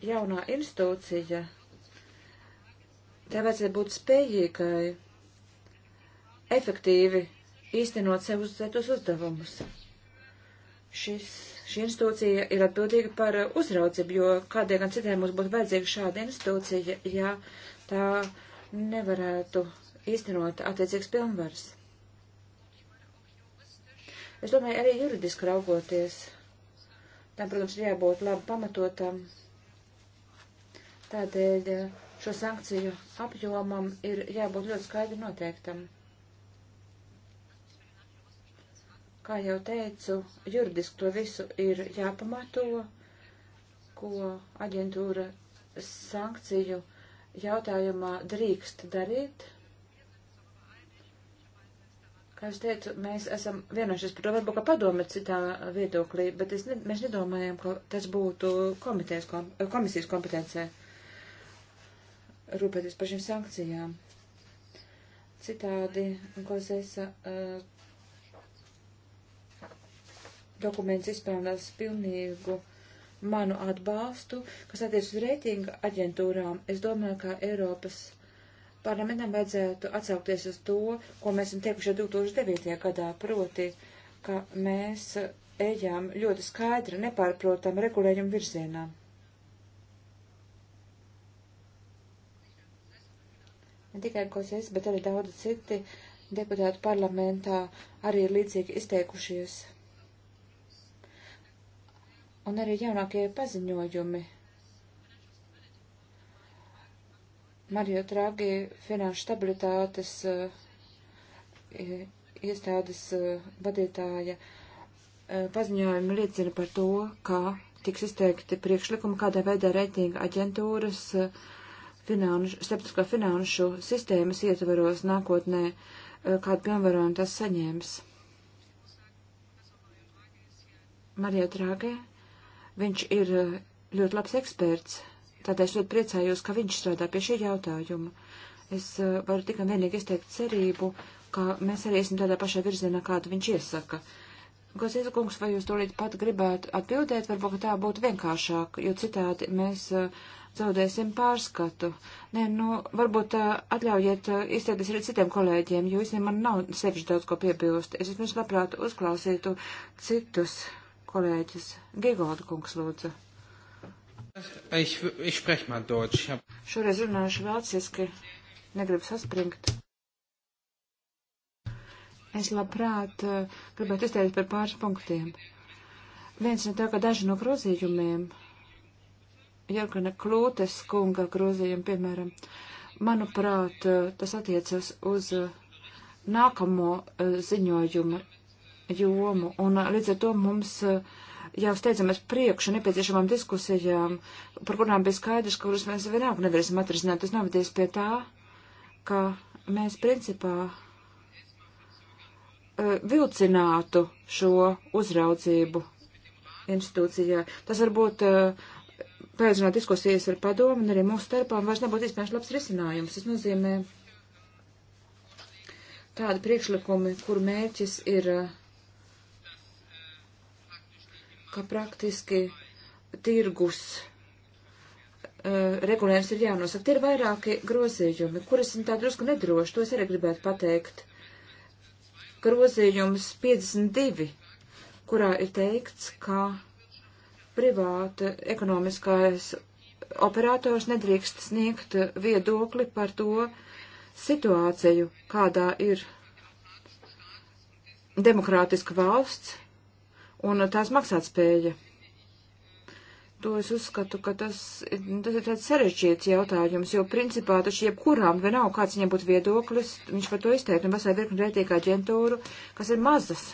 jaunā institūcija, tā vajadzētu būt spējīgai efektīvi īstenot sev uzdotos uzdevumus. Šis, šī institūcija ir atbildīga par uzraudzību, jo kādai gan citai mums būtu vajadzīga šāda institūcija, ja tā nevarētu īstenot attiecīgas pilnvaras. Es domāju, arī juridiski raugoties. Tam, protams, ir jābūt labi pamatotam. Tādēļ eh, šo sankciju apjomam ir jābūt ļoti skaidri noteiktam. Kā jau teicu, juridiski to visu ir jāpamato, ko aģentūra sankciju jautājumā drīkst darīt. Kā es teicu, mēs esam vienojušies par to, varbūt, ka padome citā viedoklī, bet ne, mēs nedomājam, ka tas būtu komitejas, kom, komisijas kompetencē rūpēties par šīm sankcijām. Citādi, ko es uh, dokuments izpelnās pilnīgu manu atbalstu, kas attiec uz reitinga aģentūrām. Es domāju, ka Eiropas parlamentam vajadzētu atsaukties uz to, ko mēs esam teikuši 2009. gadā, proti, ka mēs ejām ļoti skaidri, nepārprotam regulējumu virzienā. Ne tikai Kosēs, bet arī daudz citi deputāti parlamentā arī ir līdzīgi izteikušies. Un arī jaunākie paziņojumi Mario Draghi finanšu stabilitātes eh, iestādes eh, vadītāja eh, paziņojumi liecina par to, ka tiks izteikti priekšlikumi, kādā veidā reitinga aģentūras finanšu, starptautiskā finanšu sistēmas ietveros nākotnē, kādu pilnvarojumu tas saņēmis. Marija Dragē, viņš ir ļoti labs eksperts Tādēļ es ļoti priecājos, ka viņš strādā pie šī jautājuma. Es eh, varu tikai vienīgi izteikt cerību, ka mēs arī esam tādā pašā virzienā, kādu viņš iesaka. Gozēza kungs, vai jūs tūlīt pat gribētu atbildēt, varbūt tā būtu vienkāršāk, jo citādi mēs eh, zaudēsim pārskatu. Nē, nu, varbūt eh, atļaujiet izteikties arī citiem kolēģiem, jo visiem man nav sevišķi daudz ko piebilst. Es vismaz labprāt uzklausītu citus kolēģus. Gigolda kungs, lūdzu. Ich, ich spreche mal Deutsch. Ja. Šoreiz runāšu vāciski, negribu saspringt. Es labprāt eh, gribētu izteikt par pāris punktiem. Viens no tā, ka daži no grozījumiem, Jorgana Klūtes kunga grozījumi, piemēram, manuprāt, eh, tas attiecas uz eh, nākamo ziņojumu jomu, un līdz ar to mums uh, jau steidzamies priekšu nepieciešamām diskusijām, par kurām bija skaidrs, ka kurus mēs vienāk nevarēsim atrisināt. Tas novadīs pie tā, ka mēs principā e, vilcinātu šo uzraudzību institūcijā. Tas varbūt e, pēcināt diskusijas ar padomu un arī mūsu starpām vairs nebūtu iespējams labs risinājums. Tas nozīmē tādi priekšlikumi, kuru mērķis ir uh, ka praktiski tirgus e, regulējums ir jānosaka. Tie ir vairāki grozījumi, kuras ir tā drusku nedroši, to es arī gribētu pateikt. Grozījums 52, kurā ir teikts, ka privāta ekonomiskais operators nedrīkst sniegt viedokli par to situāciju, kādā ir demokrātiska valsts un tās maksātspēja. To es uzskatu, ka tas, tas ir tāds sarežģīts jautājums, jo principā taču jebkurām vienalga, kāds viņam būtu viedoklis, viņš var to izteikt, un vesai virkni rētīgā aģentūru, kas ir mazas.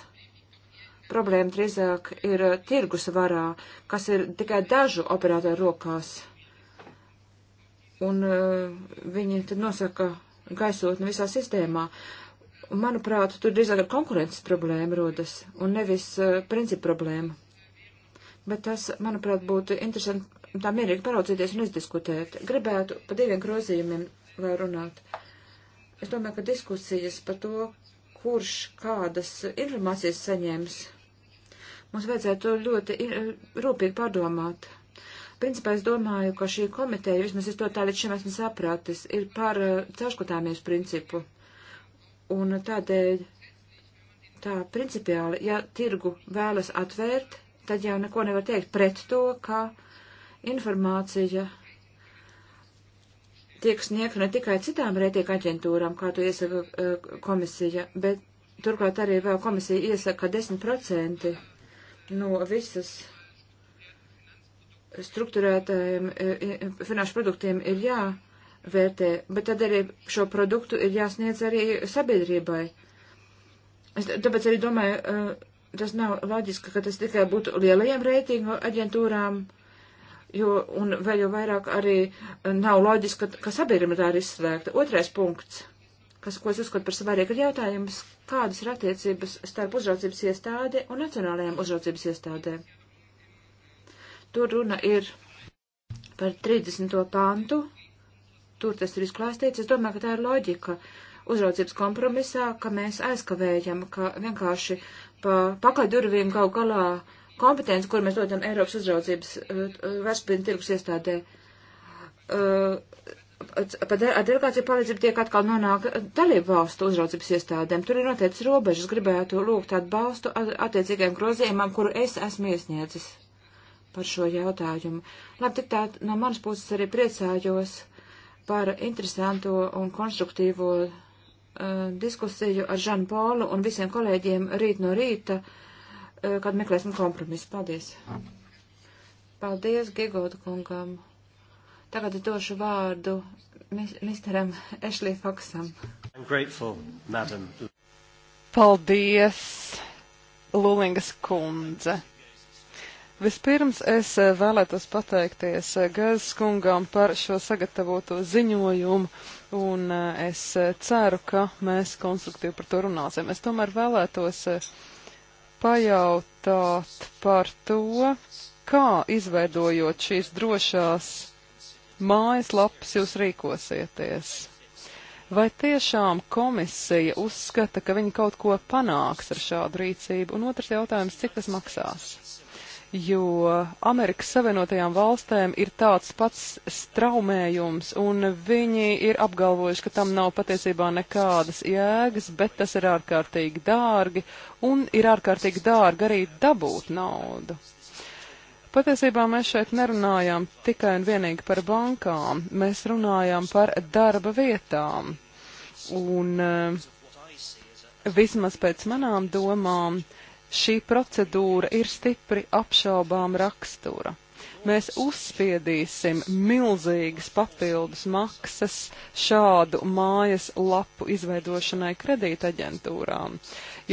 Problēma drīzāk ir tirgus varā, kas ir tikai dažu operātoru rokās. Un uh, viņi tad nosaka gaisotni visā sistēmā. Uh, manuprāt, tur drīzāk ar konkurences problēma rodas un nevis uh, principu problēma. Bet tas, manuprāt, būtu interesanti tā mierīgi paraudzīties un izdiskutēt. Gribētu pa diviem grozījumiem vēl runāt. Es domāju, ka diskusijas par to, kurš kādas informācijas saņēmis, mums vajadzētu ļoti eh, rūpīgi pārdomāt. Principā es domāju, ka šī komiteja, vismaz es to tā līdz šim esmu sapratis, ir par uh, caurskatāmies principu. Uh, Un tādēļ tā principiāli, ja tirgu vēlas atvērt, tad jau neko nevar teikt pret to, ka informācija tiek sniegta ne tikai citām rētiek aģentūrām, kā to iesaka eh, komisija, bet turklāt arī vēl komisija iesaka 10% no visas struktūrētajiem eh, finanšu produktiem ir jā. Ja, vērtē, bet tad arī šo produktu ir jāsniedz arī sabiedrībai. Es tāpēc arī domāju, uh, tas nav loģiski, ka tas tikai būtu lielajiem reitingu aģentūrām, jo, un vēl jau vairāk arī uh, nav loģiski, ka, ka sabiedrība tā ir izslēgta. Otrais punkts, kas, ko es uzskatu par svarīgu, ir jautājums, kādas ir attiecības starp uzraudzības iestādi un nacionālajām uzraudzības iestādēm. Tur runa ir par 30. pantu tur tas ir izklāstīts. Es domāju, ka tā ir loģika uzraudzības kompromisā, ka mēs aizkavējam, ka vienkārši pa pakaļ durvīm kaut galā kompetenci, kur mēs dodam Eiropas uzraudzības uh, uh, vērtspapīra tirgus iestādē. Uh, ar delegāciju palīdzību tiek atkal nonāk dalību valstu uzraudzības iestādēm. Tur ir noteikts robežas, gribētu lūgt atbalstu attiecīgajiem grozījumam, kuru es esmu iesniedzis par šo jautājumu. Labi, tik tā no manas puses arī priecājos. Uh, par interesanto un konstruktīvo uh, eh, diskusiju ar Žanu Polu un visiem kolēģiem rīt no rīta, uh, kad meklēsim kompromisu. Paldies! Paldies Gigota kungam! Tagad došu vārdu misteram Ešlī Foksam. Paldies, Lulingas kundze! Vispirms es eh, vēlētos pateikties eh, Gazas kungām par šo sagatavoto ziņojumu, un eh, es ceru, ka mēs konstruktīvi par to runāsim. Es tomēr vēlētos pajautāt par to, kā izveidojot šīs drošās mājas lapas jūs rīkosieties. Vai tiešām komisija uzskata, ka viņi kaut ko panāks ar šādu rīcību? Un otrs jautājums, cik tas maksās? jo Amerikas Savienotajām valstēm ir tāds pats straumējums, un viņi ir apgalvojuši, ka tam nav patiesībā nekādas jēgas, bet tas ir ārkārtīgi dārgi, un ir ārkārtīgi dārgi arī dabūt naudu. Patiesībā mēs šeit nerunājām tikai un vienīgi par bankām, mēs runājām par darba vietām. Un eh, vismaz pēc manām domām, uh, šī procedūra ir stipri apšaubām rakstura. Mēs uzspiedīsim milzīgas papildus maksas šādu mājas lapu izveidošanai kredītaģentūrām,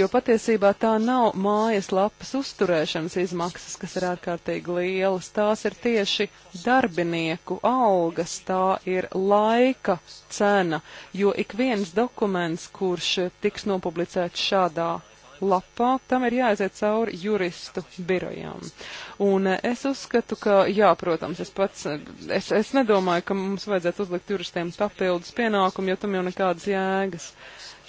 jo patiesībā tā nav mājas lapas uzturēšanas izmaksas, kas ir ārkārtīgi lielas, tās ir tieši darbinieku algas, tā ir laika cena, jo ik viens dokuments, kurš tiks nopublicēts šādā lapā, tam ir jāaiziet cauri juristu birojām. Un eh, es uzskatu, ka, jā, protams, es pats, eh, es, es nedomāju, ka mums vajadzētu uzlikt juristiem papildus pienākumu, jo tam jau nekādas jēgas.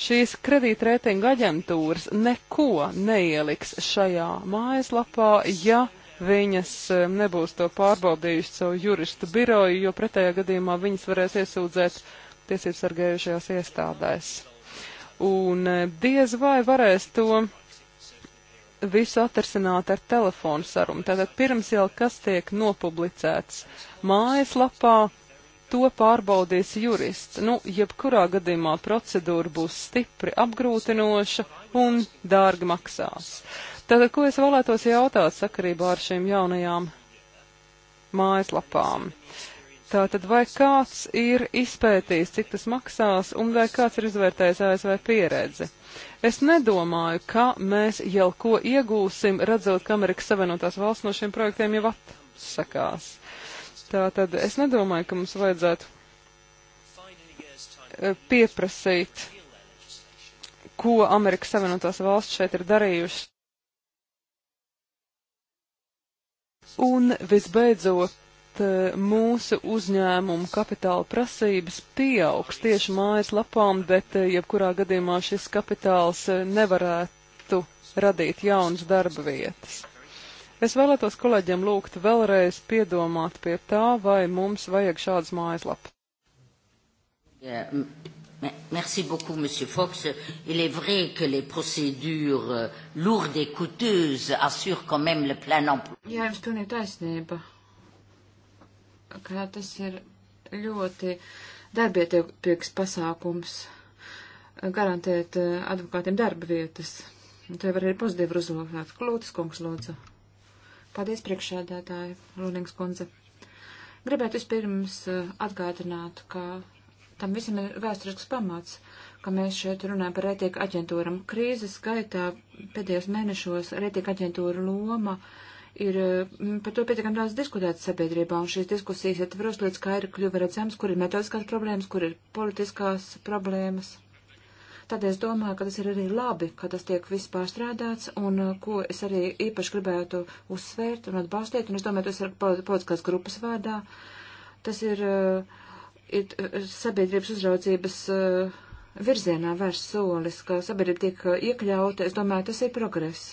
Šīs kredītreitinga aģentūras neko neieliks šajā mājaslapā, ja viņas eh, nebūs to pārbaudījuši savu juristu biroju, jo pretējā gadījumā viņas varēs iesūdzēt tiesības sargējušajās iestādēs un e, diez vai varēs to visu atrasināt ar telefonu sarunu. Tātad pirms jau kas tiek nopublicēts mājaslapā, to pārbaudīs jurists. Nu, jebkurā gadījumā procedūra būs stipri apgrūtinoša un dārgi maksās. Tātad, ko es vēlētos jautāt sakarībā ar šīm jaunajām mājaslapām? Uh, Tātad vai kāds ir izpētījis, cik tas maksās, un vai kāds ir izvērtējis ASV pieredzi? Es nedomāju, ka mēs jau ko iegūsim, redzot, ka Amerikas Savienotās valsts no šiem projektiem jau atsakās. Tātad es nedomāju, ka mums vajadzētu eh, pieprasīt, ko Amerikas Savienotās valsts šeit ir darījušas. Un visbeidzot, bet eh, mūsu uzņēmumu kapitāla prasības pieaugs tieši mājas lapām, bet eh, jebkurā gadījumā šis kapitāls eh, nevarētu radīt jaunas darba vietas. Es vēlētos kolēģiem lūgt vēlreiz piedomāt pie tā, vai mums vajag šādas mājaslapas. Yeah. Merci beaucoup, Monsieur Fox. Il est vrai que les procédures euh, lourdes et coûteuses assurent quand même le plein emploi. Jā, jums pilnīgi taisnība ka tas ir ļoti darbietilpīgs pasākums garantēt eh, advokātiem darba vietas. Un tev arī ir pozitīvi rezultāti. Klūtas kungs, lūdzu. Paldies, priekšsēdētāji, Lūnings kundze. Gribētu vispirms eh, atgādināt, ka tam visam ir vēsturisks pamats, ka mēs šeit runājam par rētieku aģentūram. Krīzes gaitā pēdējos mēnešos rētieku aģentūra loma uh, ir mm, par to pietiekami daudz diskutēts sabiedrībā, un šīs diskusijas ietvaros ja līdz skaidri kļuva redzams, kur ir metodiskās problēmas, kur ir politiskās problēmas. Tad es domāju, ka tas ir arī labi, ka tas tiek viss pārstrādāts, un uh, ko es arī īpaši gribētu uzsvērt un atbalstīt, un es domāju, tas ir politiskās grupas vārdā. Tas ir, uh, ir uh, sabiedrības uzraudzības virzienā vērsts solis, ka sabiedrība tiek iekļauta. Es domāju, tas ir progress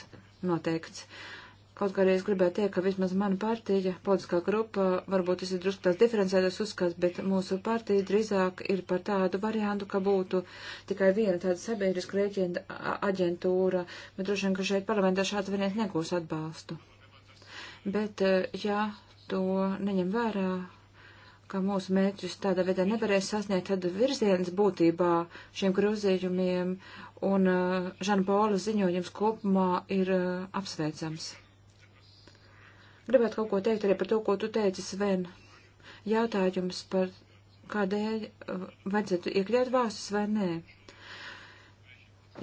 noteikts. Uh, Kaut kā arī es gribēju teikt, ka vismaz mana partija, politiskā grupa, varbūt tas ir drusku tās diferencētas uzskats, bet mūsu partija drīzāk ir par tādu variantu, ka būtu tikai viena tāda sabiedriska rēķina aģentūra, bet droši vien, ka šeit parlamentā šāds variants negūs atbalstu. Bet, eh, ja to neņem vērā, ka mūsu mērķus tādā veidā nevarēs sasniegt, tad virziens būtībā šiem grozījumiem un uh, Žana Paula ziņojums kopumā ir uh, apsveicams. Gribētu kaut ko teikt arī par to, ko tu teici, Sven. Jautājums par kādēļ uh, vajadzētu iekļaut valstis vai nē.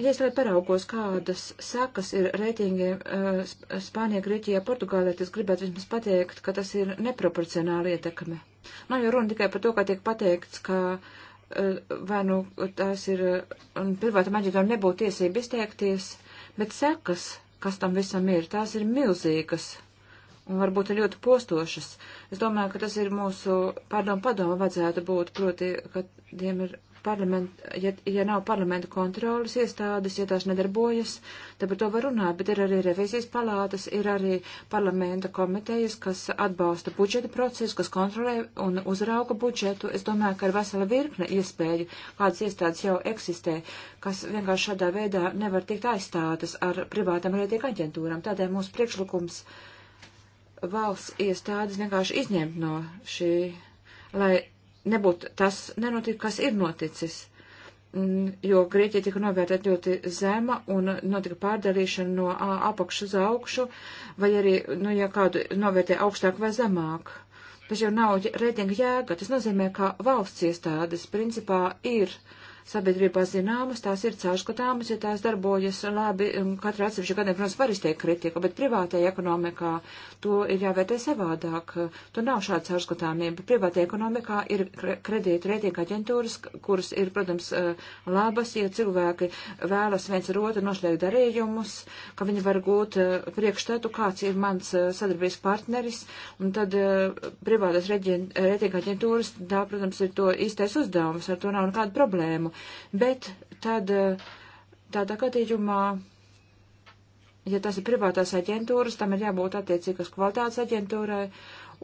Ja es tagad paraugos, kādas sekas ir reitingiem uh, Spānijā, Grieķijā, Portugālē, tad es gribētu vismaz pateikt, ka tas ir neproporcionāli ietekme. Nav no, jau runa tikai par to, kā tiek pateikts, ka uh, vai nu tās ir, uh, un privātam aģentam nebūtu tiesība izteikties, bet sekas, kas tam visam ir, tās ir milzīgas varbūt ļoti postošas. Es domāju, ka tas ir mūsu pārdomu padomu vajadzētu būt, proti, ka tiem ir parlament, ja, ja nav parlamenta kontrolas iestādes, ja tās nedarbojas, tad par to var runāt, bet ir arī revizijas palātas, ir arī parlamenta komitejas, kas atbalsta budžeta procesu, kas kontrolē un uzrauga budžetu. Es domāju, ka ir vesela virkne iespēja, kādas iestādes jau eksistē, kas vienkārši šādā veidā nevar tikt aizstātas ar privātam rētīgu aģentūram. Tādēļ mūsu priekšlikums. Uh, valsts iestādes vienkārši izņemt no šī, lai nebūtu tas nenotika, kas ir noticis. Mm, jo Grieķija tika novērtēta ļoti zema un notika pārdalīšana no apakšu uz augšu, vai arī, nu, ja kādu novērtē augstāk vai zemāk. Tas jau nav reģinga jēga, tas nozīmē, ka valsts iestādes principā ir uh, sabiedrībā zināmas, tās ir caurskatāmas, ja tās darbojas labi, katra atsevišķa gadiem, protams, var izteikt kritika, bet privātajā ekonomikā to ir jāvērtē savādāk. Tur nav šāda caurskatāmība. Privātajā ekonomikā ir kredīta reitinga aģentūras, kuras ir, protams, eh, labas, ja cilvēki vēlas viens ar otru nošliegt darījumus, ka viņi var gūt eh, priekšstatu, kāds ir mans eh, sadarbības partneris, un tad privātas reitinga aģentūras, tā, protams, ir to īstais uzdevums, ar to nav nekāda problēma nav. Bet tad eh, tādā gadījumā, ja tas ir privātās aģentūras, tam ir jābūt attiecīgas kvalitātes aģentūrai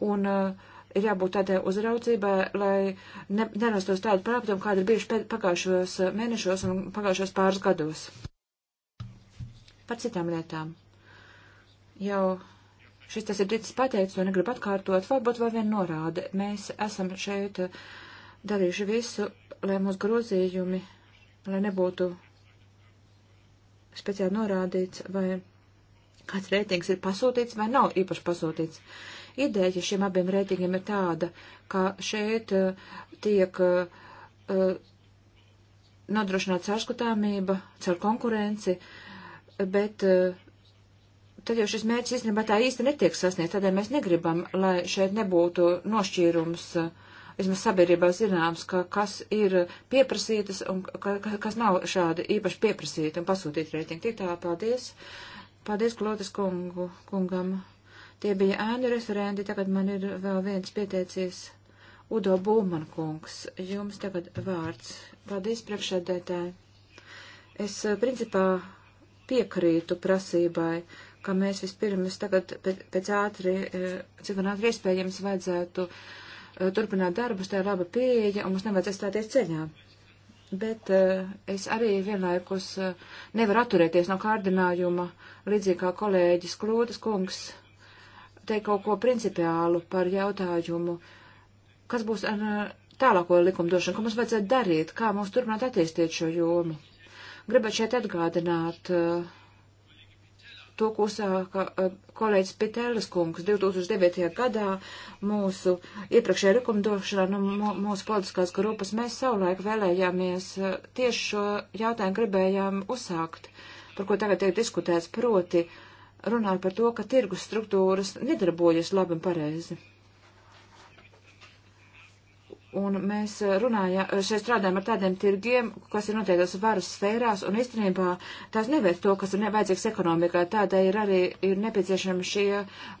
un eh, ir jābūt tādai uzraudzībai, lai ne, nerastos tādu prāptumu, kāda ir bijuši pagājušos mēnešos un pagājušos pāris gados. Par citām lietām. Jau šis tas ir ticis pateikts un negribu atkārtot, varbūt vēl vien norāde. Mēs esam šeit eh, darījuši visu, lai mūsu grozījumi, lai nebūtu speciāli norādīts, vai kāds reitings ir pasūtīts vai nav īpaši pasūtīts. Ideja šiem abiem reitingiem ir tāda, ka šeit uh, tiek uh, uh nodrošināta sārskatāmība caur konkurenci, bet uh, tad jau šis mērķis īstenībā tā īsti netiek sasniegts, tādēļ mēs negribam, lai šeit nebūtu nošķīrums. Uh, vismaz sabiedrībā zināms, ka kas ir pieprasītas un ka, kas nav šādi īpaši pieprasīti un pasūtīti rēķini. Tik tā, paldies. Paldies Klotas kungu, kungam. Tie bija ēnu referenti, tagad man ir vēl viens pieteicies. Udo Būman kungs, jums tagad vārds. Paldies priekšsēdētāji. Es eh, principā piekrītu prasībai, ka mēs vispirms tagad pēc, pēc ātri, eh, cik vien ātri iespējams, vajadzētu uh, Eh, turpināt darbus, tā ir laba pieeja, un mums nevajadzēs stāties ceļā. Bet uh, es arī vienlaikus uh, nevaru atturēties no kārdinājuma, līdzīgi kā kolēģis Klūdas kungs, teikt kaut ko principiālu par jautājumu, kas būs ar uh, tālāko likumdošanu, ko mums vajadzētu darīt, kā mums turpināt attīstīt šo jomu. Gribētu šeit atgādināt uh, to, ko sāka eh, kolēģis Pitēlis kungs 2009. gadā mūsu iepriekšējā rekomendošanā no nu, mūsu politiskās grupas. Mēs savulaik vēlējāmies eh, tieši šo jautājumu gribējām uzsākt, par ko tagad tiek diskutēts, proti runāt par to, ka tirgus struktūras nedarbojas labi un pareizi. Un mēs eh, runājam, eh, šeit strādājam ar tādiem tirgiem, kas ir noteiktos varas sfērās, un īstenībā tās neveic to, kas ir vajadzīgs ekonomikā. Tādēļ ir arī ir nepieciešami šie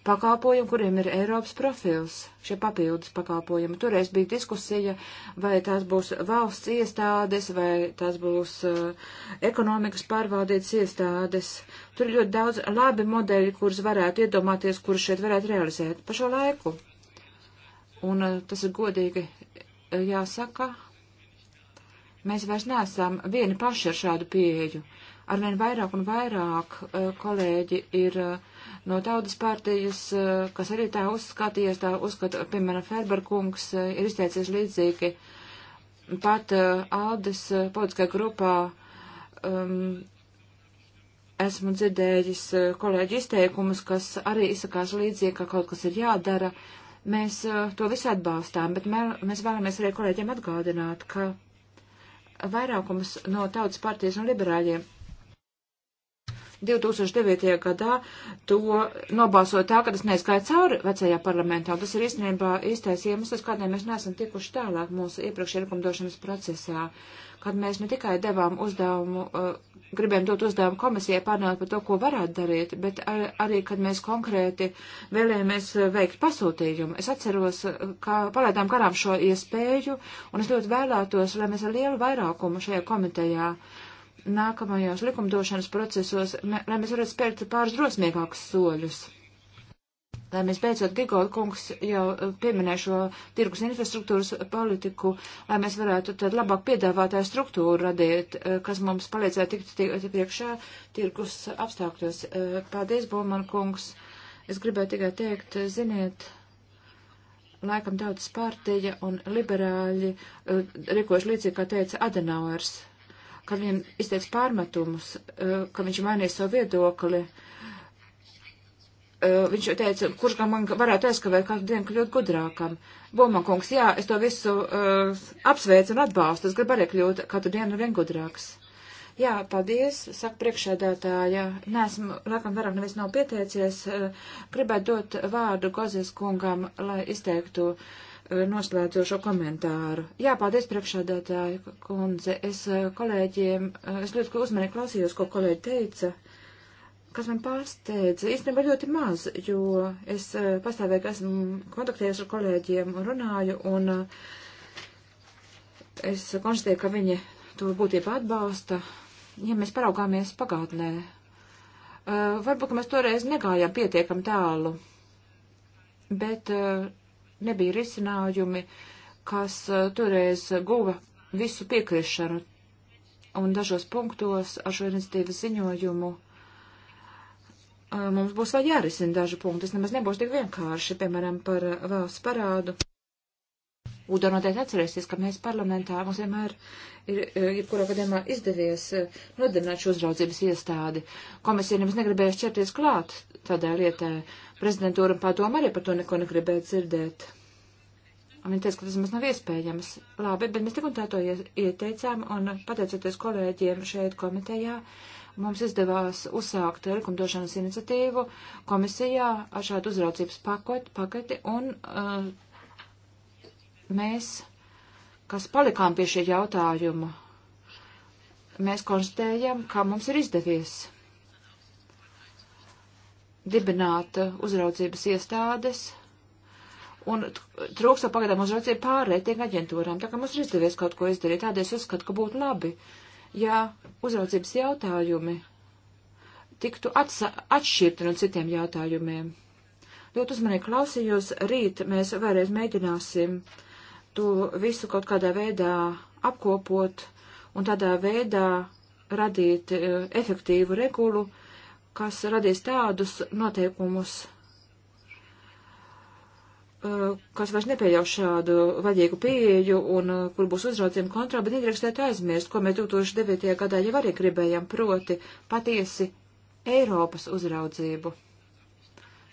pakalpojumi, kuriem ir Eiropas profils, šie papildus pakalpojumi. Toreiz bija diskusija, vai tās būs valsts iestādes, vai tās būs uh, ekonomikas pārvaldītas iestādes. Tur ir ļoti daudz labi modeļi, kurus varētu iedomāties, kurus šeit varētu realizēt pa šo laiku Un eh, tas ir godīgi eh, jāsaka, mēs vairs neesam vieni paši ar šādu pieeju. Arvien vairāk un vairāk eh, kolēģi ir no tautas partijas, kas arī tā uzskatījies, tā uzskata, piemēram, Ferberkungs ir izteicies līdzīgi. Pat Aldis politiskajā grupā um, esmu dzirdējis kolēģi izteikumus, kas arī izsakās līdzīgi, ka kaut kas ir jādara. Uh, Mēs uh, to visu atbalstām, bet mēr, mēs vēlamies arī kolēģiem atgādināt, ka vairākums no tautas partijas un liberāļiem 2009. gadā to nobalsoja tā, ka tas neizgāja cauri vecajā parlamentā, un tas ir īstenībā īstais iemesls, kādēļ mēs neesam tikuši tālāk mūsu iepriekšējā likumdošanas procesā, kad mēs ne tikai devām uzdevumu, uh, gribējām dot uzdevumu komisijai pārnāt par to, ko varētu darīt, bet ar, arī, kad mēs konkrēti vēlējāmies uh, veikt pasūtījumu. Es atceros, uh, ka palaidām garām šo iespēju, un es ļoti vēlētos, lai mēs ar lielu vairākumu šajā komitejā uh, nākamajos likumdošanas procesos, mē, lai mēs varētu spērt pāris drosmīgākus soļus. Lai mēs beidzot, Gigola kungs jau eh, pieminēja šo tirgus infrastruktūras politiku, lai mēs varētu tad labāk piedāvātāju struktūru radīt, eh, kas mums palīdzētu tikt priekšā tirgus apstākļos. Eh, paldies, Bulman kungs. Es gribēju tikai teikt, ziniet, laikam tautas partija un liberāļi rīkoši līdzīgi, kā teica Adenauers kad viņam izteiks pārmetumus, eh, ka viņš mainīja savu viedokli. Eh, viņš teica, kurš gan man varētu aizskavēt kādu dienu kļūt gudrākam. Bomankungs, jā, es to visu uh, apsveicu un atbalstu, es gribu arī kļūt katru dienu vien gudrāks. Jā, paldies, saka priekšēdētāja. Nē, esmu, laikam, vairāk nevis nav pieteicies. Gribētu dot vārdu Gozes kungam, lai izteiktu uh, Eh, noslēdzošo komentāru. Jā, paldies priekšādātāji, kundze. Es eh, kolēģiem, eh, es ļoti uzmanīgi klausījos, ko kolēģi teica, kas man pārsteidza. Īstenībā ļoti maz, jo es pastāvēju, ka esmu kontaktējies ar kolēģiem un runāju, un es konstatēju, ka viņi to būtībā atbalsta. Ja mēs paraugāmies pagātnē, varbūt, ka mēs toreiz negājām pietiekam tālu, bet Nebija risinājumi, kas eh, toreiz guva visu piekrišanu, un dažos punktos ar šo iniciatīvas ziņojumu eh, mums būs vēl jārisina daži punkti. Tas nemaz nebūs tik vienkārši, piemēram, par eh, valsts parādu. Udo noteikti atcerēsies, ka mēs parlamentā mums vienmēr ir, eh, jebkurā gadījumā izdevies eh, nodarbināt šo uzraudzības iestādi. Komisija nemaz negribēja šķerties klāt tādā lietā. Prezidentūra un padoma arī par to neko negribēja dzirdēt. Viņa teica, ka tas mums nav iespējams. Labi, bet mēs tik un tā to ieteicām un pateicoties kolēģiem šeit komitejā, mums izdevās uzsākt likumdošanas iniciatīvu komisijā ar šādu uzraudzības pakoti, paketi un uh, mēs, kas palikām pie šī jautājuma, mēs konstatējam, ka mums ir izdevies dibināt uzraudzības iestādes un trūkst pagaidām uzraudzību pārreitīgu aģentūrām. Tā kā mums ir izdevies kaut ko izdarīt, tādēļ es uzskatu, ka būtu labi, ja uzraudzības jautājumi tiktu atšķirti no citiem jautājumiem. Ļoti uzmanīgi klausījos, rīt mēs vēlreiz mēģināsim uh, to visu kaut kādā veidā apkopot un tādā veidā radīt e, efektīvu regulu, kas radīs tādus noteikumus, e, kas vairs nepieļaus šādu vaļīgu pieeju un e, kur būs uzraudzījuma kontrola, bet nedrīkstētu aizmirst, ko mēs 2009. gadā jau arī gribējām, proti patiesi Eiropas uzraudzību.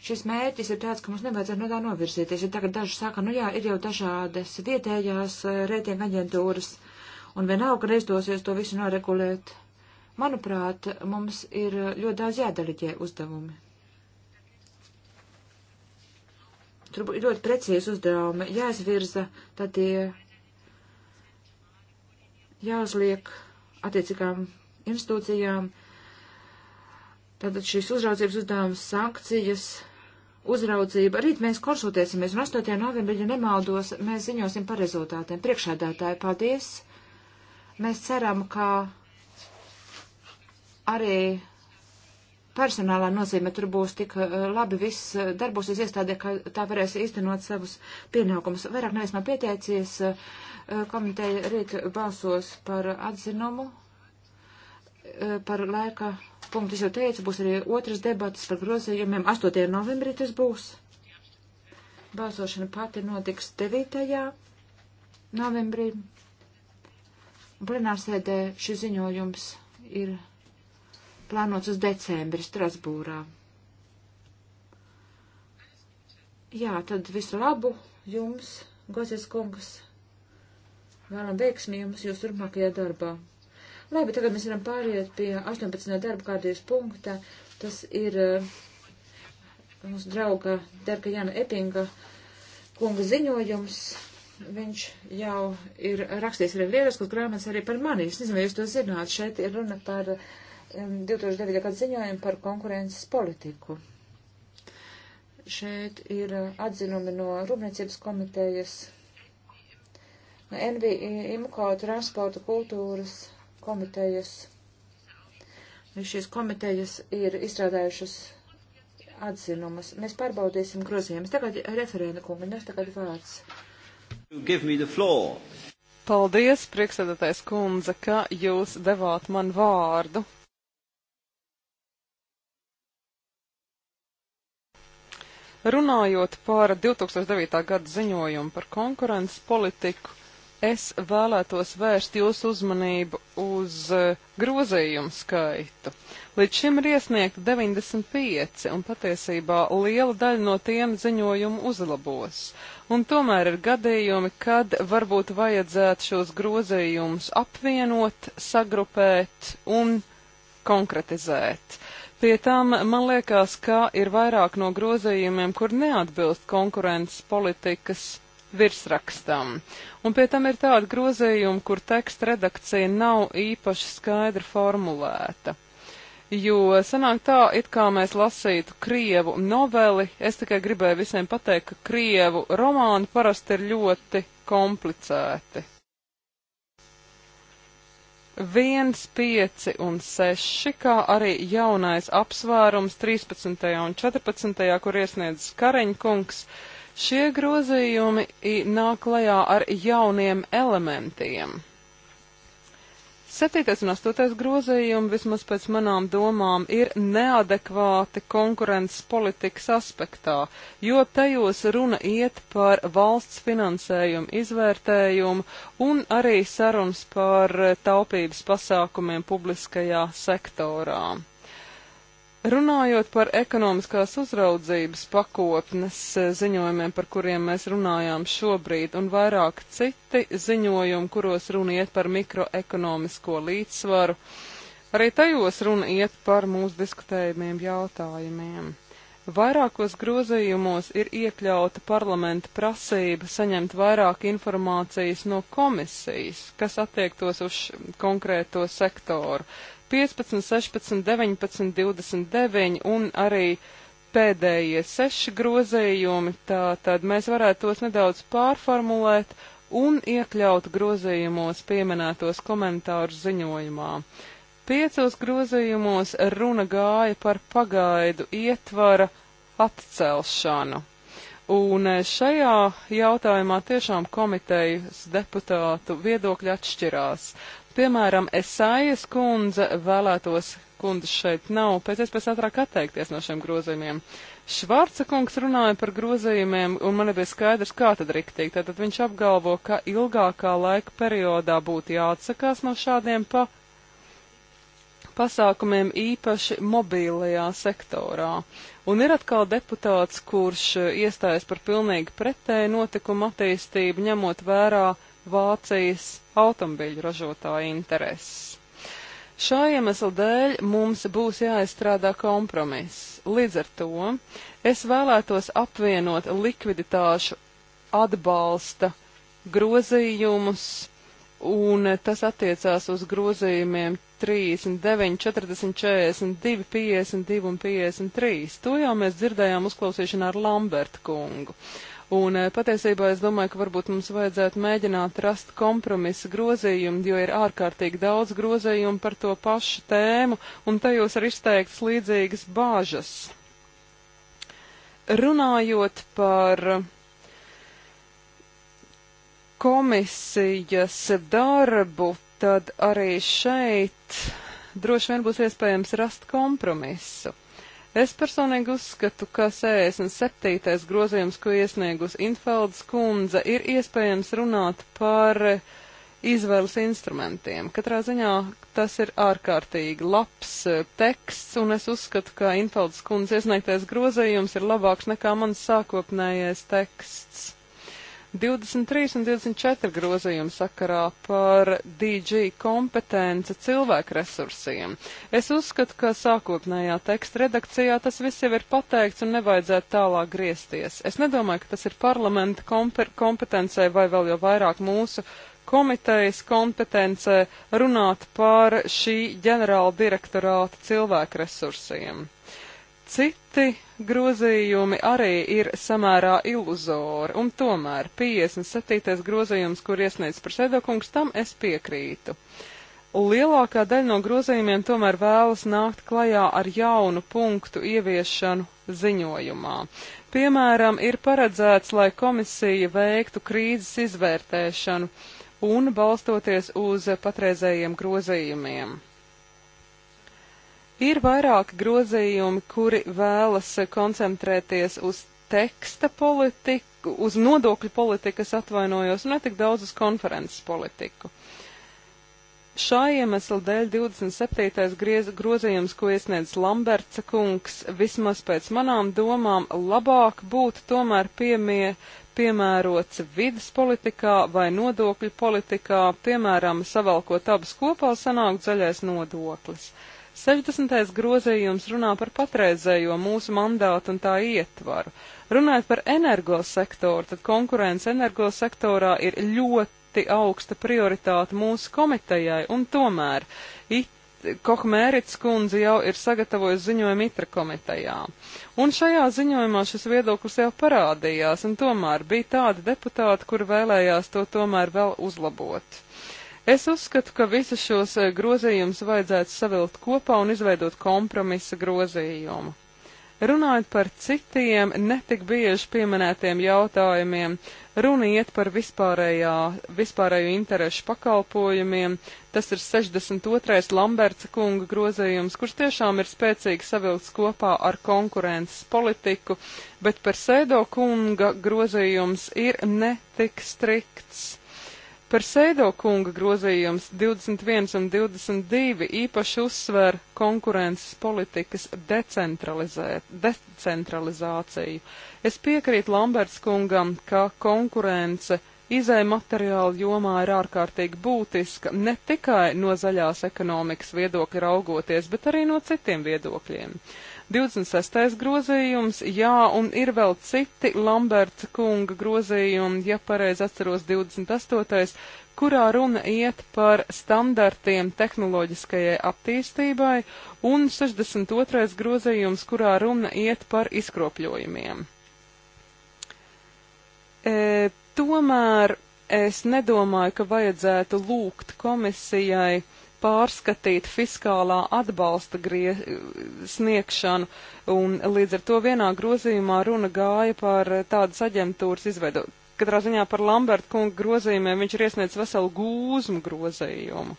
Šis mērķis ir tāds, ka mums nevajadzētu no tā novirzīties. Ja tagad daži saka, nu jā, ir jau dažādas vietējās eh, rētieņa aģentūras, un vienalga reizdosies to visu noregulēt. Manuprāt, mums ir ļoti daudz jādaliģē uzdevumi. Tur ir ļoti precīzi uzdevumi jāizvirza, tad tie jāuzliek attiecīgām institūcijām. Tātad šīs uzraudzības uzdevums sankcijas uzraudzība. Rīt mēs konsultēsimies, un 8. novembrī, ja nemaldos, mēs ziņosim par rezultātiem. Priekšādātāji, paldies! Mēs ceram, ka arī personālā nozīme tur būs tik eh, labi viss eh, darbosies iestādē, ka tā varēs īstenot savus pienākumus. Vairāk neesmu pieteicies, eh, komiteja rīt balsos par atzinumu, par laika punktu, es jau teicu, būs arī otras debatas par grozījumiem. 8. novembrī tas būs. Balsošana pati notiks 9. novembrī. Plenārsēdē šis ziņojums ir plānots uz decembri Strasbūrā. Jā, tad visu labu jums, Gozes kungs. Vēlam veiksmi jums jūs turpmākajā darbā. Labi, tagad mēs varam pāriet pie 18. darba kārtības punkta. Tas ir uh, mūsu drauga Derka Jana Epinga kunga ziņojums. Viņš jau ir rakstījis arī lieliskas grāmatas arī par mani. Es nezinu, vai jūs to zināt. Šeit ir runa par um, 2009. gadu ziņojumu par konkurences politiku. Šeit ir eh, atzinumi no Rūpniecības komitejas, no NVI, IMCO, transporta kultūras komitejas. Šīs komitejas ir izstrādājušas atzinumus. Mēs pārbaudīsim grozījumus. Tagad referēna kunga, nes tagad vārds. Paldies, priekšsēdētājs kundze, ka jūs devāt man vārdu. Runājot par 2009. gada ziņojumu par konkurences politiku, es vēlētos vērst jūsu uzmanību uz eh, grozījumu skaitu. Līdz šim ir iesniegta 95, un patiesībā liela daļa no tiem ziņojumu uzlabos. Un tomēr ir gadījumi, kad varbūt vajadzētu šos grozījumus apvienot, sagrupēt un konkretizēt. Pie tam man liekas, ka ir vairāk no grozījumiem, kur neatbilst konkurences politikas virsrakstam. Un pie tam ir tāda grozījuma, kur teksta redakcija nav īpaši skaidri formulēta. Jo sanāk tā, it kā mēs lasītu krievu noveli, es tikai gribēju visiem pateikt, ka krievu romāni parasti ir ļoti komplicēti. 1, 5 un 6, kā arī jaunais apsvērums 13. un 14. kur iesniedz Kareņkungs. kungs Šie grozījumi nāk klajā ar jauniem elementiem. 7. un 8. grozījumi vismaz pēc manām domām ir neadekvāti konkurences politikas aspektā, jo tajos runa iet par valsts finansējumu izvērtējumu un arī sarunas par taupības pasākumiem publiskajā sektorā. Runājot par ekonomiskās uzraudzības pakotnes e, ziņojumiem, par kuriem mēs runājām šobrīd, un vairāk citi ziņojumi, kuros runa iet par mikroekonomisko līdzsvaru, arī tajos runa iet par mūsu diskutējumiem jautājumiem. Vairākos grozījumos ir iekļauta parlamenta prasība saņemt vairāk informācijas no komisijas, kas attiektos uz konkrēto sektoru. 15, 16, 19, 29 un arī pēdējie seši grozējumi, tā tad mēs varētu tos nedaudz pārformulēt un iekļaut grozējumos pieminētos komentārus ziņojumā. Piecos grozījumos runa gāja par pagaidu ietvara atcelšanu. Un šajā jautājumā tiešām komitejas deputātu viedokļi atšķirās. Piemēram, Esājas kundze vēlētos, kundze šeit nav, pēc iespējas ātrāk atteikties no šiem grozījumiem. Švarca kungs runāja par grozījumiem, un man nebija skaidrs, kā tad riktīgi. Tātad viņš apgalvo, ka ilgākā laika periodā būtu jāatsakās no šādiem pa pasākumiem īpaši mobīlajā sektorā. Un ir atkal deputāts, kurš iestājas par pilnīgi pretēju notikumu attīstību, ņemot vērā Vācijas automobiļu ražotāju intereses. Šā iemesla dēļ mums būs jāizstrādā kompromiss. Līdz ar to es vēlētos apvienot likviditāšu atbalsta grozījumus, un tas attiecās uz grozījumiem 39, 40, 42, 52 un 53. To jau mēs dzirdējām uzklausīšanā ar Lamberta kungu. Uh, Un eh, patiesībā es domāju, ka varbūt mums vajadzētu mēģināt rast kompromisa grozījumu, jo ir ārkārtīgi daudz grozījumu par to pašu tēmu, un tajos ir izteikts līdzīgas bāžas. Runājot par komisijas darbu, tad arī šeit droši vien būs iespējams rast kompromisu. Es personīgi uzskatu, ka 67. grozījums, ko iesniegus Infelds kundze, ir iespējams runāt par izvēles instrumentiem. Katrā ziņā tas ir ārkārtīgi labs e, teksts, un es uzskatu, ka Infelds kundze iesniegtais grozījums ir labāks nekā mans sākotnējais teksts. 23 un 24 grozījumu sakarā par DG kompetenci cilvēku resursiem. Es uzskatu, ka sākotnējā teksta redakcijā tas viss jau ir pateikts un nevajadzētu tālāk griezties. Es nedomāju, ka tas ir parlamenta kompetencē vai vēl jau vairāk mūsu komitejas kompetencē runāt par šī ģenerāla direktorāta cilvēku resursiem. Citi grozījumi arī ir samērā iluzori, un tomēr 57. grozījums, kur iesniedz prasēdokungs, tam es piekrītu. Lielākā daļa no grozījumiem tomēr vēlas nākt klajā ar jaunu punktu ieviešanu ziņojumā. Piemēram, ir paredzēts, lai komisija veiktu krīzes izvērtēšanu un balstoties uz patreizējiem grozījumiem. Ir vairāki grozījumi, kuri vēlas koncentrēties uz teksta politiku, uz nodokļu politiku, es atvainojos, un netik daudz uz konferences politiku. Šā iemesla dēļ 27. Griez, grozījums, ko iesniedz Lamberts kungs, vismaz pēc manām domām, labāk būtu tomēr piemie, piemērots vidas politikā vai nodokļu politikā, piemēram, savalkot abas kopā sanāk zaļais nodoklis. Uh, 60. grozījums runā par patreizējo mūsu mandātu un tā ietvaru. Runājot par energosektoru, tad konkurence energosektorā ir ļoti augsta prioritāte mūsu komitejai, un tomēr it, Kohmērits kundze jau ir sagatavojusi ziņojumu itra komitejā. Un šajā ziņojumā šis viedoklis jau parādījās, un tomēr bija tādi deputāti, kuri vēlējās to tomēr vēl uzlabot. Es uzskatu, ka visus šos eh, grozījumus vajadzētu savilkt kopā un izveidot kompromisa grozījumu. Runājot par citiem netik bieži pieminētiem jautājumiem, runa iet par vispārējā, vispārēju interešu pakalpojumiem. Tas ir 62. Lamberts kunga grozījums, kurš tiešām ir spēcīgi savilkts kopā ar konkurences politiku, bet par Sēdo kunga grozījums ir netik strikts. Par Seido kunga grozījums 21 un 22 īpaši uzsver konkurences politikas decentralizāciju. Es piekrītu Lamberts kungam, ka konkurence izēja materiālu jomā ir ārkārtīgi būtiska ne tikai no zaļās ekonomikas viedokļa raugoties, bet arī no citiem viedokļiem. 26. grozījums, jā, un ir vēl citi Lamberta kunga grozījumi, ja pareizi atceros 28 kurā runa iet par standartiem tehnoloģiskajai attīstībai, un 62. grozījums, kurā runa iet par izkropļojumiem. E, tomēr es nedomāju, ka vajadzētu lūgt komisijai pārskatīt fiskālā atbalsta grie, sniegšanu, un līdz ar to vienā grozījumā runa gāja par tādas aģentūras izveidu. Katrā ziņā par Lamberta kunga grozījumiem viņš ir iesniedzis veselu gūzmu grozījumu.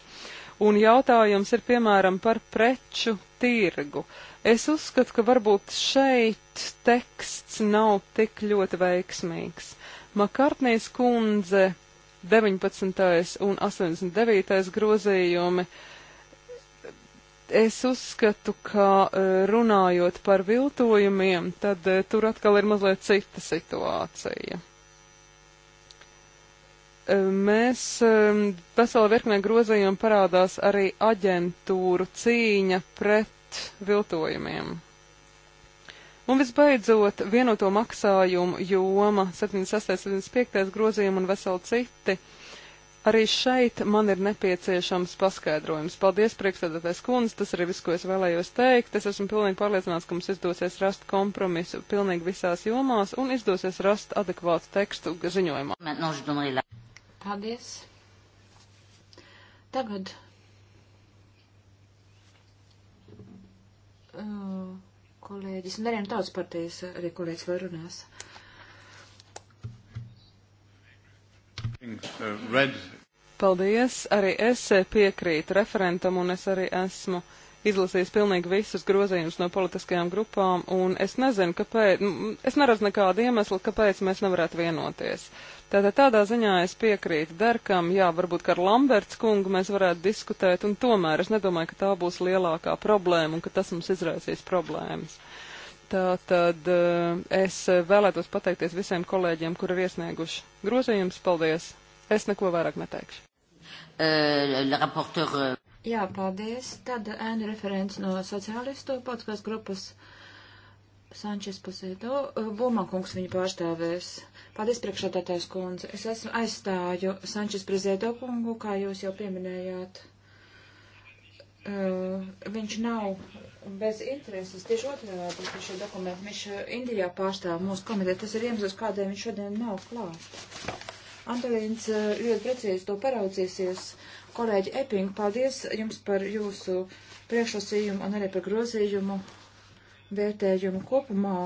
Un jautājums ir piemēram par preču tirgu. Es uzskatu, ka varbūt šeit teksts nav tik ļoti veiksmīgs. Makartnijas kundze 19. un 89. grozījumi. Es uzskatu, ka e, runājot par viltojumiem, tad e, tur atkal ir mazliet cita situācija. E, mēs vesela virknē grozījumu parādās arī aģentūru cīņa pret viltojumiem. Un visbeidzot, vienoto maksājumu joma 76, 75 grozījumi un veseli citi. Arī šeit man ir nepieciešams paskaidrojums. Paldies, priekšstādātais kundze, tas arī viss, ko es vēlējos teikt. Es esmu pilnīgi pārliecināts, ka mums izdosies rast kompromisu pilnīgi visās jomās un izdosies rast adekvātu tekstu ziņojumā. Paldies. Tagad. Uh kolēģis, un arī no tautas partijas arī kolēģis vēl runās. Paldies, arī es piekrītu referentam, un es arī esmu izlasījis pilnīgi visus grozījumus no politiskajām grupām, un es nezinu, kāpēc, es neredzu nekādu iemeslu, kāpēc mēs nevarētu vienoties. Tātad tādā ziņā es piekrītu Derkam, jā, varbūt ar Lamberts kungu mēs varētu diskutēt, un tomēr es nedomāju, ka tā būs lielākā problēma un ka tas mums izraisīs problēmas. Tā tad eh, es vēlētos pateikties visiem kolēģiem, kuri ir iesnieguši grozījumus. Paldies! Es neko vairāk neteikšu. Uh, Jā, paldies. Tad ēnu referents no sociālistu podkās grupas Sančes Pusēto. Bumakungs viņu pārstāvēs. Paldies, priekšādātājs kundze. Es esmu aizstāju Sančes Prezēto kungu, kā jūs jau pieminējāt. Uh, viņš nav bez intereses, tieši otrādi, ka šie dokumenti viņš Indijā pārstāv mūsu komiteju. Tas ir iemesls, kādēļ viņš šodien nav klāt. Antolīns uh, ļoti precīzi to paraucīsies kolēģi Epingu, paldies jums par jūsu priekšlasījumu un arī par grozījumu vērtējumu kopumā.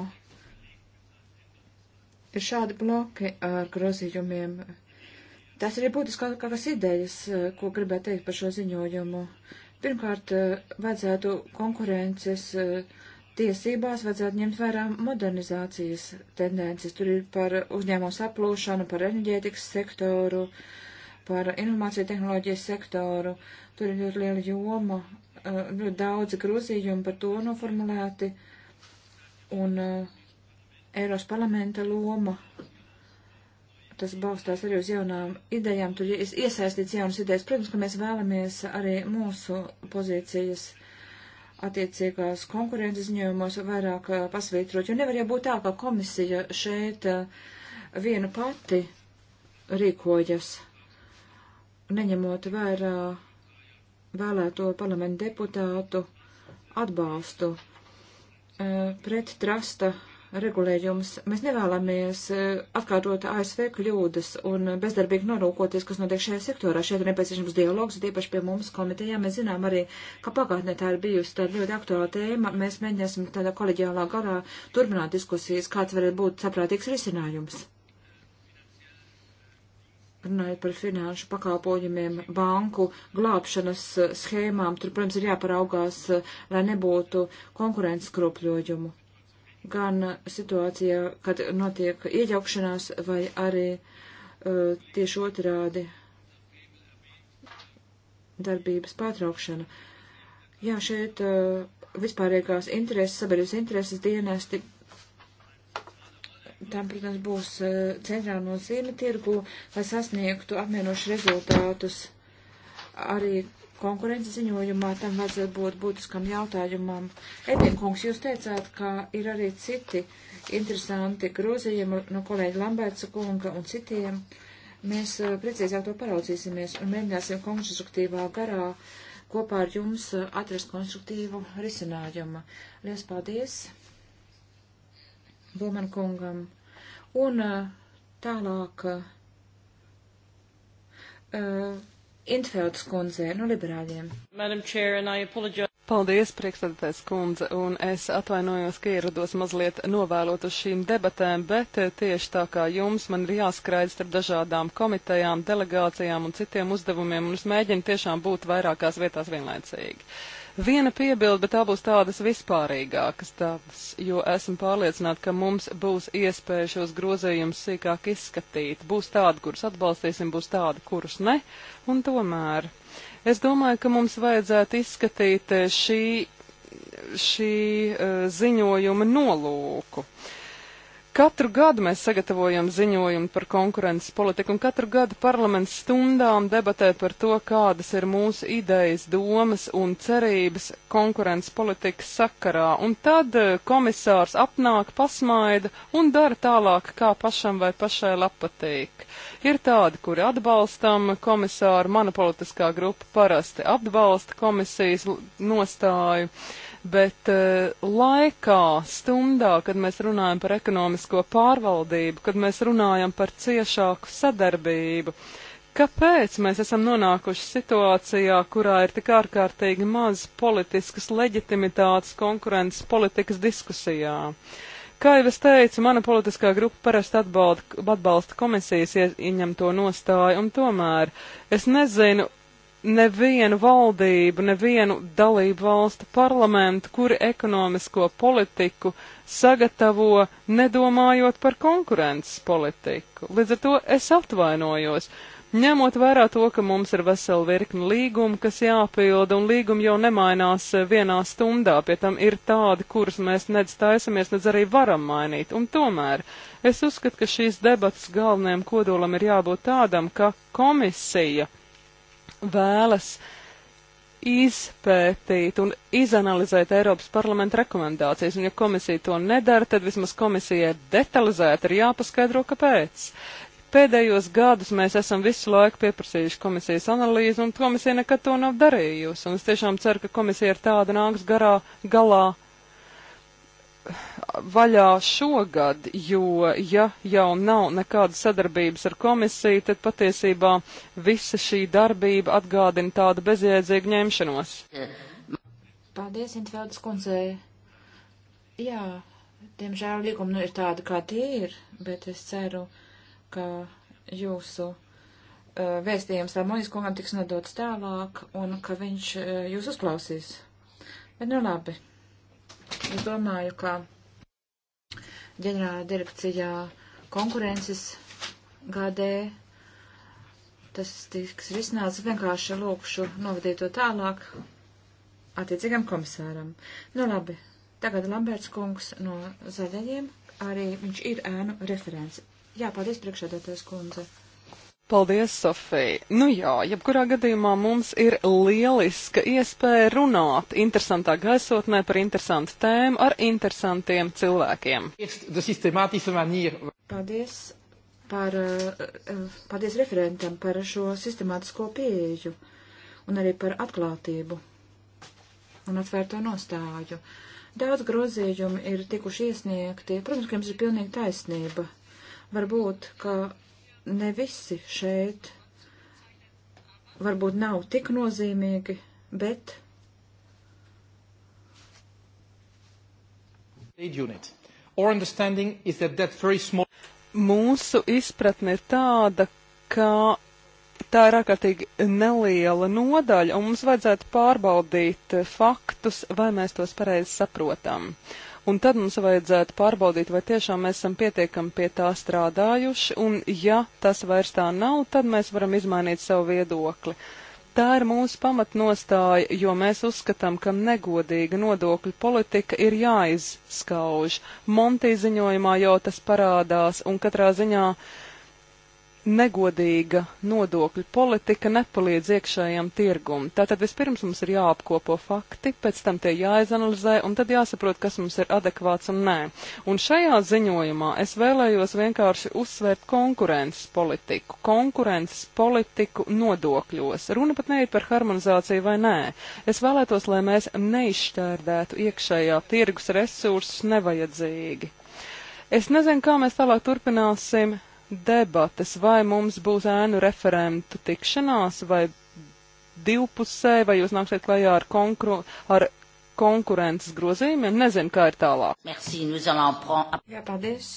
Ir šādi bloki ar grozījumiem. Tas arī būtiski kaut kādas idejas, ko gribētu teikt par šo ziņojumu. Pirmkārt, vajadzētu konkurences eh, tiesībās, vajadzētu ņemt vērā modernizācijas tendences. Tur ir par uzņēmumu saplūšanu, par enerģētikas sektoru. Uh, par informāciju tehnoloģijas sektoru. Tur ir ļoti liela joma, eh, ļoti daudz grozījumi par to noformulēti. Un eh, Eiros parlamenta loma, tas balstās arī uz jaunām idejām, tur ir iesaistīts jaunas idejas. Protams, ka mēs vēlamies arī mūsu pozīcijas attiecīgās konkurences ziņojumos vairāk eh, pasvītrot, jo nevar jau būt tā, ka komisija šeit viena pati rīkojas neņemot vērā vēlēto parlamentu deputātu atbalstu e, pret trasta regulējums. Mēs nevēlamies e, atkārtot ASV kļūdas un bezdarbīgi norūkoties, kas notiek šajā sektorā. Šeit ir nepieciešams dialogs, tiepaši pie mums komitejā. Mēs zinām arī, ka pagātnē tā ir bijusi tāda ļoti aktuāla tēma. Mēs mēģināsim tādā koleģiālā garā turpināt diskusijas, kāds varētu būt saprātīgs risinājums runājot par finanšu pakalpojumiem, banku glābšanas eh, schēmām, tur, protams, ir jāparaugās, eh, lai nebūtu konkurences kropļojumu. Gan eh, situācijā, kad notiek iejaukšanās, vai arī uh, tieši otrādi darbības pārtraukšana. Jā, šeit uh, vispārīgās intereses, sabiedrības intereses dienesti tam, protams, būs eh, centrāla nozīme tirgu, lai sasniegtu apmienošu rezultātus. Arī konkurences ziņojumā tam vajadzētu būt būtiskam jautājumam. Edinkungs, jūs teicāt, ka ir arī citi interesanti grozījumi no kolēģa Lambertsa kunga un citiem. Mēs eh, precīzāk to paraudzīsimies un mēģināsim konstruktīvā garā kopā ar jums eh, atrast konstruktīvu risinājumu. Lielas paldies! Bulman kungam. Un eh, tālāk uh, eh, Intfelds kundze no liberāļiem. Paldies, priekšstādātais kundze, un es atvainojos, ka ierados mazliet novēlot uz šīm debatēm, bet eh, tieši tā kā jums man ir jāskraid starp dažādām komitejām, delegācijām un citiem uzdevumiem, un es mēģinu tiešām būt vairākās vietās vienlaicīgi. Uh, Viena piebilda, bet tā būs tādas vispārīgākas, tādas, jo esmu pārliecināta, ka mums būs iespēja šos grozējumus sīkāk izskatīt. Būs tādi, kurus atbalstīsim, būs tādi, kurus ne, un tomēr. Es domāju, ka mums vajadzētu izskatīt eh, šī, šī uh, ziņojuma nolūku. Uh, Katru gadu mēs sagatavojam ziņojumu par konkurences politiku, un katru gadu parlaments stundām debatē par to, kādas ir mūsu idejas, domas un cerības konkurences politikas sakarā. Un tad eh, komisārs apnāk, pasmaida un dara tālāk, kā pašam vai pašai patīk. Ir tādi, kuri atbalstam komisāru, mana politiskā grupa parasti atbalsta komisijas nostāju. Uh, bet eh, laikā, stundā, kad mēs runājam par ekonomisko pārvaldību, kad mēs runājam par ciešāku sadarbību, kāpēc mēs esam nonākuši situācijā, kurā ir tik ārkārtīgi maz politiskas leģitimitātes konkurences politikas diskusijā? Kā jau es teicu, mana politiskā grupa parasti atbalda, atbalsta komisijas ieņemto nostāju, un tomēr es nezinu, nevienu valdību, nevienu dalību valstu parlamentu, kuri ekonomisko politiku sagatavo nedomājot par konkurences politiku. Līdz ar to es atvainojos. Ņemot vērā to, ka mums ir vesela virkni līgumu, kas jāpilda, un līgumi jau nemainās eh, vienā stundā, pie tam ir tādi, kurus mēs nedz taisamies, nedz arī varam mainīt. Un tomēr es uzskatu, ka šīs debatas galvenajam kodolam ir jābūt tādam, ka komisija vēlas izpētīt un izanalizēt Eiropas parlamenta rekomendācijas, un ja komisija to nedara, tad vismaz komisijai detalizēti ir jāpaskaidro, kāpēc. Pēdējos gadus mēs esam visu laiku pieprasījuši komisijas analīzi, un komisija nekad to nav darījusi, un es tiešām ceru, ka komisija ar tādu nāks garā galā vaļā šogad, jo ja jau nav nekāda sadarbības ar komisiju, tad patiesībā visa šī darbība atgādina tādu bezjēdzīgu ņemšanos. Paldies, Intveldes kundzei. Jā, diemžēl līguma nu ir tāda, kā tie ir, bet es ceru, ka jūsu uh, vēstījums Ramonis kungam tiks nodots tālāk un ka viņš uh, jūs uzklausīs. Bet nu labi. Es domāju, ka ģenerāla direkcijā konkurences gādē tas tiks risināts. Vienkārši lūkšu novadīt to tālāk attiecīgam komisāram. Nu labi, tagad Lamberts kungs no zaļajiem, arī viņš ir ēnu referents. Jā, paldies priekšādātais kundze. Paldies, Sofija. Nu jā, jebkurā gadījumā mums ir lieliska iespēja runāt interesantā gaisotnē par interesantu tēmu ar interesantiem cilvēkiem. Paldies par, eh, paldies referentam par šo sistemātisko pieeju un arī par atklātību un atvērto nostāju. Daudz grozījumu ir tikuši iesniegti. Protams, ka jums ir pilnīgi taisnība. Varbūt, ka ne visi šeit varbūt nav tik nozīmīgi, bet. Small... Mūsu izpratne ir tāda, ka tā ir ārkārtīgi neliela nodaļa, un mums vajadzētu pārbaudīt faktus, vai mēs tos pareizi saprotam. Uh, un tad mums vajadzētu pārbaudīt, vai tiešām mēs esam pietiekami pie tā strādājuši, un ja tas vairs tā nav, tad mēs varam izmainīt savu viedokli. Tā ir mūsu pamatnostāja, jo mēs uzskatām, ka negodīga nodokļu politika ir jāizskauž. Montī ziņojumā jau tas parādās, un katrā ziņā uh, negodīga nodokļu politika nepalīdz iekšējam tirgum. Tātad vispirms mums ir jāapkopo fakti, pēc tam tie jāizanalizē un tad jāsaprot, kas mums ir adekvāts un nē. Un šajā ziņojumā es vēlējos vienkārši uzsvērt konkurences politiku, konkurences politiku nodokļos. Runa pat neiet par harmonizāciju vai nē. Es vēlētos, lai mēs neizšķērdētu iekšējā tirgus resursus nevajadzīgi. Es nezinu, kā mēs tālāk turpināsim debates, vai mums būs ēnu referentu tikšanās, vai divpusē, vai jūs nāksiet klajā ar, konkru, ar konkurences grozījumiem. Nezinu, kā ir tālāk. Merci, Jā, paldies.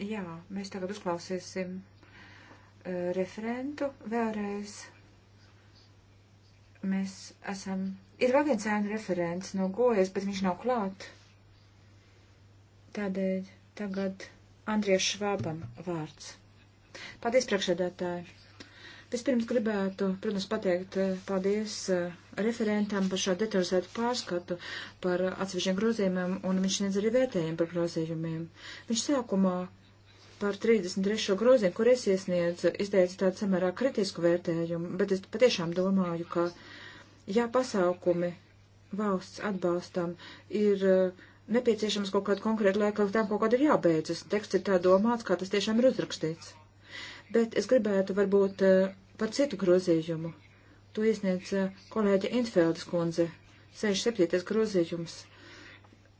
Jā, mēs tagad uzklausīsim uh, referentu vēlreiz. Mēs esam. Ir vēl viens ēnu referents no gojas, bet viņš nav klāt. Tādēļ tagad Andrijas Švābam vārds. Paldies, priekšsēdētāji! Vispirms gribētu, protams, pateikt eh, paldies eh, referentam par šo detalizētu pārskatu par atsevišķiem grozījumiem, un viņš nedz arī vērtējumu par grozījumiem. Viņš sākumā par 33. grozījumu, kur es iesniedzu, izteica tādu samērā kritisku vērtējumu, bet es patiešām domāju, ka, ja pasaukumi valsts atbalstam ir uh, nepieciešams kaut kādu konkrētu laiku, tam kaut kāda ir jābeidzas. Teksts ir tā domāts, kā tas tiešām ir uzrakstīts. Bet es gribētu varbūt eh, par citu grozījumu. To iesniedz eh, kolēģa Intfeldes kundze. 67. grozījums.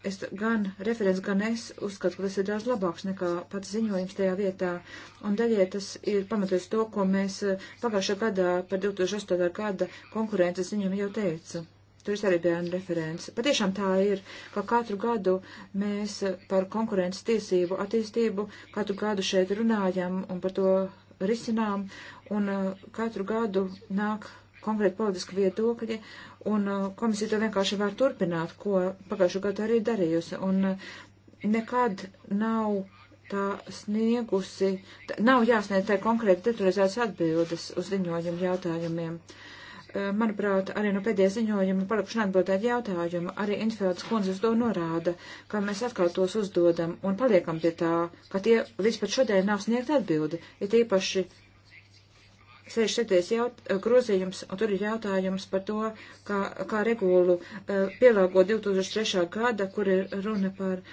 Es gan referents, gan es uzskatu, ka tas ir daudz labāks nekā pats ziņojums tajā vietā. Un daļai tas ir pamatojas to, ko mēs eh, pagājušā gadā par 2008. gada konkurences ziņojumu jau teicu Tur es arī biju referents. Patiešām tā ir, ka katru gadu mēs par konkurences tiesību attīstību katru gadu šeit runājam un par to risinām, un uh, katru gadu nāk konkrēti politiski viedokļi, un uh, komisija to vienkārši var turpināt, ko pagājušajā gadā arī darījusi, un uh, nekad nav tā sniegusi, tā, nav jāsniedz tā konkrēti detalizētas atbildes uz ziņojumu jautājumiem. Uh, Eh, manuprāt, arī no pēdējā ziņojuma palikuši neatbildēt jautājumu. Arī Infelds kundzes to norāda, ka mēs atkal tos uzdodam un paliekam pie tā, ka tie līdz pat šodien nav sniegt atbildi. Ir īpaši 67. Jaut, eh, grozījums, un tur ir jautājums par to, kā, kā regulu eh, pielāgo 2003. gada, kur ir runa par.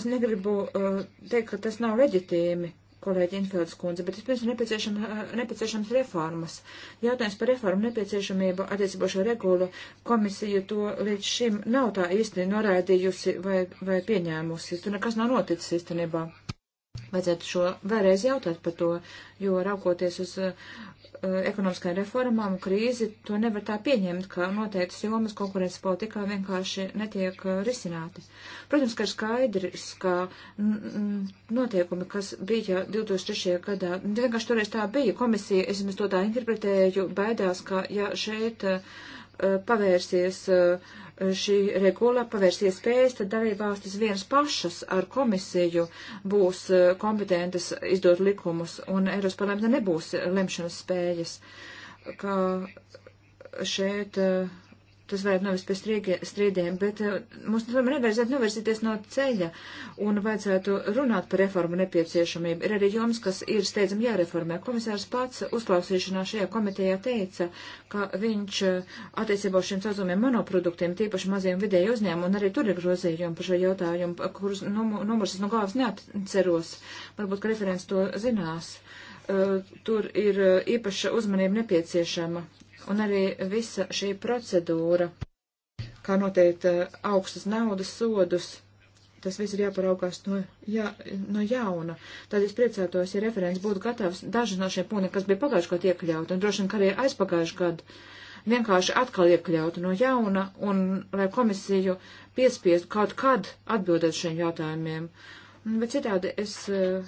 Es negribu teikt, ka tas nav leģitīmi, kolēģi Infeldes kundze, bet vispirms nepieciešama, eh, nepieciešams reformas. Jautājums par reformu nepieciešamību attiecībā šo regulu komisija to līdz šim nav tā īsti norādījusi vai, vai pieņēmusi. Tur nekas nav noticis īstenībā. Vajadzētu šo vēlreiz jautāt par to, jo raukoties uz uh, Eh, ekonomiskajām reformām un krīzi, to nevar tā pieņemt, ka noteiktas jomas konkurences politikā vienkārši netiek eh, risināti. Protams, ka ir skaidrs, ka noteikumi, kas bija 2003. gadā, vienkārši toreiz tā bija. Komisija, es, es to tā interpretēju, baidās, ka ja šeit uh, Eh, pavērsies eh, šī regula, pavērsies spējas, tad dalībvalstis viens pašas ar komisiju būs eh, kompetentas izdot likumus, un Eiropas parlamentā nebūs lemšanas spējas, kā šeit uh, tas vajag novest pie strīgie, strīdiem, bet eh, mums tomēr nevajadzētu novērsīties no ceļa un vajadzētu runāt par reformu nepieciešamību. Ir arī joms, kas ir steidzami jāreformē. Komisārs pats uzklausīšanā šajā komitejā teica, ka viņš eh, attiecībā uz šiem saucamiem monoproduktiem, tīpaši maziem vidēju uzņēmumu, un arī tur ir grozījumi par šo jautājumu, kurus num numurs es no galvas neatceros. Varbūt, ka referents to zinās. Uh, tur ir īpaša uzmanība nepieciešama un arī visa šī procedūra, kā noteikt eh, augstas naudas sodus, tas viss ir jāparaugās no, jā, no jauna. Tad es priecātos, ja referents būtu gatavs dažas no šiem punktiem, kas bija pagājušajā gadā iekļaut, un droši vien, ka arī aizpagājušajā gadā vienkārši atkal iekļautu no jauna, un lai komisiju piespiestu kaut kad atbildēt šiem jautājumiem. Bet citādi es uh,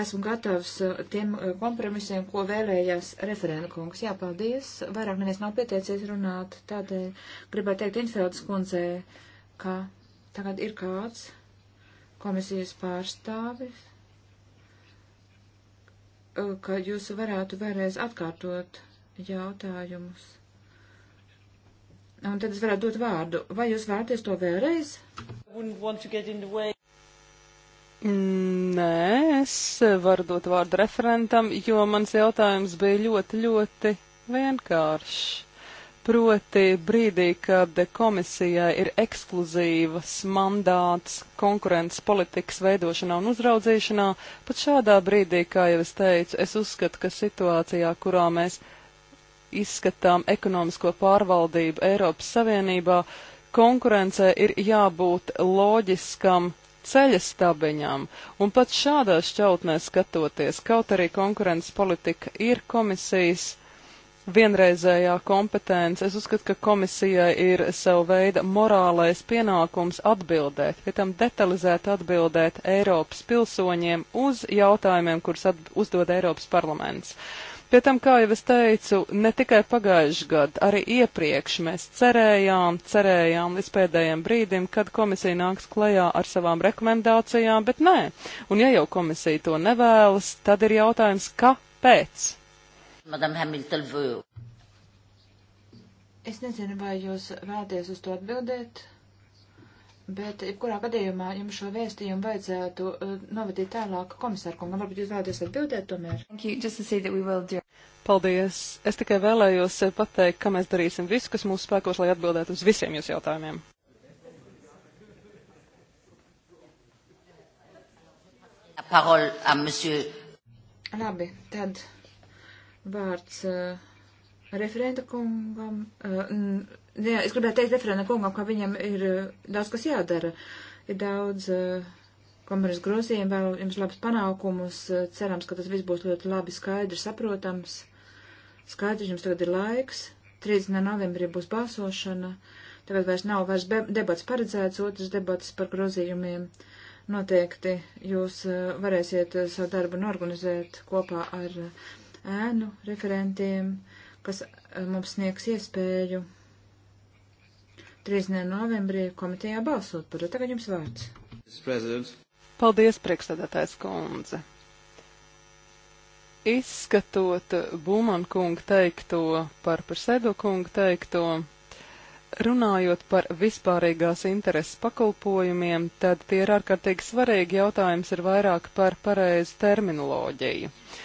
esmu gatavs eh, tiem eh, kompromisiem, ko vēlējās referenta kungs. Jā, paldies. Vairāk neviens nav pieteicies runāt, tādēļ gribētu teikt Infeldes kundzē, ka tagad ir kāds komisijas pārstāvis, eh, ka jūs varētu vēlreiz atkārtot jautājumus. Un tad es varētu dot vārdu. Vai jūs vēlaties to vēlreiz? Nē, es varu dot vārdu referentam, jo mans jautājums bija ļoti, ļoti vienkāršs. Proti brīdī, kad komisijai ir ekskluzīvas mandāts konkurences politikas veidošanā un uzraudzīšanā, pat šādā brīdī, kā jau es teicu, es uzskatu, ka situācijā, kurā mēs izskatām ekonomisko pārvaldību Eiropas Savienībā, konkurencē ir jābūt loģiskam ceļa stabiņam, un pat šādā šķautnē skatoties, kaut arī konkurences politika ir komisijas vienreizējā kompetence, es uzskatu, ka komisijai ir savu veidu morālais pienākums atbildēt, pie tam detalizēt atbildēt Eiropas pilsoņiem uz jautājumiem, kurus uzdod Eiropas parlaments. Uh, Pie tam, kā jau es teicu, ne tikai pagājuši gadu, arī iepriekš mēs cerējām, cerējām līdz pēdējiem brīdim, kad komisija nāks klajā ar savām rekomendācijām, bet nē. Un ja jau komisija to nevēlas, tad ir jautājums, kāpēc? Madam Hamilton Vue. Es nezinu, vai jūs vēlaties uz to atbildēt. Bet, jebkurā gadījumā, jums šo vēstījumu vajadzētu uh, novadīt tālāk komisārkungam. Varbūt jūs vēlaties atbildēt tomēr? Do... Paldies! Es tikai vēlējos uh, pateikt, ka mēs darīsim visu, kas mūsu spēkos, lai atbildētu uz visiem jūsu jautājumiem. Parol, monsieur... Labi, tad vārds uh, referenta kungam. Uh, jā, es gribētu teikt referēna kungam, ka viņam ir eh, daudz kas jādara. Ir daudz eh, komerces grozījumu, vēl jums labs panākumus. Cerams, ka tas viss būs ļoti labi skaidrs, saprotams. Skaidrs, jums tagad ir laiks. 30. novembrī būs balsošana. Tagad vairs nav vairs debats paredzēts, otrs debats par grozījumiem. Noteikti jūs eh, varēsiet savu darbu norganizēt kopā ar ēnu referentiem, kas mums sniegs iespēju 13. novembrī komitejā balsot par to. Tagad jums vārds. Paldies, priekšstādātājs kundze. Izskatot Būman kunga teikto par Persedo kunga teikto, runājot par vispārīgās intereses pakalpojumiem, tad tie ir ārkārtīgi svarīgi jautājums ir vairāk par pareizu terminoloģiju. Uh,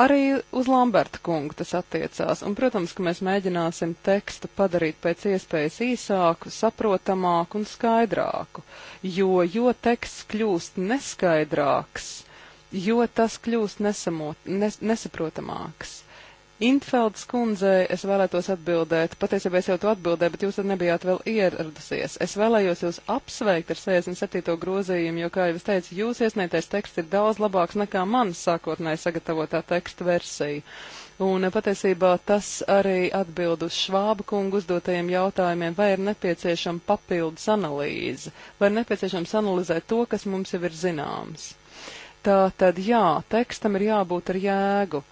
Arī uz Lamberta kungu tas attiecās, un, protams, ka mēs mēģināsim tekstu padarīt pēc iespējas īsāku, saprotamāku un skaidrāku, jo, jo teksts kļūst neskaidrāks, jo tas kļūst nesamot, nes, nesaprotamāks. Intfelds kundzei es vēlētos atbildēt, patiesībā es jau to atbildēju, bet jūs tad nebijāt vēl ieradusies. Es vēlējos jūs apsveikt ar 67. grozījumu, jo, kā jau es teicu, jūs iesniegtais teksts ir daudz labāks nekā manas sākotnēji sagatavotā teksta versija. Un patiesībā tas arī atbild uz Švāba kungu uzdotajiem jautājumiem, vai ir nepieciešama papildus analīze, vai ir nepieciešams analizēt to, kas mums jau ir zināms. Tā tad jā, tekstam ir jābūt ar jēgu.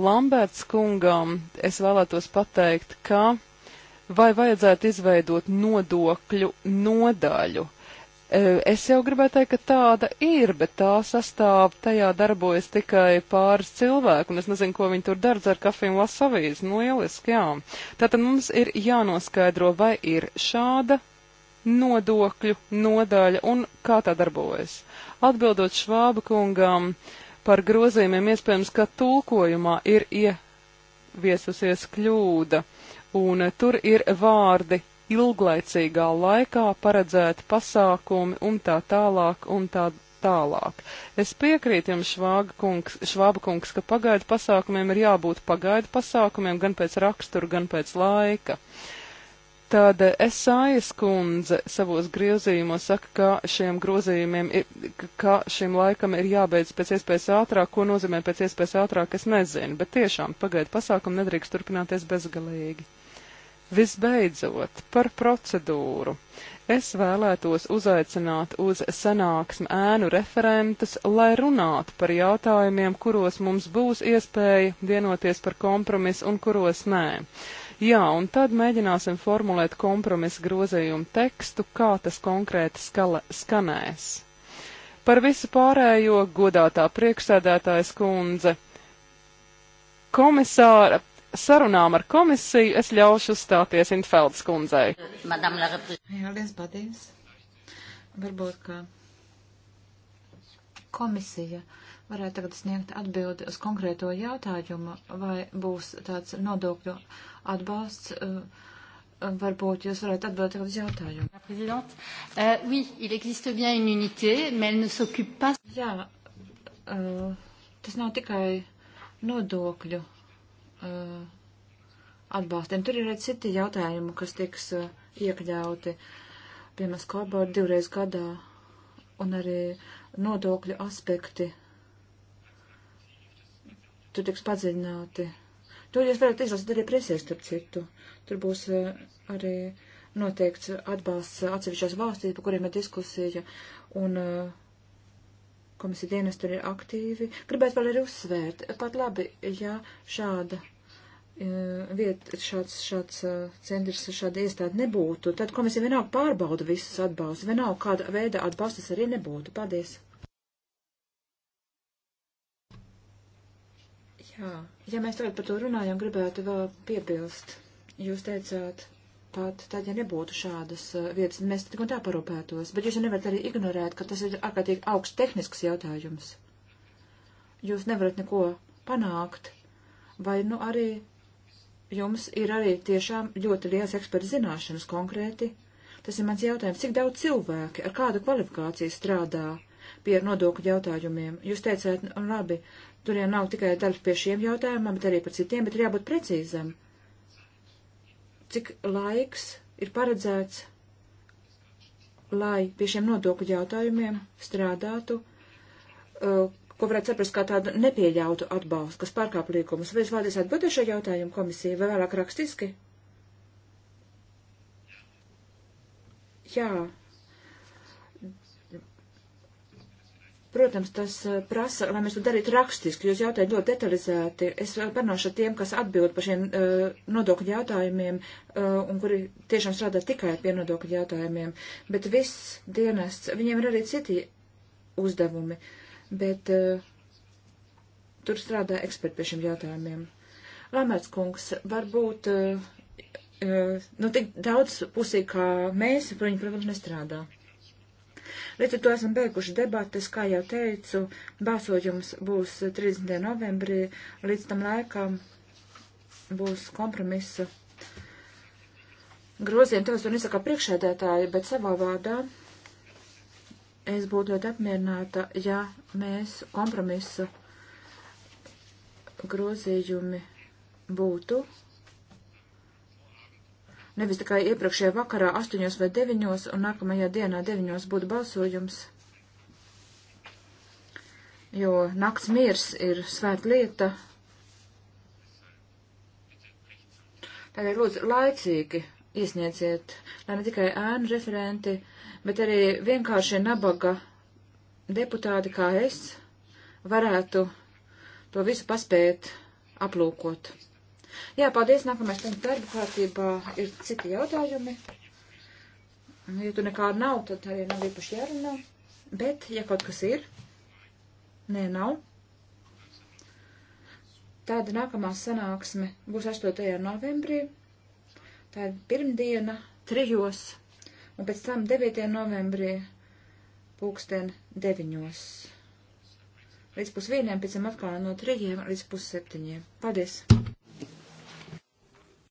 Lamberts kungam es vēlētos pateikt, ka vai vajadzētu izveidot nodokļu nodaļu. E, es jau gribēju teikt, ka tāda ir, bet tā sastāv, tajā darbojas tikai pāris cilvēku, un es nezinu, ko viņi tur dara ar kafiju un lasavīs. Nu, lieliski, jā. Tātad mums ir jānoskaidro, vai ir šāda nodokļu nodaļa un kā tā darbojas. Atbildot Švāba kungam, uh, par grozījumiem iespējams, ka tulkojumā ir ieviesusies kļūda, un eh, tur ir vārdi ilglaicīgā laikā paredzēti pasākumi un tā tālāk un tā tālāk. Es piekrītu jums, Švāba kungs, švāba kungs ka pagaidu pasākumiem ir jābūt pagaidu pasākumiem gan pēc rakstura, gan pēc laika. Uh, Tad Esājas kundze savos grozījumos saka, ka šiem grozījumiem, ir, ka šim laikam ir jābeidz pēc iespējas ātrāk, ko nozīmē pēc iespējas ātrāk, es nezinu, bet tiešām pagaidu pasākumu nedrīkst turpināties bezgalīgi. Visbeidzot, par procedūru. Es vēlētos uzaicināt uz sanāksmu ēnu referentus, lai runātu par jautājumiem, kuros mums būs iespēja vienoties par kompromisu un kuros nē. Jā, un tad mēģināsim formulēt kompromisu grozījumu tekstu, kā tas konkrēti skala, skanēs. Par visu pārējo godātā priekšsēdētājas kundze. Komisāra, sarunām ar komisiju es ļaušu uzstāties Intfeldes kundzei. Jā, liels paldies. Varbūt, ka komisija varētu tagad sniegt atbildi uz konkrēto jautājumu, vai būs tāds nodokļu atbalsts. Eh, varbūt jūs varētu atbildēt tagad uz jautājumu. Uh, oui, il existe bien une unité, mais elle ne s'occupe pas. Jā, uh, tas nav tikai nodokļu uh, eh, atbalstiem. Tur ir arī citi jautājumi, kas tiks uh, iekļauti, piemēram, skobor divreiz gadā, un arī nodokļu aspekti tur tiks padziļināti. Tur jūs varat izlasīt arī presē, starp citu. Tur būs eh, arī noteikts atbalsts atsevišķās valstīs, par kuriem ir diskusija, un eh, komisija dienas tur ir aktīvi. Gribētu vēl arī uzsvērt, pat labi, ja šāda eh, vieta, šāds, šāds centrs, šāda iestāde nebūtu, tad komisija vienalga pārbauda visus atbalstus, vienalga kāda veida atbalstus arī nebūtu. Paldies! Jā, ja mēs tagad par to runājam, gribētu vēl piebilst. Jūs teicāt, pat tad, ja nebūtu šādas uh, vietas, mēs tik un tā parūpētos, bet jūs jau nevarat arī ignorēt, ka tas ir ārkārtīgi augsts tehnisks jautājums. Jūs nevarat neko panākt, vai nu arī jums ir arī tiešām ļoti liels eksperta zināšanas konkrēti. Tas ir mans jautājums, cik daudz cilvēki ar kādu kvalifikāciju strādā pie nodokļu jautājumiem. Jūs teicāt, nu, labi, Tur jau nav tikai darbs pie šiem jautājumiem, bet arī par citiem, bet ir jābūt precīzam. Cik laiks ir paredzēts, lai pie šiem nodokļu jautājumiem strādātu, uh, ko varētu saprast kā tādu nepieļautu atbalstu, kas pārkāp līkumus? Vai es vēlaties atbildēt šo jautājumu komisiju vai vēlāk rakstiski? Jā. Protams, tas eh, prasa, lai mēs to darītu rakstiski, jūs jautājat ļoti detalizēti. Es parunāšu ar tiem, kas atbild par šiem uh, nodokļu jautājumiem uh, un kuri tiešām strādā tikai pie nodokļu jautājumiem. Bet viss dienests, viņiem ir arī citi uzdevumi, bet uh, tur strādā eksperti pie šiem jautājumiem. Lamērts kungs, varbūt uh, uh, nu, tik daudz pusī kā mēs, viņi, protams, nestrādā. Līdz ar to esam beiguši debates, kā jau teicu, balsojums būs 30. novembrī, līdz tam laikam būs kompromisa grozījumi. Tev es to nesaku priekšēdētāji, bet savā vārdā es būtu ļoti apmierināta, ja mēs kompromisa grozījumi būtu nevis tikai iepriekšējā vakarā astoņos vai deviņos, un nākamajā dienā deviņos būtu balsojums, jo nakts miers ir svēt lieta. Tagad lūdzu laicīgi iesniedziet, lai ne tikai ēnu referenti, bet arī vienkārši nabaga deputāti kā es varētu to visu paspēt aplūkot. Jā, paldies. Nākamais punkts darba kārtībā ir citi jautājumi. Ja tu nekā nav, tad arī nav īpaši jārunā. Bet, ja kaut kas ir, nē, nav. Tāda nākamā sanāksme būs 8. novembrī. Tā ir pirmdiena, trijos, un pēc tam 9. novembrī pūksteni deviņos. Līdz pusvieniem, pēc tam atkal no trījiem līdz pusseptiņiem. Paldies!